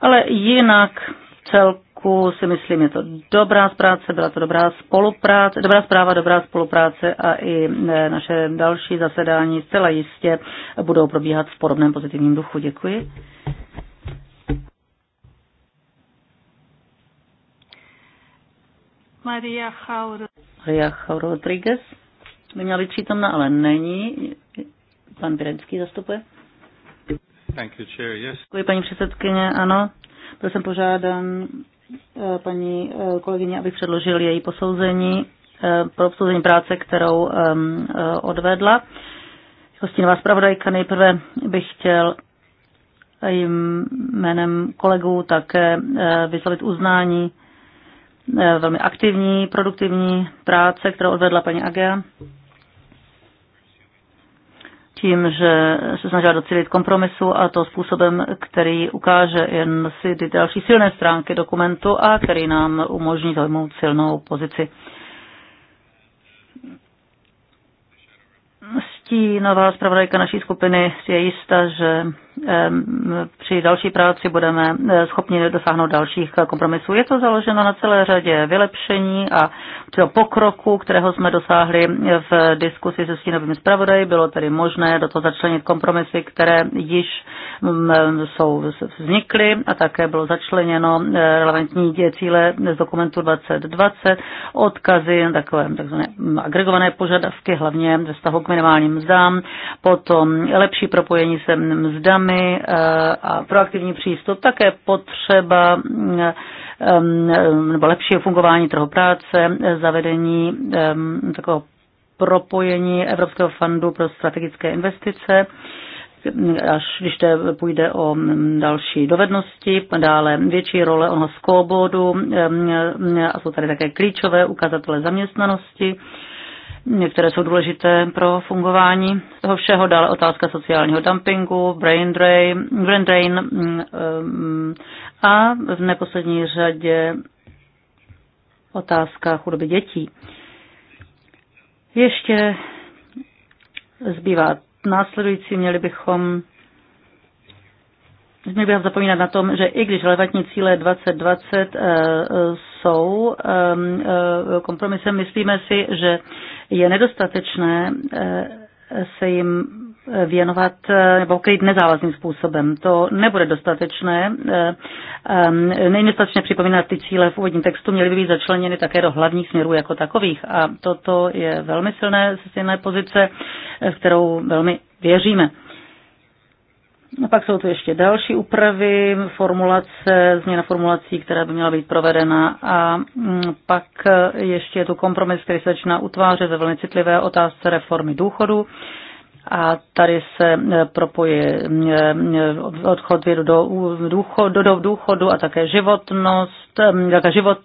ale jinak celku si myslím, je to dobrá zpráce, byla to dobrá spolupráce, dobrá zpráva, dobrá spolupráce a i eh, naše další zasedání zcela jistě budou probíhat v podobném pozitivním duchu. Děkuji. Maria Jau Rodriguez by měla být přítomna, ale není. Pan Pirenský zastupuje. Thank you, chair. Yes. Děkuji, paní předsedkyně, ano. Byl jsem požádán eh, paní eh, kolegyně, abych předložil její posouzení eh, pro posouzení práce, kterou odvedla. Hostinová jako zpravodajka, nejprve bych chtěl jménem kolegů také vyslovit uznání velmi aktivní, produktivní práce, kterou odvedla paní Agea tím, že se snažila docílit kompromisu a to způsobem, který ukáže jen si ty další silné stránky dokumentu a který nám umožní zajmout silnou pozici. Stínová zpravodajka naší skupiny je jistá, že Ehm, při další práci budeme eh, schopni dosáhnout dalších eh, kompromisů. Je to založeno na celé řadě vylepšení a pokroku, kterého jsme dosáhli eh, v diskusi se stínovými zpravodaji. Bylo tedy možné do toho začlenit kompromisy, které již mm, jsou vznikly a také bylo začleněno relevantní cíle z dokumentu 2020, odkazy na takové takzvané mm, agregované požadavky, hlavně ve vztahu k minimálním mzdám, potom lepší propojení se mm, mzdám, programy eh, a proaktivní přístup, také potřeba eh, nebo lepšího fungování trhu práce, zavedení takového propojení Evropského fondu pro strategické investice, až když to půjde o další dovednosti, dále větší role onoho skóbodu a jsou tady také klíčové ukazatele zaměstnanosti některé jsou důležité pro fungování toho všeho. Dále otázka sociálního dumpingu, brain drain, brain drain mm, a v neposlední řadě otázka chudoby dětí. Ještě zbývá následující, měli bychom Měl bych zapomínat na tom, že i když relevantní cíle 2020 jsou ehm, eh, kompromisem. Myslíme si, že je nedostatečné eh, se jim věnovat eh, nebo kryt nezávazným způsobem. To nebude dostatečné. Ehm, není dostatečné připomínat ty cíle v úvodním textu, měly by být začleněny také do hlavních směrů jako takových. A toto je velmi silné, silné pozice, v kterou velmi věříme. A pak jsou tu ještě další úpravy, formulace, změna formulací, která by měla být provedena. A mm, pak e, ještě je tu kompromis, který se začíná utvářet ve velmi citlivé otázce reformy důchodu. A tady se e, propoje e, odchod vědu do důchodu, do důchodu a také životnost, jaká život,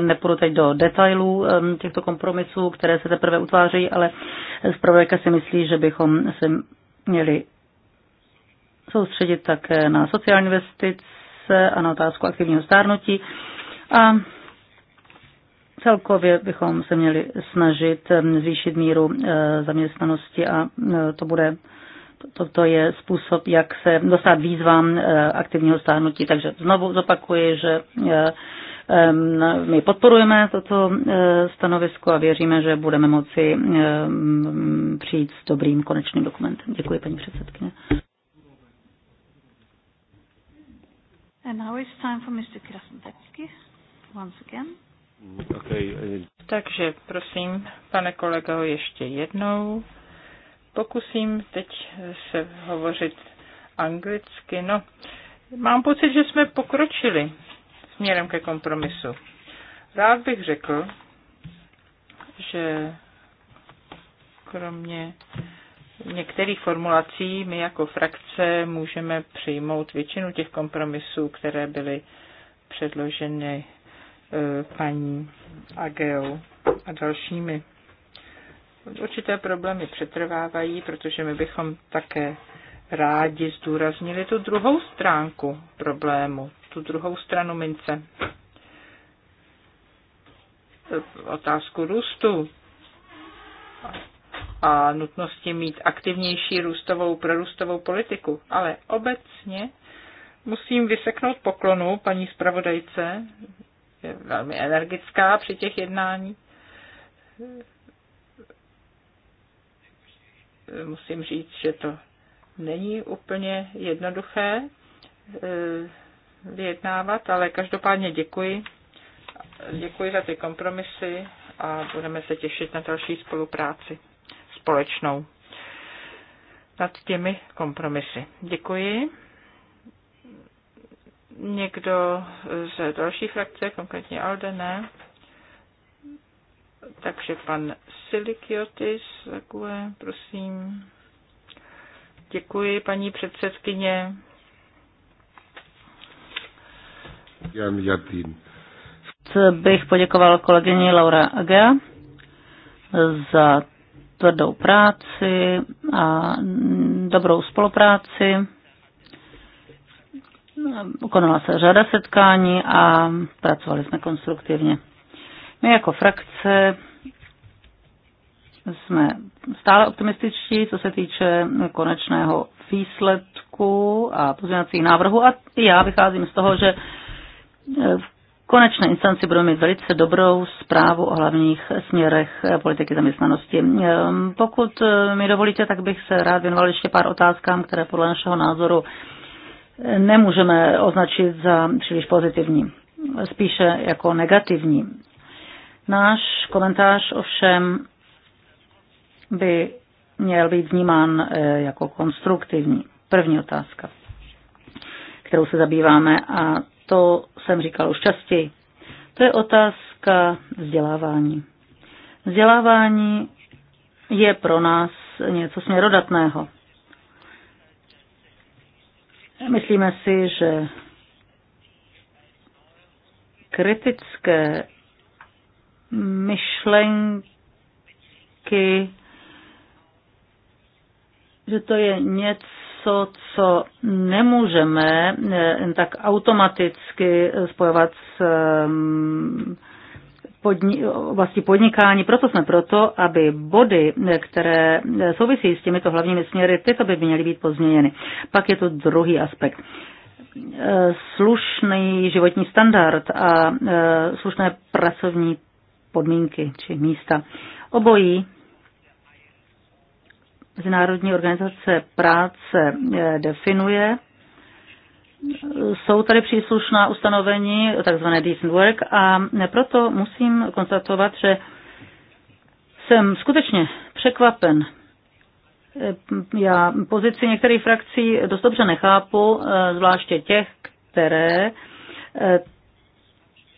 nepůjdu teď do detailů těchto kompromisů, které se teprve utvářejí, ale zpravodajka si myslí, že bychom se měli soustředit také na sociální investice a na otázku aktivního stárnutí. A celkově bychom se měli snažit eh, zvýšit míru eh, zaměstnanosti a eh, to bude Toto je způsob, jak se dostat výzvám aktivního stárnutí. Takže znovu zopakuji, že my podporujeme toto stanovisko a věříme, že budeme moci přijít s dobrým konečným dokumentem. Děkuji, paní předsedkyně. And now it's time for Mr. Krasnodebsky, once again. Okay. Uh, Takže prosím, pane kolego, ještě jednou. Pokusím teď se hovořit anglicky. No, mám pocit, že jsme pokročili směrem ke kompromisu. Rád bych řekl, že kromě některých formulací my jako frakce můžeme přijmout většinu těch kompromisů, které byly předloženy e, paní Ageou a dalšími. Určité problémy přetrvávají, protože my bychom také rádi zdůraznili tu druhou stránku problému, tu druhou stranu mince. E, otázku růstu a nutnosti mít aktivnější růstovou, prorůstovou politiku. Ale obecně musím vyseknout poklonu paní zpravodajce, je velmi energická při těch jednání. Musím říct, že to není úplně jednoduché eh, vyjednávat, ale každopádně děkuji. Děkuji za ty kompromisy a budeme se těšit na další spolupráci společnou nad těmi kompromisy. Děkuji. Někdo z další frakce, konkrétně Alde, ne? Takže pan Silikiotis, takové, prosím. Děkuji, paní předsedkyně. Jan Jatín. Bych poděkoval kolegyni Laura Agea za tvrdou práci a dobrou spolupráci. Konala se řada setkání a pracovali jsme konstruktivně. My jako frakce jsme stále optimističtí, co se týče konečného výsledku a pozměňovacích návrhů. A já vycházím z toho, že v konečné instanci budou mít velice dobrou zprávu o hlavních směrech politiky zaměstnanosti. Ehm, pokud eh, mi dovolíte, tak bych se rád věnoval ještě pár otázkám, které podle našeho názoru nemůžeme označit za příliš pozitivní, spíše jako negativní. Náš komentář ovšem by měl být vnímán eh, jako konstruktivní. První otázka, kterou se zabýváme, a to jsem říkal už častěji. To je otázka vzdělávání. Vzdělávání je pro nás něco směrodatného. Myslíme si, že kritické myšlenky, že to je něco, něco, co nemůžeme eh, tak automaticky spojovat s ehm, podni- oblasti podnikání. Proto jsme proto, aby body, eh, které eh, souvisí s těmito hlavními směry, tyto by měly být pozměněny. Pak je to druhý aspekt. Slušný životní standard a slušné pracovní podmínky či místa. Obojí Mezinárodní organizace práce eh, definuje. Jsou tady příslušná ustanovení, takzvané decent work, a proto musím konstatovat, že jsem skutečně překvapen. Eh, já pozici některých frakcí dost dobře nechápu, eh, zvláště těch, které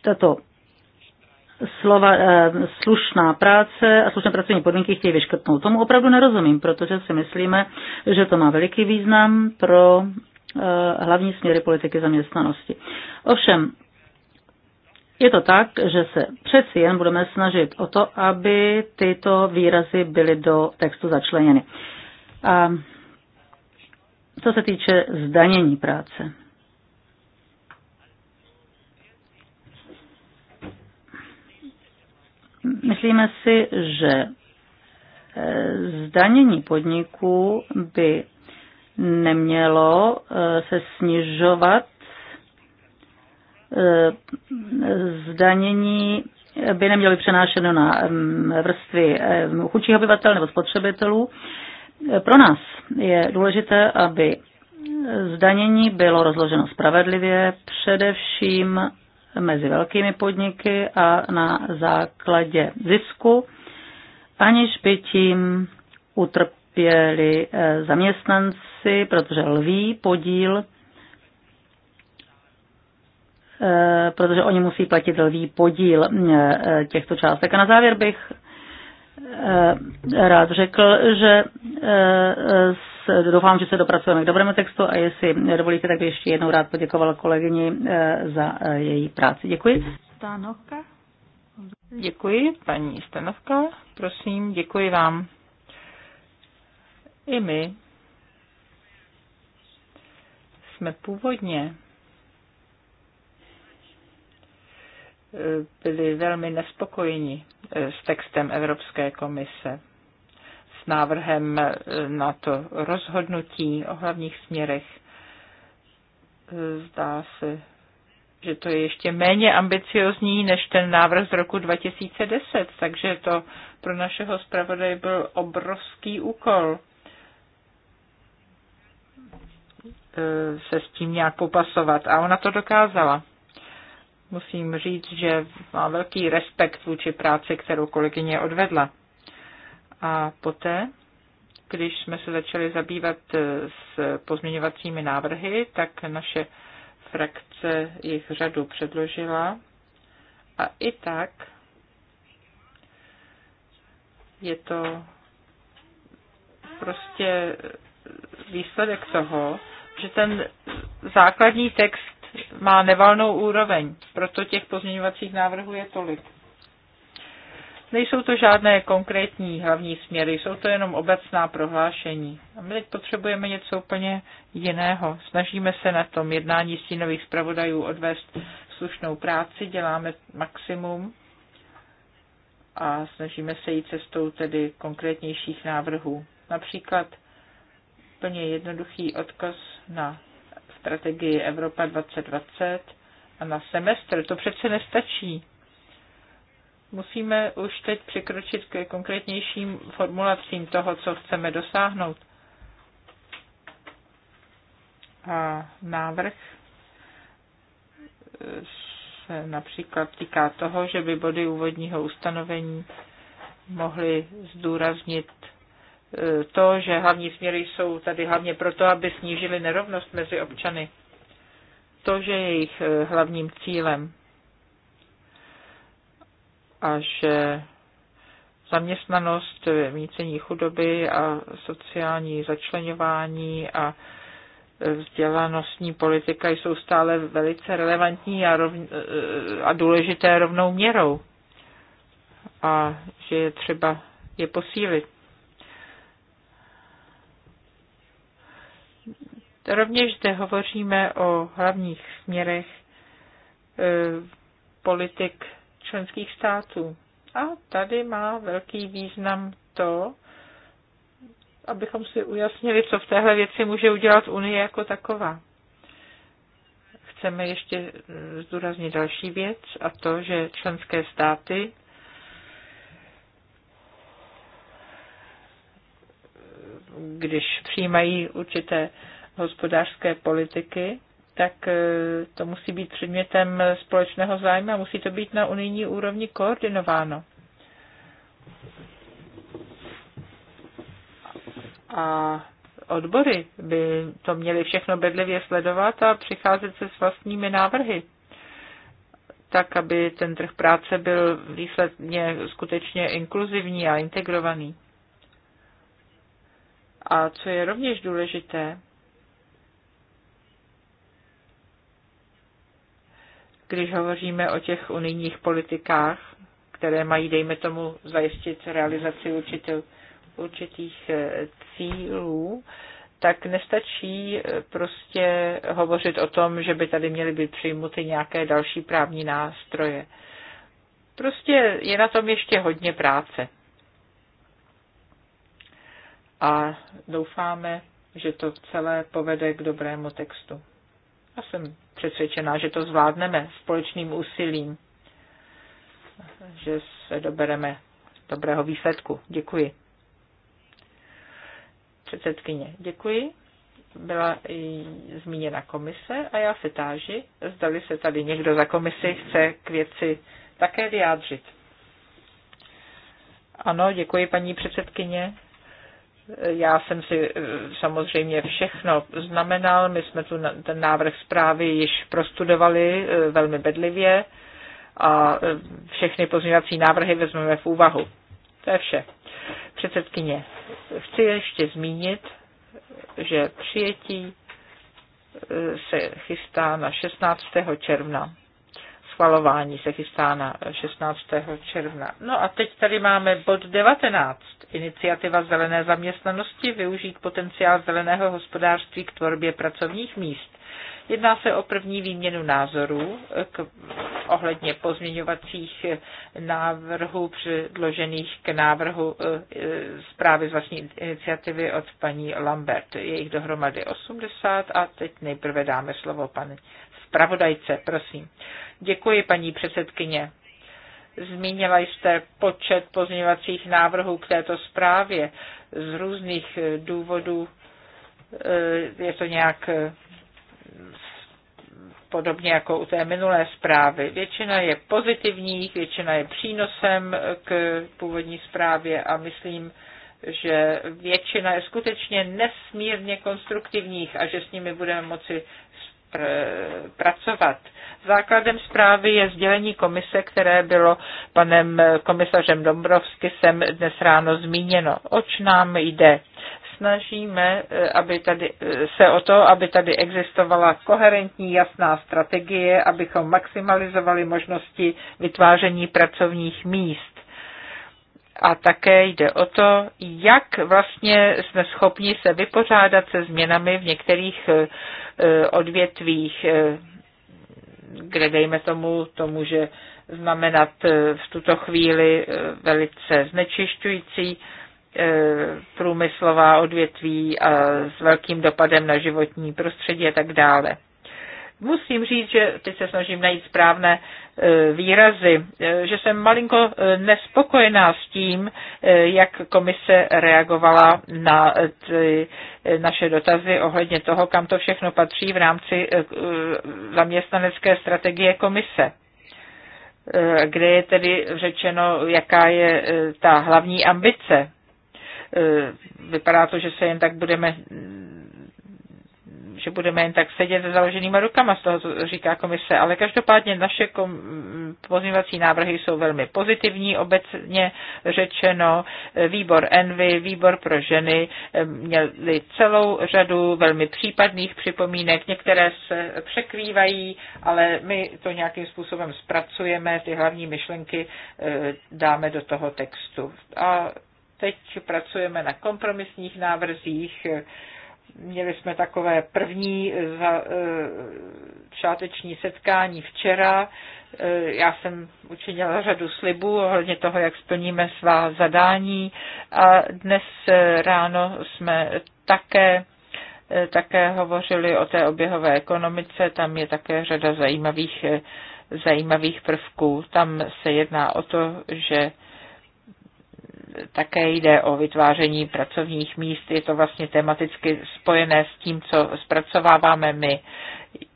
tato slova eh, slušná práce a slušné pracovní podmínky chtějí vyškrtnout. Tomu opravdu nerozumím, protože si myslíme, že to má veliký význam pro eh, hlavní směry politiky zaměstnanosti. Ovšem, je to tak, že se přeci jen budeme snažit o to, aby tyto výrazy byly do textu začleněny. A co se týče zdanění práce. Myslíme si, že eh, zdanění podniků by nemělo eh, se snižovat eh, zdanění by nemělo být přenášeno na mm, vrstvy chudších obyvatel nebo spotřebitelů. Pro nás je důležité, aby zdanění bylo rozloženo spravedlivě, především mezi velkými podniky a na základě zisku, aniž by tím utrpěli eh, zaměstnanci, protože lví podíl, eh, protože oni musí platit lví podíl eh, těchto částek. A na závěr bych rád řekl, že doufám, že se dopracujeme k dobrému textu a jestli dovolíte, tak bych ještě jednou rád poděkoval kolegyni eh, za eh, její práci. Děkuji. Stanovka. Děkuji, paní Stanovka. Prosím, děkuji vám. I my jsme původně eh, byli velmi nespokojeni s textem Evropské komise s návrhem eh, na to rozhodnutí o hlavních směrech. Eh, zdá se, že to je ještě méně ambiciozní než ten návrh z roku 2010, takže to pro našeho zpravodaje byl obrovský úkol eh, se s tím nějak popasovat. A ona to dokázala. Musím říct, že má velký respekt vůči práci, kterou kolegyně odvedla. A poté, když jsme se začali zabývat eh, s pozměňovacími návrhy, tak naše frakce jejich řadu předložila. A i tak je to prostě výsledek toho, že ten základní text má nevalnou úroveň, proto těch pozměňovacích návrhů je tolik. Nejsou to žádné konkrétní hlavní směry, jsou to jenom obecná prohlášení. A my teď potřebujeme něco úplně jiného. Snažíme se na tom jednání stínových zpravodajů odvést slušnou práci, děláme maximum a snažíme se jít cestou tedy konkrétnějších návrhů. Například plně jednoduchý odkaz na strategii Evropa 2020 a na semestr. To přece nestačí. Musíme už teď překročit ke konkrétnějším formulacím toho, co chceme dosáhnout. A návrh se například týká toho, že by body úvodního ustanovení mohly zdůraznit e, to, že hlavní směry jsou tady hlavně proto, aby snížily nerovnost mezi občany. To, že jejich e, hlavním cílem a že zaměstnanost, mícení chudoby a sociální začlenování a vzdělanostní politika jsou stále velice relevantní a, rovn, a důležité rovnou měrou a že je třeba je posílit. Rovněž zde hovoříme o hlavních směrech eh, politik členských států. A tady má velký význam to, abychom si ujasnili, co v téhle věci může udělat Unie jako taková. Chceme ještě zdůraznit další věc a to, že členské státy když přijímají určité hospodářské politiky, tak eh, to musí být předmětem společného zájmu a musí to být na unijní úrovni koordinováno. A odbory by to měly všechno bedlivě sledovat a přicházet se s vlastními návrhy, tak aby ten trh práce byl výsledně skutečně inkluzivní a integrovaný. A co je rovněž důležité, když hovoříme o těch unijních politikách, které mají, dejme tomu, zajistit realizaci určitě, určitých eh, cílů, tak nestačí eh, prostě hovořit o tom, že by tady měly být přijmuty nějaké další právní nástroje. Prostě je na tom ještě hodně práce. A doufáme, že to celé povede k dobrému textu. A jsem přesvědčená, že to zvládneme společným úsilím, že se dobereme dobrého výsledku. Děkuji. Předsedkyně, děkuji. Byla i zmíněna komise a já se táži, zdali se tady někdo za komisi chce k věci také vyjádřit. Ano, děkuji paní předsedkyně. Já jsem si eh, samozřejmě všechno znamenal, my jsme tu ten návrh zprávy již prostudovali eh, velmi bedlivě a eh, všechny pozměňovací návrhy vezmeme v úvahu. To je vše. Předsedkyně, chci ještě zmínit, že přijetí se chystá na 16. června schvalování se chystá na 16. června. No a teď tady máme bod 19. Iniciativa zelené zaměstnanosti využít potenciál zeleného hospodářství k tvorbě pracovních míst. Jedná se o první výměnu názorů k, ohledně pozměňovacích návrhů předložených k návrhu e, zprávy z vlastní iniciativy od paní Lambert. Je jich dohromady 80 a teď nejprve dáme slovo paní zpravodajce, prosím. Děkuji, paní předsedkyně. Zmínila jste počet pozměňovacích návrhů k této zprávě. Z různých důvodů eh, je to nějak eh, podobně jako u té minulé zprávy. Většina je pozitivních, většina je přínosem k původní zprávě a myslím, že většina je skutečně nesmírně konstruktivních a že s nimi budeme moci pracovat. Základem zprávy je sdělení komise, které bylo panem komisařem sem dnes ráno zmíněno. Oč nám jde? snažíme eh, aby tady, eh, se o to, aby tady existovala koherentní, jasná strategie, abychom maximalizovali možnosti vytváření pracovních míst. A také jde o to, jak vlastně jsme schopni se vypořádat se změnami v některých eh, eh, odvětvích, eh, kde dejme tomu, to může znamenat v tuto chvíli velice znečišťující průmyslová odvětví a s velkým dopadem na životní prostředí a tak dále musím říct, že teď se snažím najít správné e, výrazy, e, že jsem malinko e, nespokojená s tím, jak komise reagovala na ty naše dotazy ohledně toho, kam to všechno patří v rámci zaměstnanecké strategie komise kde je tedy řečeno, jaká je ta hlavní ambice. Vypadá to, že se jen tak budeme že budeme jen tak sedět se založenýma rukama, z toho co říká komise, ale každopádně naše kom- pozměňovací návrhy jsou velmi pozitivní, obecně řečeno, výbor Envy, výbor pro ženy eh, měli celou řadu velmi případných připomínek, některé se překrývají, ale my to nějakým způsobem zpracujeme, ty hlavní myšlenky eh, dáme do toho textu. A teď pracujeme na kompromisních návrzích, Měli jsme takové první začáteční eh, setkání včera. Eh, já jsem učinila řadu slibů ohledně toho, jak splníme svá zadání. A dnes eh, ráno jsme také také hovořili o té oběhové ekonomice, tam je také řada zajímavých, zajímavých prvků. Tam se jedná o to, že také jde o vytváření pracovních míst. Je to vlastně tematicky spojené s tím, co zpracováváme my.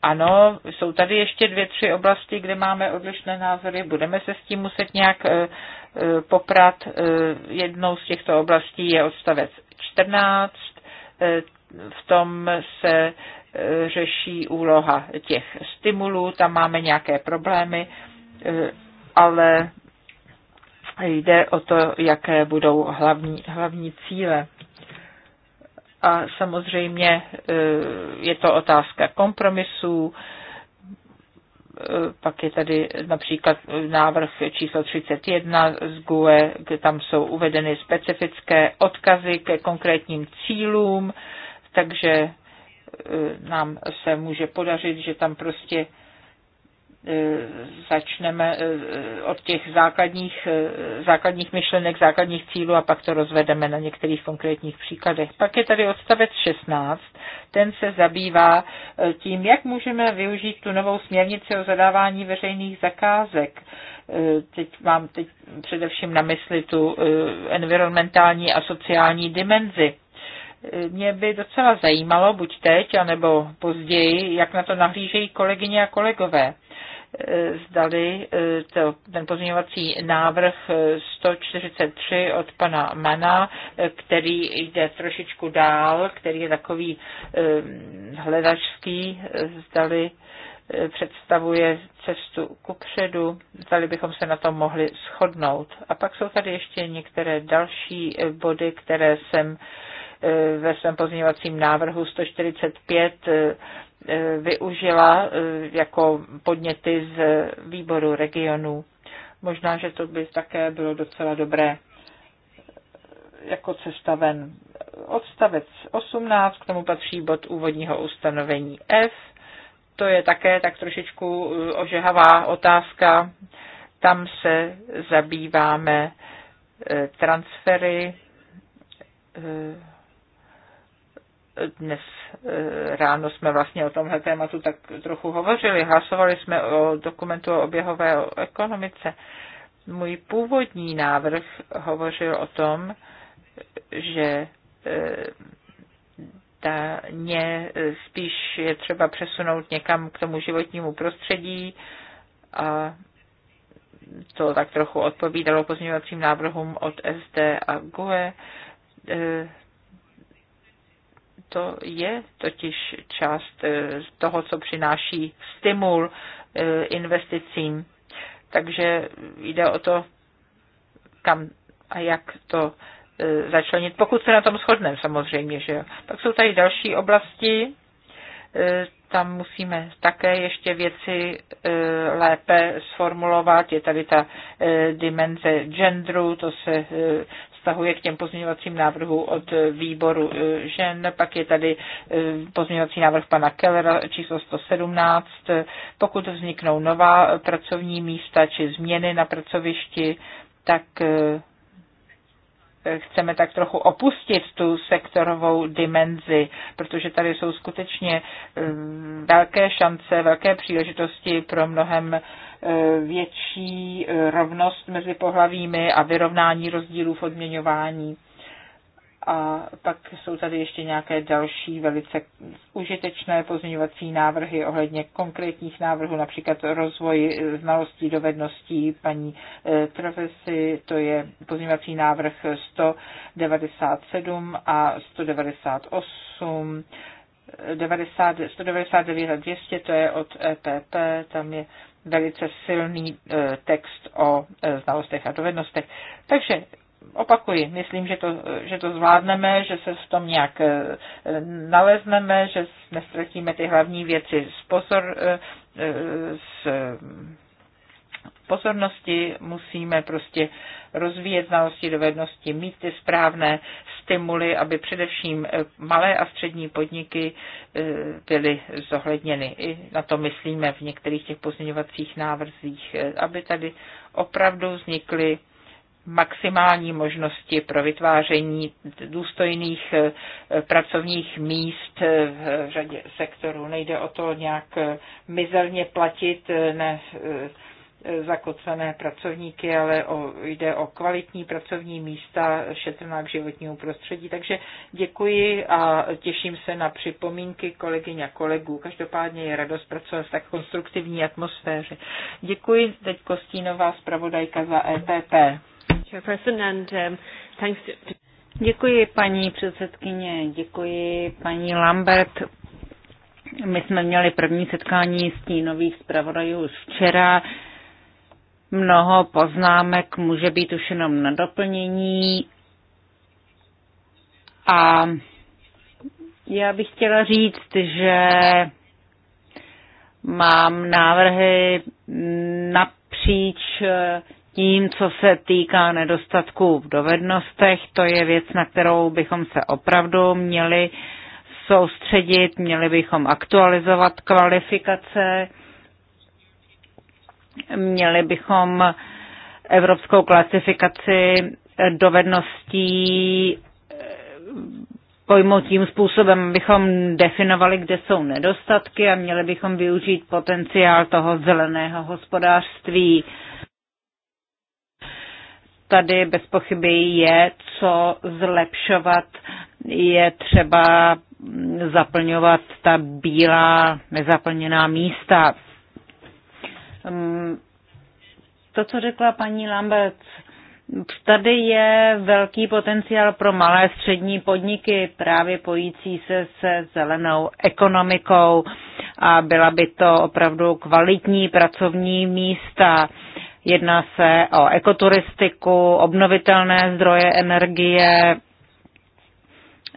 Ano, jsou tady ještě dvě, tři oblasti, kde máme odlišné názory. Budeme se s tím muset nějak eh, eh, poprat. Eh, jednou z těchto oblastí je odstavec 14. V tom se řeší úloha těch stimulů, tam máme nějaké problémy, ale Jde o to, jaké budou hlavní, hlavní cíle. A samozřejmě e, je to otázka kompromisů, e, pak je tady například návrh číslo 31 z GUE, kde tam jsou uvedeny specifické odkazy ke konkrétním cílům, takže e, nám se může podařit, že tam prostě E, začneme e, od těch základních, e, základních myšlenek, základních cílů a pak to rozvedeme na některých konkrétních příkladech. Pak je tady odstavec 16, ten se zabývá tím, jak můžeme využít tu novou směrnici o zadávání veřejných zakázek. Teď mám teď především na mysli tu environmentální a sociální dimenzi mě by docela zajímalo, buď teď, anebo později, jak na to nahlížejí kolegyně a kolegové e, zdali e, to, ten pozměňovací návrh 143 e, od pana Mana, který jde trošičku dál, který je takový hledačský, zdali představuje cestu ku předu, zdali bychom se na tom mohli shodnout. A pak jsou tady ještě některé další body, které jsem E, ve svém pozměňovacím návrhu 145 e, e, využila jako podněty z výboru regionů. Možná, že to by také bylo docela dobré jako cesta ven. Odstavec 18, k tomu patří bod úvodního ustanovení F. To je také tak trošičku ožehavá otázka. Tam se zabýváme transfery dnes eh, ráno jsme vlastně o tomhle tématu tak trochu hovořili. Hlasovali jsme o dokumentu o oběhové ekonomice. Můj původní návrh hovořil o tom, že daně eh, eh, spíš je třeba přesunout někam k tomu životnímu prostředí a to tak trochu odpovídalo pozměňovacím návrhům od SD a GUE. To je totiž část eh, toho, co přináší stimul eh, investicím. Takže jde o to, kam a jak to eh, začlenit, pokud se na tom shodneme samozřejmě. Že jo. Pak jsou tady další oblasti, tam musíme také ještě věci lépe sformulovat. Je tady ta dimenze genderu, to se vztahuje k těm pozměňovacím návrhům od výboru eh, žen. Pak je tady eh, pozměňovací návrh pana Kellera číslo 117. Pokud vzniknou nová pracovní místa či změny na pracovišti, tak eh, chceme tak trochu opustit tu sektorovou dimenzi, protože tady jsou skutečně eh, velké šance, velké příležitosti pro mnohem eh, větší eh, rovnost mezi pohlavími a vyrovnání rozdílů v odměňování. A pak jsou tady ještě nějaké další velice užitečné pozměňovací návrhy ohledně konkrétních návrhů, například rozvoj znalostí, dovedností paní eh, Travesy, to je pozměňovací návrh 197 a 198. 90, 199 a 200, to je od EPP, tam je velice silný eh, text o eh, znalostech a dovednostech. Takže opakuji, myslím, že to, že to zvládneme, že se v tom nějak eh, nalezneme, že nestratíme ty hlavní věci z, pozor, eh, z pozornosti, musíme prostě rozvíjet znalosti, dovednosti, mít ty správné stimuly, aby především eh, malé a střední podniky byly zohledněny. I na to myslíme v některých těch pozměňovacích návrzích, aby tady opravdu vznikly maximální možnosti pro vytváření důstojných eh, pracovních míst v řadě sektorů. Nejde o to nějak eh, mizerně platit eh, ne, zakocené pracovníky, ale o, jde o kvalitní pracovní místa šetrná k životnímu prostředí. Takže děkuji a těším se na připomínky kolegyň a kolegů. Každopádně je radost pracovat v tak konstruktivní atmosféře. Děkuji teď Kostínová zpravodajka za EPP. Um, děkuji, paní předsedkyně, děkuji, paní Lambert. My jsme měli první setkání s nových zpravodajů už včera. Mnoho poznámek může být už jenom na doplnění. A já bych chtěla říct, že mám návrhy napříč eh, tím, co se týká nedostatků v dovednostech, to je věc, na kterou bychom se opravdu měli soustředit, měli bychom aktualizovat kvalifikace, měli bychom evropskou klasifikaci dovedností eh, pojmout tím způsobem, abychom definovali, kde jsou nedostatky a měli bychom využít potenciál toho zeleného hospodářství tady bez pochyby je co zlepšovat, je třeba zaplňovat ta bílá nezaplněná místa. Mm, to, co řekla paní Lambert, tady je velký potenciál pro malé střední podniky, právě pojící se se zelenou ekonomikou a byla by to opravdu kvalitní pracovní místa Jedná se o ekoturistiku, obnovitelné zdroje energie,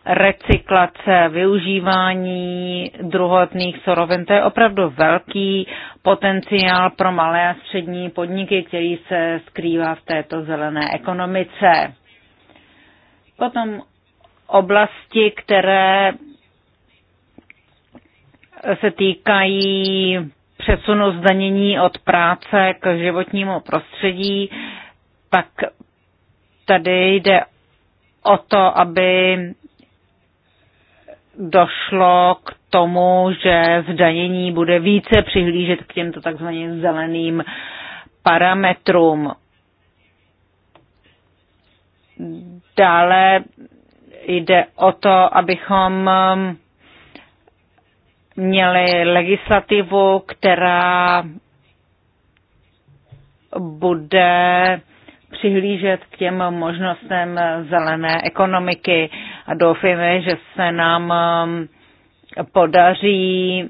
recyklace, využívání druhotných surovin. To je opravdu velký potenciál pro malé a střední podniky, který se skrývá v této zelené ekonomice. Potom oblasti, které se týkají přesunu zdanění od práce k životnímu prostředí, tak tady jde o to, aby došlo k tomu, že zdanění bude více přihlížet k těmto takzvaným zeleným parametrům. Dále jde o to, abychom měli legislativu, která bude přihlížet k těm možnostem zelené ekonomiky a doufíme, že se nám um, podaří.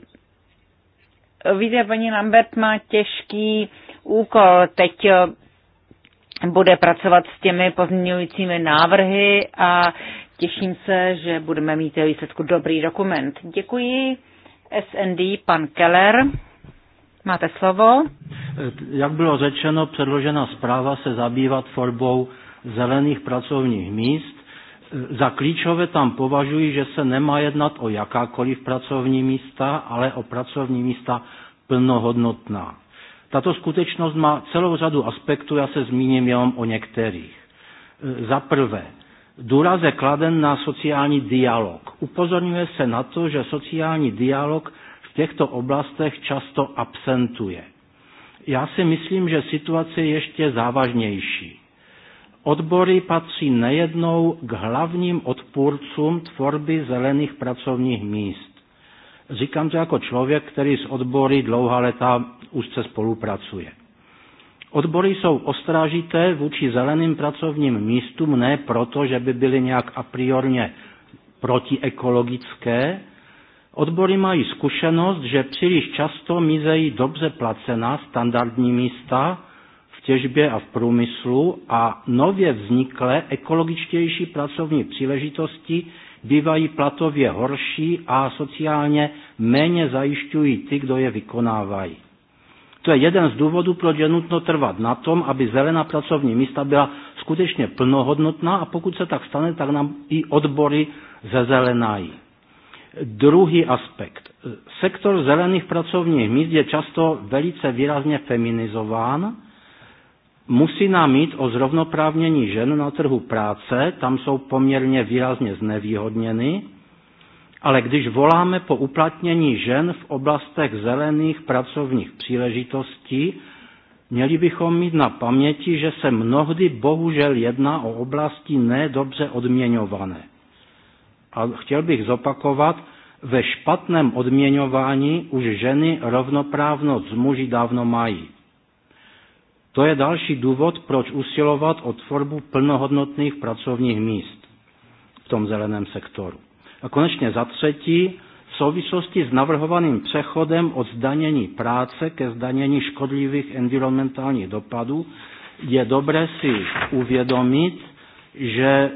Víte, paní Lambert má těžký úkol. Teď uh, bude pracovat s těmi pozměňujícími návrhy a těším se, že budeme mít výsledku dobrý dokument. Děkuji. SND, pan Keller. Máte slovo. Jak bylo řečeno, předložená zpráva se zabývá tvorbou zelených pracovních míst. Za klíčové tam považuji, že se nemá jednat o jakákoliv pracovní místa, ale o pracovní místa plnohodnotná. Tato skutečnost má celou řadu aspektů, já se zmíním jenom o některých. Za prvé, Důraz je kladen na sociální dialog. Upozorňuje se na to, že sociální dialog v těchto oblastech často absentuje. Já si myslím, že situace je ještě závažnější. Odbory patří nejednou k hlavním odpůrcům tvorby zelených pracovních míst. Říkám to jako člověk, který s odbory dlouhá léta úzce spolupracuje. Odbory jsou ostražité vůči zeleným pracovním místům ne proto, že by byly nějak a priorně protiekologické. Odbory mají zkušenost, že příliš často mizejí dobře placená standardní místa v těžbě a v průmyslu a nově vzniklé ekologičtější pracovní příležitosti bývají platově horší a sociálně méně zajišťují ty, kdo je vykonávají. To je jeden z důvodů, proč je nutno trvat na tom, aby zelená pracovní místa byla skutečně plnohodnotná a pokud se tak stane, tak nám i odbory zezelenají. Druhý aspekt. Sektor zelených pracovních míst je často velice výrazně feminizován. Musí nám mít o zrovnoprávnění žen na trhu práce, tam jsou poměrně výrazně znevýhodněny ale když voláme po uplatnění žen v oblastech zelených pracovních příležitostí, měli bychom mít na paměti, že se mnohdy bohužel jedná o oblasti nedobře odměňované. A chtěl bych zopakovat, ve špatném odměňování už ženy rovnoprávnost z muži dávno mají. To je další důvod, proč usilovat o tvorbu plnohodnotných pracovních míst v tom zeleném sektoru. A konečně za třetí, v souvislosti s navrhovaným přechodem od zdanění práce ke zdanění škodlivých environmentálních dopadů je dobré si uvědomit, že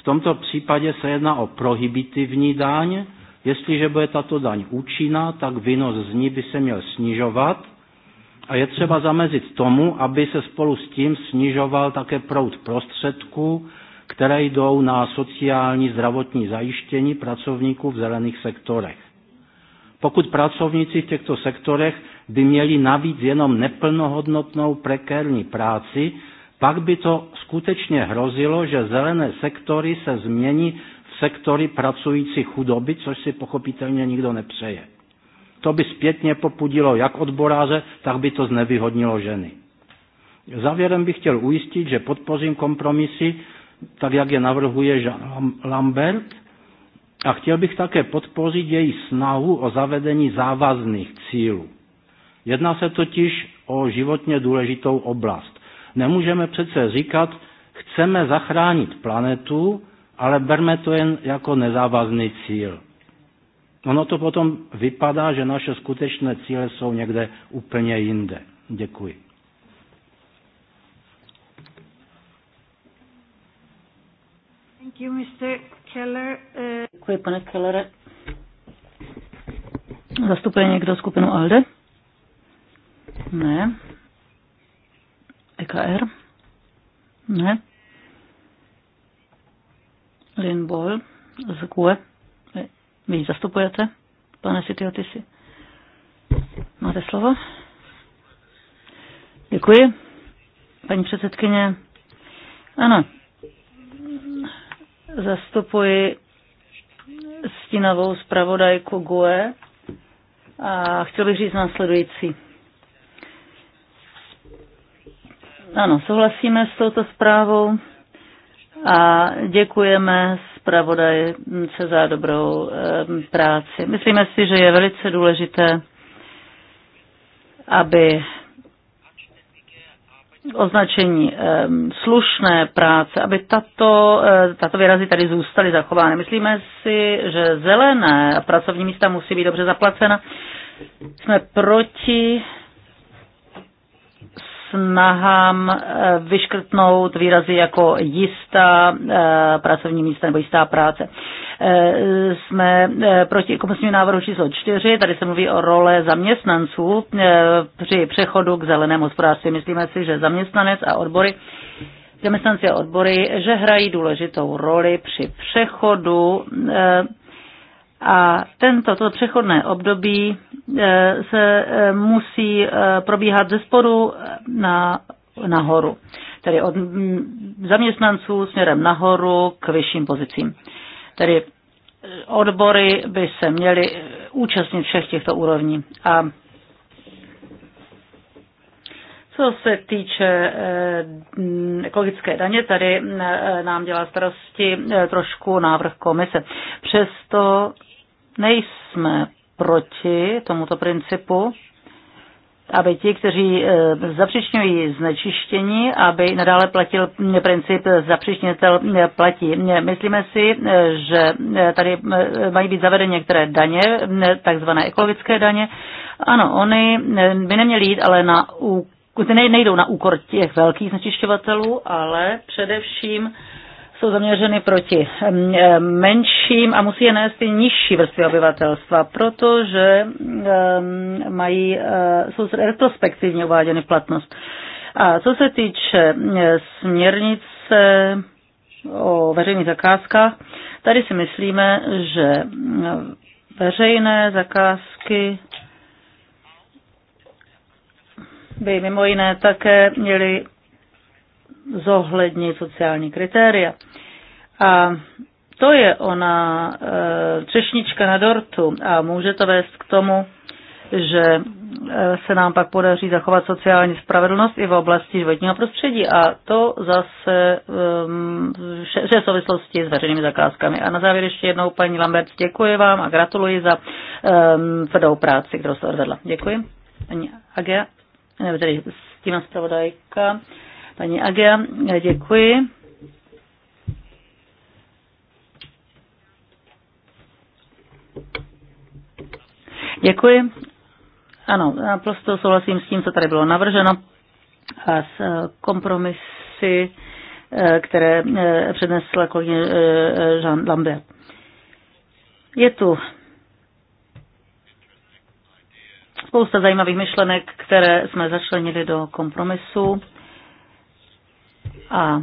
v tomto případě se jedná o prohibitivní daň. Jestliže bude tato daň účinná, tak výnos z ní by se měl snižovat a je třeba zamezit tomu, aby se spolu s tím snižoval také proud prostředků, které jdou na sociální zdravotní zajištění pracovníků v zelených sektorech. Pokud pracovníci v těchto sektorech by měli navíc jenom neplnohodnotnou prekérní práci, pak by to skutečně hrozilo, že zelené sektory se změní v sektory pracující chudoby, což si pochopitelně nikdo nepřeje. To by zpětně popudilo jak odboráře, tak by to znevýhodnilo ženy. Závěrem bych chtěl ujistit, že podpořím kompromisy, tak jak je navrhuje Jean Lambert. A chtěl bych také podpořit její snahu o zavedení závazných cílů. Jedná se totiž o životně důležitou oblast. Nemůžeme přece říkat, chceme zachránit planetu, ale berme to jen jako nezávazný cíl. Ono to potom vypadá, že naše skutečné cíle jsou někde úplně jinde. Děkuji. you, Mr. Keller. Eh. Děkuji, pane Kellere. Zastupuje někdo skupinu ALDE? Ne. EKR? Ne. Lynn Ball z QE. Vy ji zastupujete, pane Sitiotisi? Máte slovo? Děkuji, paní předsedkyně. Ano, Zastupuji stínovou zpravodajku GUE a chtěl bych říct následující. Ano, souhlasíme s touto zprávou a děkujeme zpravodajce za dobrou práci. Myslíme si, že je velice důležité, aby označení slušné práce, aby tato, eh, tato výrazy tady zůstaly zachovány. Myslíme si, že zelené pracovní místa musí být dobře zaplacena. Jsme proti snahám eh, vyškrtnout výrazy jako jistá eh, pracovní místa nebo jistá práce. Eh, jsme proti komisnímu návrhu číslo čtyři, tady se mluví o role zaměstnanců při přechodu k zelenému hospodářství. Myslíme si, že zaměstnanec a odbory zaměstnanci a odbory, že hrají důležitou roli při přechodu a tento, toto přechodné období Eh, se eh, musí eh, probíhat ze spodu na, nahoru, tedy od mm, zaměstnanců směrem nahoru k vyšším pozicím. Tedy odbory by se měly účastnit všech těchto úrovní. A co se týče mm, ekologické daně, tady nám dělá starosti trošku návrh komise. Přesto nejsme proti tomuto principu, aby ti, kteří eh, zapřičňují znečištění, aby nadále platil princip zapřičnitel eh, platí. Myslíme si, eh, že tady mají být zavedeny některé daně, takzvané ekologické daně. Ano, oni by neměli jít ale na ne, nejdou na úkor těch velkých znečišťovatelů, ale především jsou zaměřeny proti menším a musí je nést i nižší vrstvy obyvatelstva, protože mají, eh, jsou retrospektivně uváděny v platnost. A co se týče eh, směrnice o veřejných zakázkách, tady si myslíme, že eh, veřejné zakázky by mimo jiné také měly zohlednit sociální kritéria. A to je ona eh, třešnička na dortu a může to vést k tomu, že eh, se nám pak podaří zachovat sociální spravedlnost i v oblasti životního prostředí a to zase že ehm, v souvislosti s veřejnými zakázkami. A na závěr ještě jednou, paní Lambert, děkuji vám a gratuluji za um, tvrdou práci, kterou jste odvedla. Děkuji. Paní Agea, nebo tedy s tím zpravodajka. Paní Agea, děkuji. Děkuji. Ano, naprosto souhlasím s tím, co tady bylo navrženo a s eh, kompromisy, eh, které eh, přednesla kolegyně Jean Lambert. Je tu spousta zajímavých myšlenek, které jsme začlenili do kompromisu a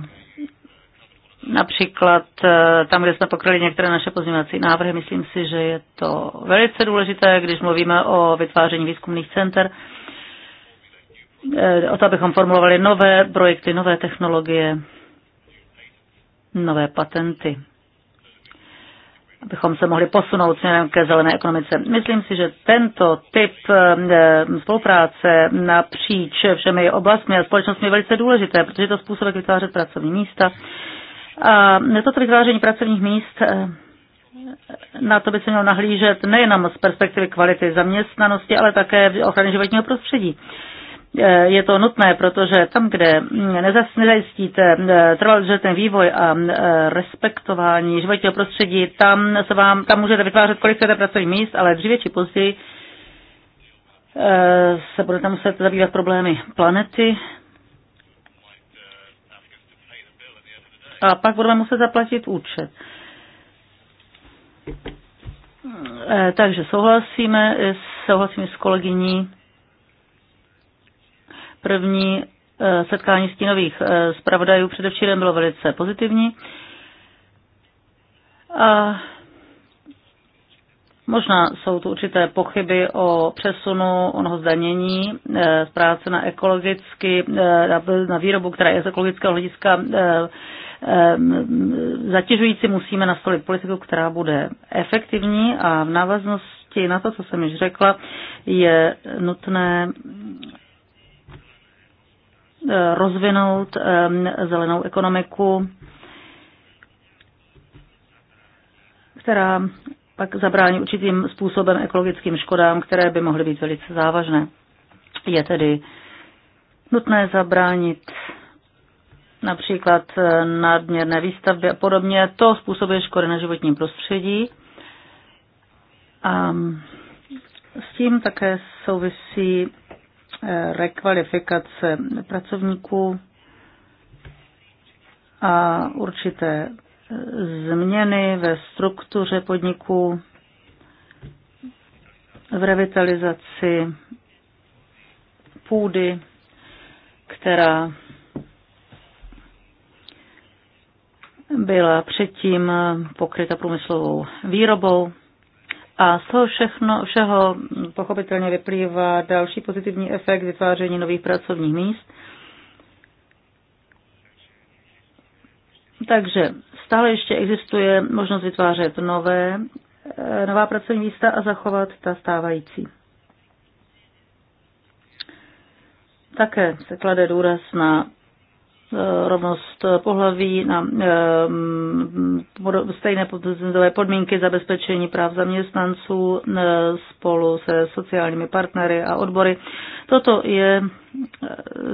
například eh, tam, kde jsme pokryli některé naše pozměňovací návrhy, myslím si, že je to velice důležité, když mluvíme o vytváření výzkumných center, eh, o to, abychom formulovali nové projekty, nové technologie, nové patenty abychom se mohli posunout směrem ke zelené ekonomice. Myslím si, že tento typ eh, spolupráce napříč všemi oblastmi a společnostmi je velice důležité, protože to způsob, jak vytvářet pracovní místa, a toto vytváření pracovních míst eh, na to by se mělo nahlížet nejenom z perspektivy kvality zaměstnanosti, ale také ochrany životního prostředí. Eh, je to nutné, protože tam, kde mm, nezajistíte eh, trvalý ten vývoj a respektování životního prostředí, tam, se vám, tam můžete vytvářet kolik chcete pracovních míst, ale dříve či později se budete muset zabývat problémy planety, a pak budeme muset zaplatit účet. E, takže souhlasíme, e, souhlasíme s kolegyní. První e, setkání stínových zpravodajů předevčírem bylo velice pozitivní. A Možná jsou tu určité pochyby o přesunu onoho zdanění z práce na ekologicky, na výrobu, která je z ekologického hlediska Ehm, zatěžující, musíme nastolit politiku, která bude efektivní a v návaznosti na to, co jsem již řekla, je nutné eh, rozvinout ehm, zelenou ekonomiku, která pak zabrání určitým způsobem ekologickým škodám, které by mohly být velice závažné. Je tedy nutné zabránit například eh, nadměrné výstavby a podobně, to způsobuje škody na životním prostředí. A s tím také souvisí eh, rekvalifikace pracovníků a určité eh, změny ve struktuře podniků, v revitalizaci půdy, která byla předtím pokryta průmyslovou výrobou. A z toho všechno, všeho pochopitelně vyplývá další pozitivní efekt vytváření nových pracovních míst. Takže stále ještě existuje možnost vytvářet nové, eh, nová pracovní místa a zachovat ta stávající. Také se klade důraz na rovnost pohlaví, na ehm, stejné podmínky zabezpečení práv zaměstnanců e, spolu se sociálními partnery a odbory. Toto je e,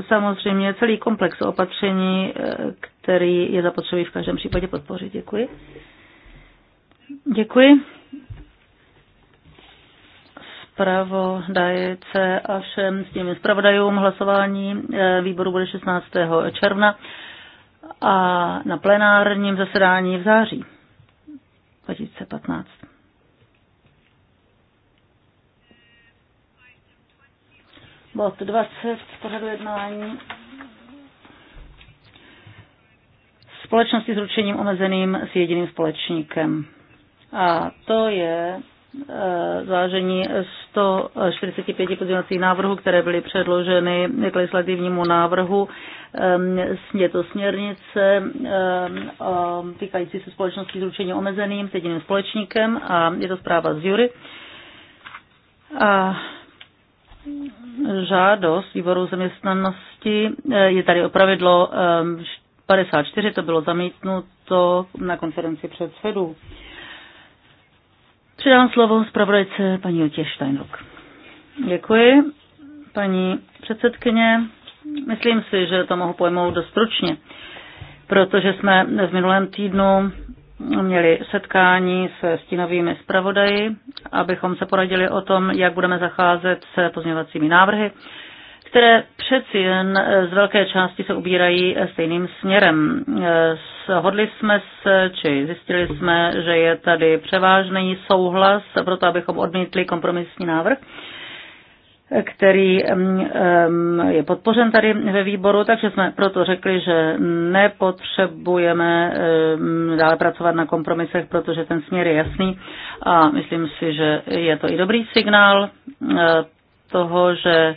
samozřejmě celý komplex opatření, e, který je zapotřebí v každém případě podpořit. Děkuji. Děkuji zpravodajice a všem s těmi zpravodajům. Hlasování eh, výboru bude 16. června a na plenárním zasedání v září 2015. Bod 20 z pořadu jednání společnosti s ručením omezeným s jediným společníkem. A to je Eh, zvážení 145 pozměňovacích návrhů, které byly předloženy k legislativnímu návrhu. Ehm, je to směrnice ehm, týkající se společnosti s ručením omezeným, s jediným společníkem a je to zpráva z jury. A žádost výboru zaměstnanosti eh, je tady opravidlo 54, ehm, to bylo zamítnuto na konferenci předsedů. Předám slovo zpravodajce paní Jutě Steinruck. Děkuji, paní předsedkyně. Myslím si, že to mohu pojmout dost stručně, protože jsme v minulém týdnu měli setkání se stínovými zpravodaji, abychom se poradili o tom, jak budeme zacházet se pozměňovacími návrhy které přeci jen eh, z velké části se ubírají eh, stejným směrem. Eh, shodli jsme se, či zjistili jsme, že je tady převážný souhlas, Pro to abychom odmítli kompromisní návrh který mm, je podpořen tady ve výboru, takže jsme proto řekli, že nepotřebujeme dále pracovat na kompromisech, protože ten směr je jasný a myslím si, že je to i dobrý signál toho, že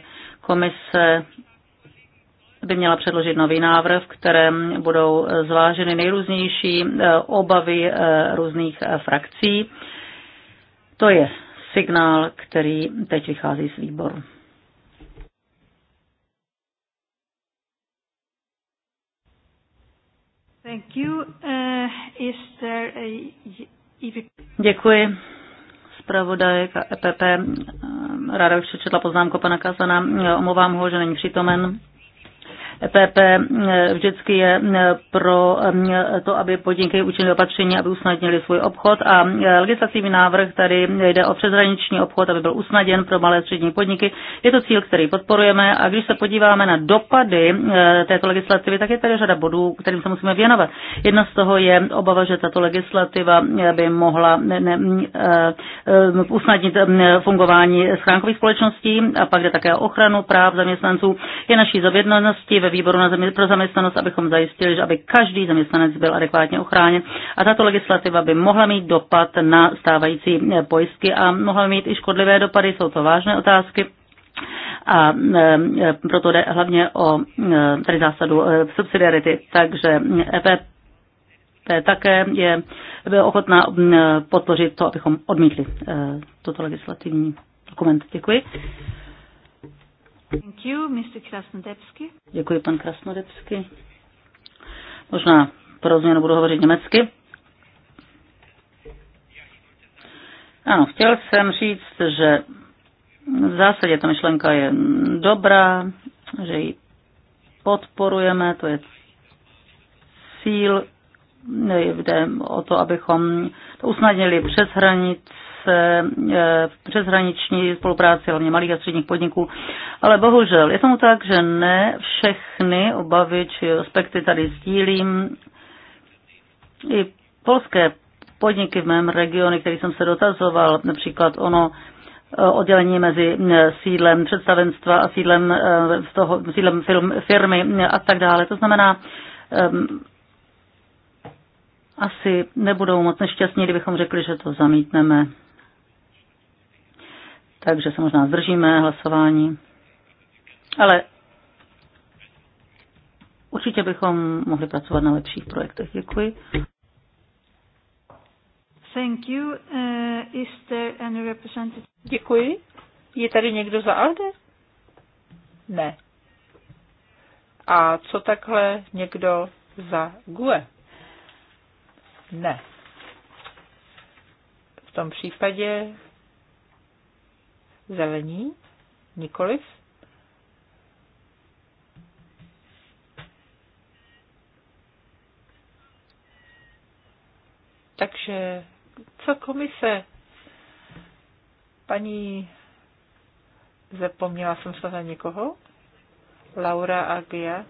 Komise by měla předložit nový návrh, v kterém budou zváženy nejrůznější eh, obavy eh, různých eh, frakcí. To je signál, který teď vychází z výboru. Thank you. Uh, is there a... Děkuji zpravodajek EPP. Eh, ráda bych přečetla poznámku pana Kazana. Omlouvám ho, že není přítomen. EPP e, vždycky je e, pro e, to, aby podniky učinily opatření, aby usnadnili svůj obchod a legislativní návrh tady jde o přeshraniční obchod, aby byl usnaděn pro malé a střední podniky. Je to cíl, který podporujeme a když se podíváme na dopady této legislativy, tak je tady řada bodů, kterým se musíme věnovat. Jedna z toho je obava, že tato legislativa by mohla ne, ne, usnadnit fungování schránkových společností a pak jde také o ochranu práv zaměstnanců. Je naší zavědnosti ve ve výboru na zemi, pro zaměstnanost, abychom zajistili, že aby každý zaměstnanec byl adekvátně ochráněn. A tato legislativa by mohla mít dopad na stávající eh, pojistky a mohla mít i škodlivé dopady, jsou to vážné otázky. A e, proto jde hlavně o e, tady zásadu e, subsidiarity. Takže EPP e také je ochotná mm, podpořit to, abychom odmítli e, toto legislativní dokument. Děkuji. Thank you, Mr. Krasnodebsky. Děkuji, pan Krasnodebsky. Možná pro změnu budu hovořit německy. Ano, chtěl jsem říct, že v zásadě ta myšlenka je dobrá, že ji podporujeme, to je cíl, jde o to, abychom to usnadnili přes hranice, v e, e, přeshraniční spolupráci, hlavně malých a středních podniků. Ale bohužel je tomu tak, že ne všechny obavy či aspekty tady sdílím. I polské podniky v mém regionu, který jsem se dotazoval, například ono e, oddělení mezi sídlem představenstva a sídlem, z toho, sídlem firmy a tak dále. To znamená, asi nebudou moc nešťastní, kdybychom řekli, že to zamítneme takže se možná zdržíme hlasování. Ale určitě bychom mohli pracovat na lepších projektech. Děkuji. Thank you. Uh, is there any representative? Děkuji. Je tady někdo za ALDE? Ne. A co takhle někdo za GUE? Ne. V tom případě Zelení? Nikoliv? Takže co komise? Paní, zapomněla jsem se na někoho? Laura Agia.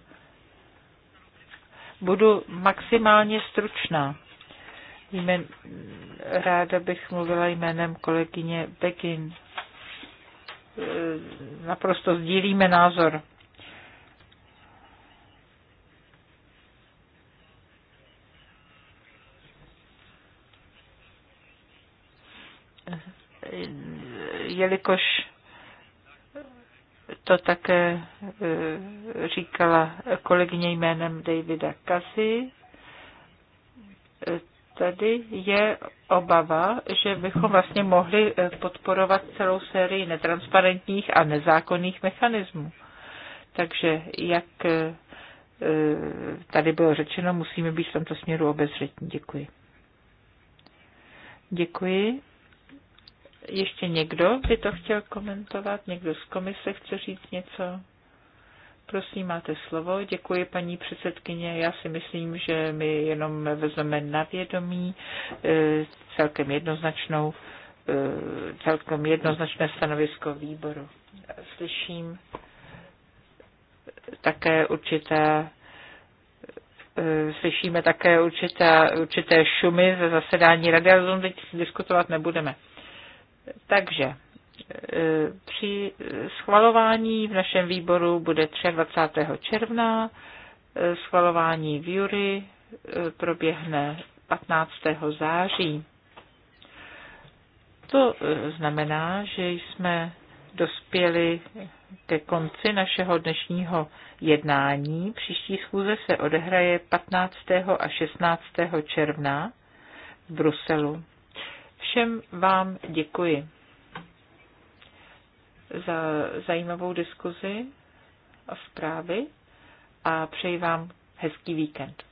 Budu maximálně stručná. Jmen, ráda bych mluvila jménem kolegyně Begin. Eh, naprosto sdílíme názor. Jelikož to také eh, říkala kolegyně jménem Davida Kasy, eh, tady je obava, že bychom vlastně mohli eh, podporovat celou sérii netransparentních a nezákonných mechanismů. Takže jak eh, eh, tady bylo řečeno, musíme být v tomto směru obezřetní. Děkuji. Děkuji. Ještě někdo by to chtěl komentovat? Někdo z komise chce říct něco? Prosím, máte slovo. Děkuji, paní předsedkyně. Já si myslím, že my jenom vezmeme na vědomí e, celkem jednoznačnou e, celkem jednoznačné stanovisko výboru. Slyším také určité e, slyšíme také určité, určité šumy ze zasedání rady, ale o tom teď diskutovat nebudeme. Takže E, při schvalování v našem výboru bude 23. června, e, schvalování v jury e, proběhne 15. září. To znamená, že jsme dospěli ke konci našeho dnešního jednání. Příští schůze se odehraje 15. a 16. června v Bruselu. Všem vám děkuji za zajímavou diskuzi a zprávy a přeji vám hezký víkend.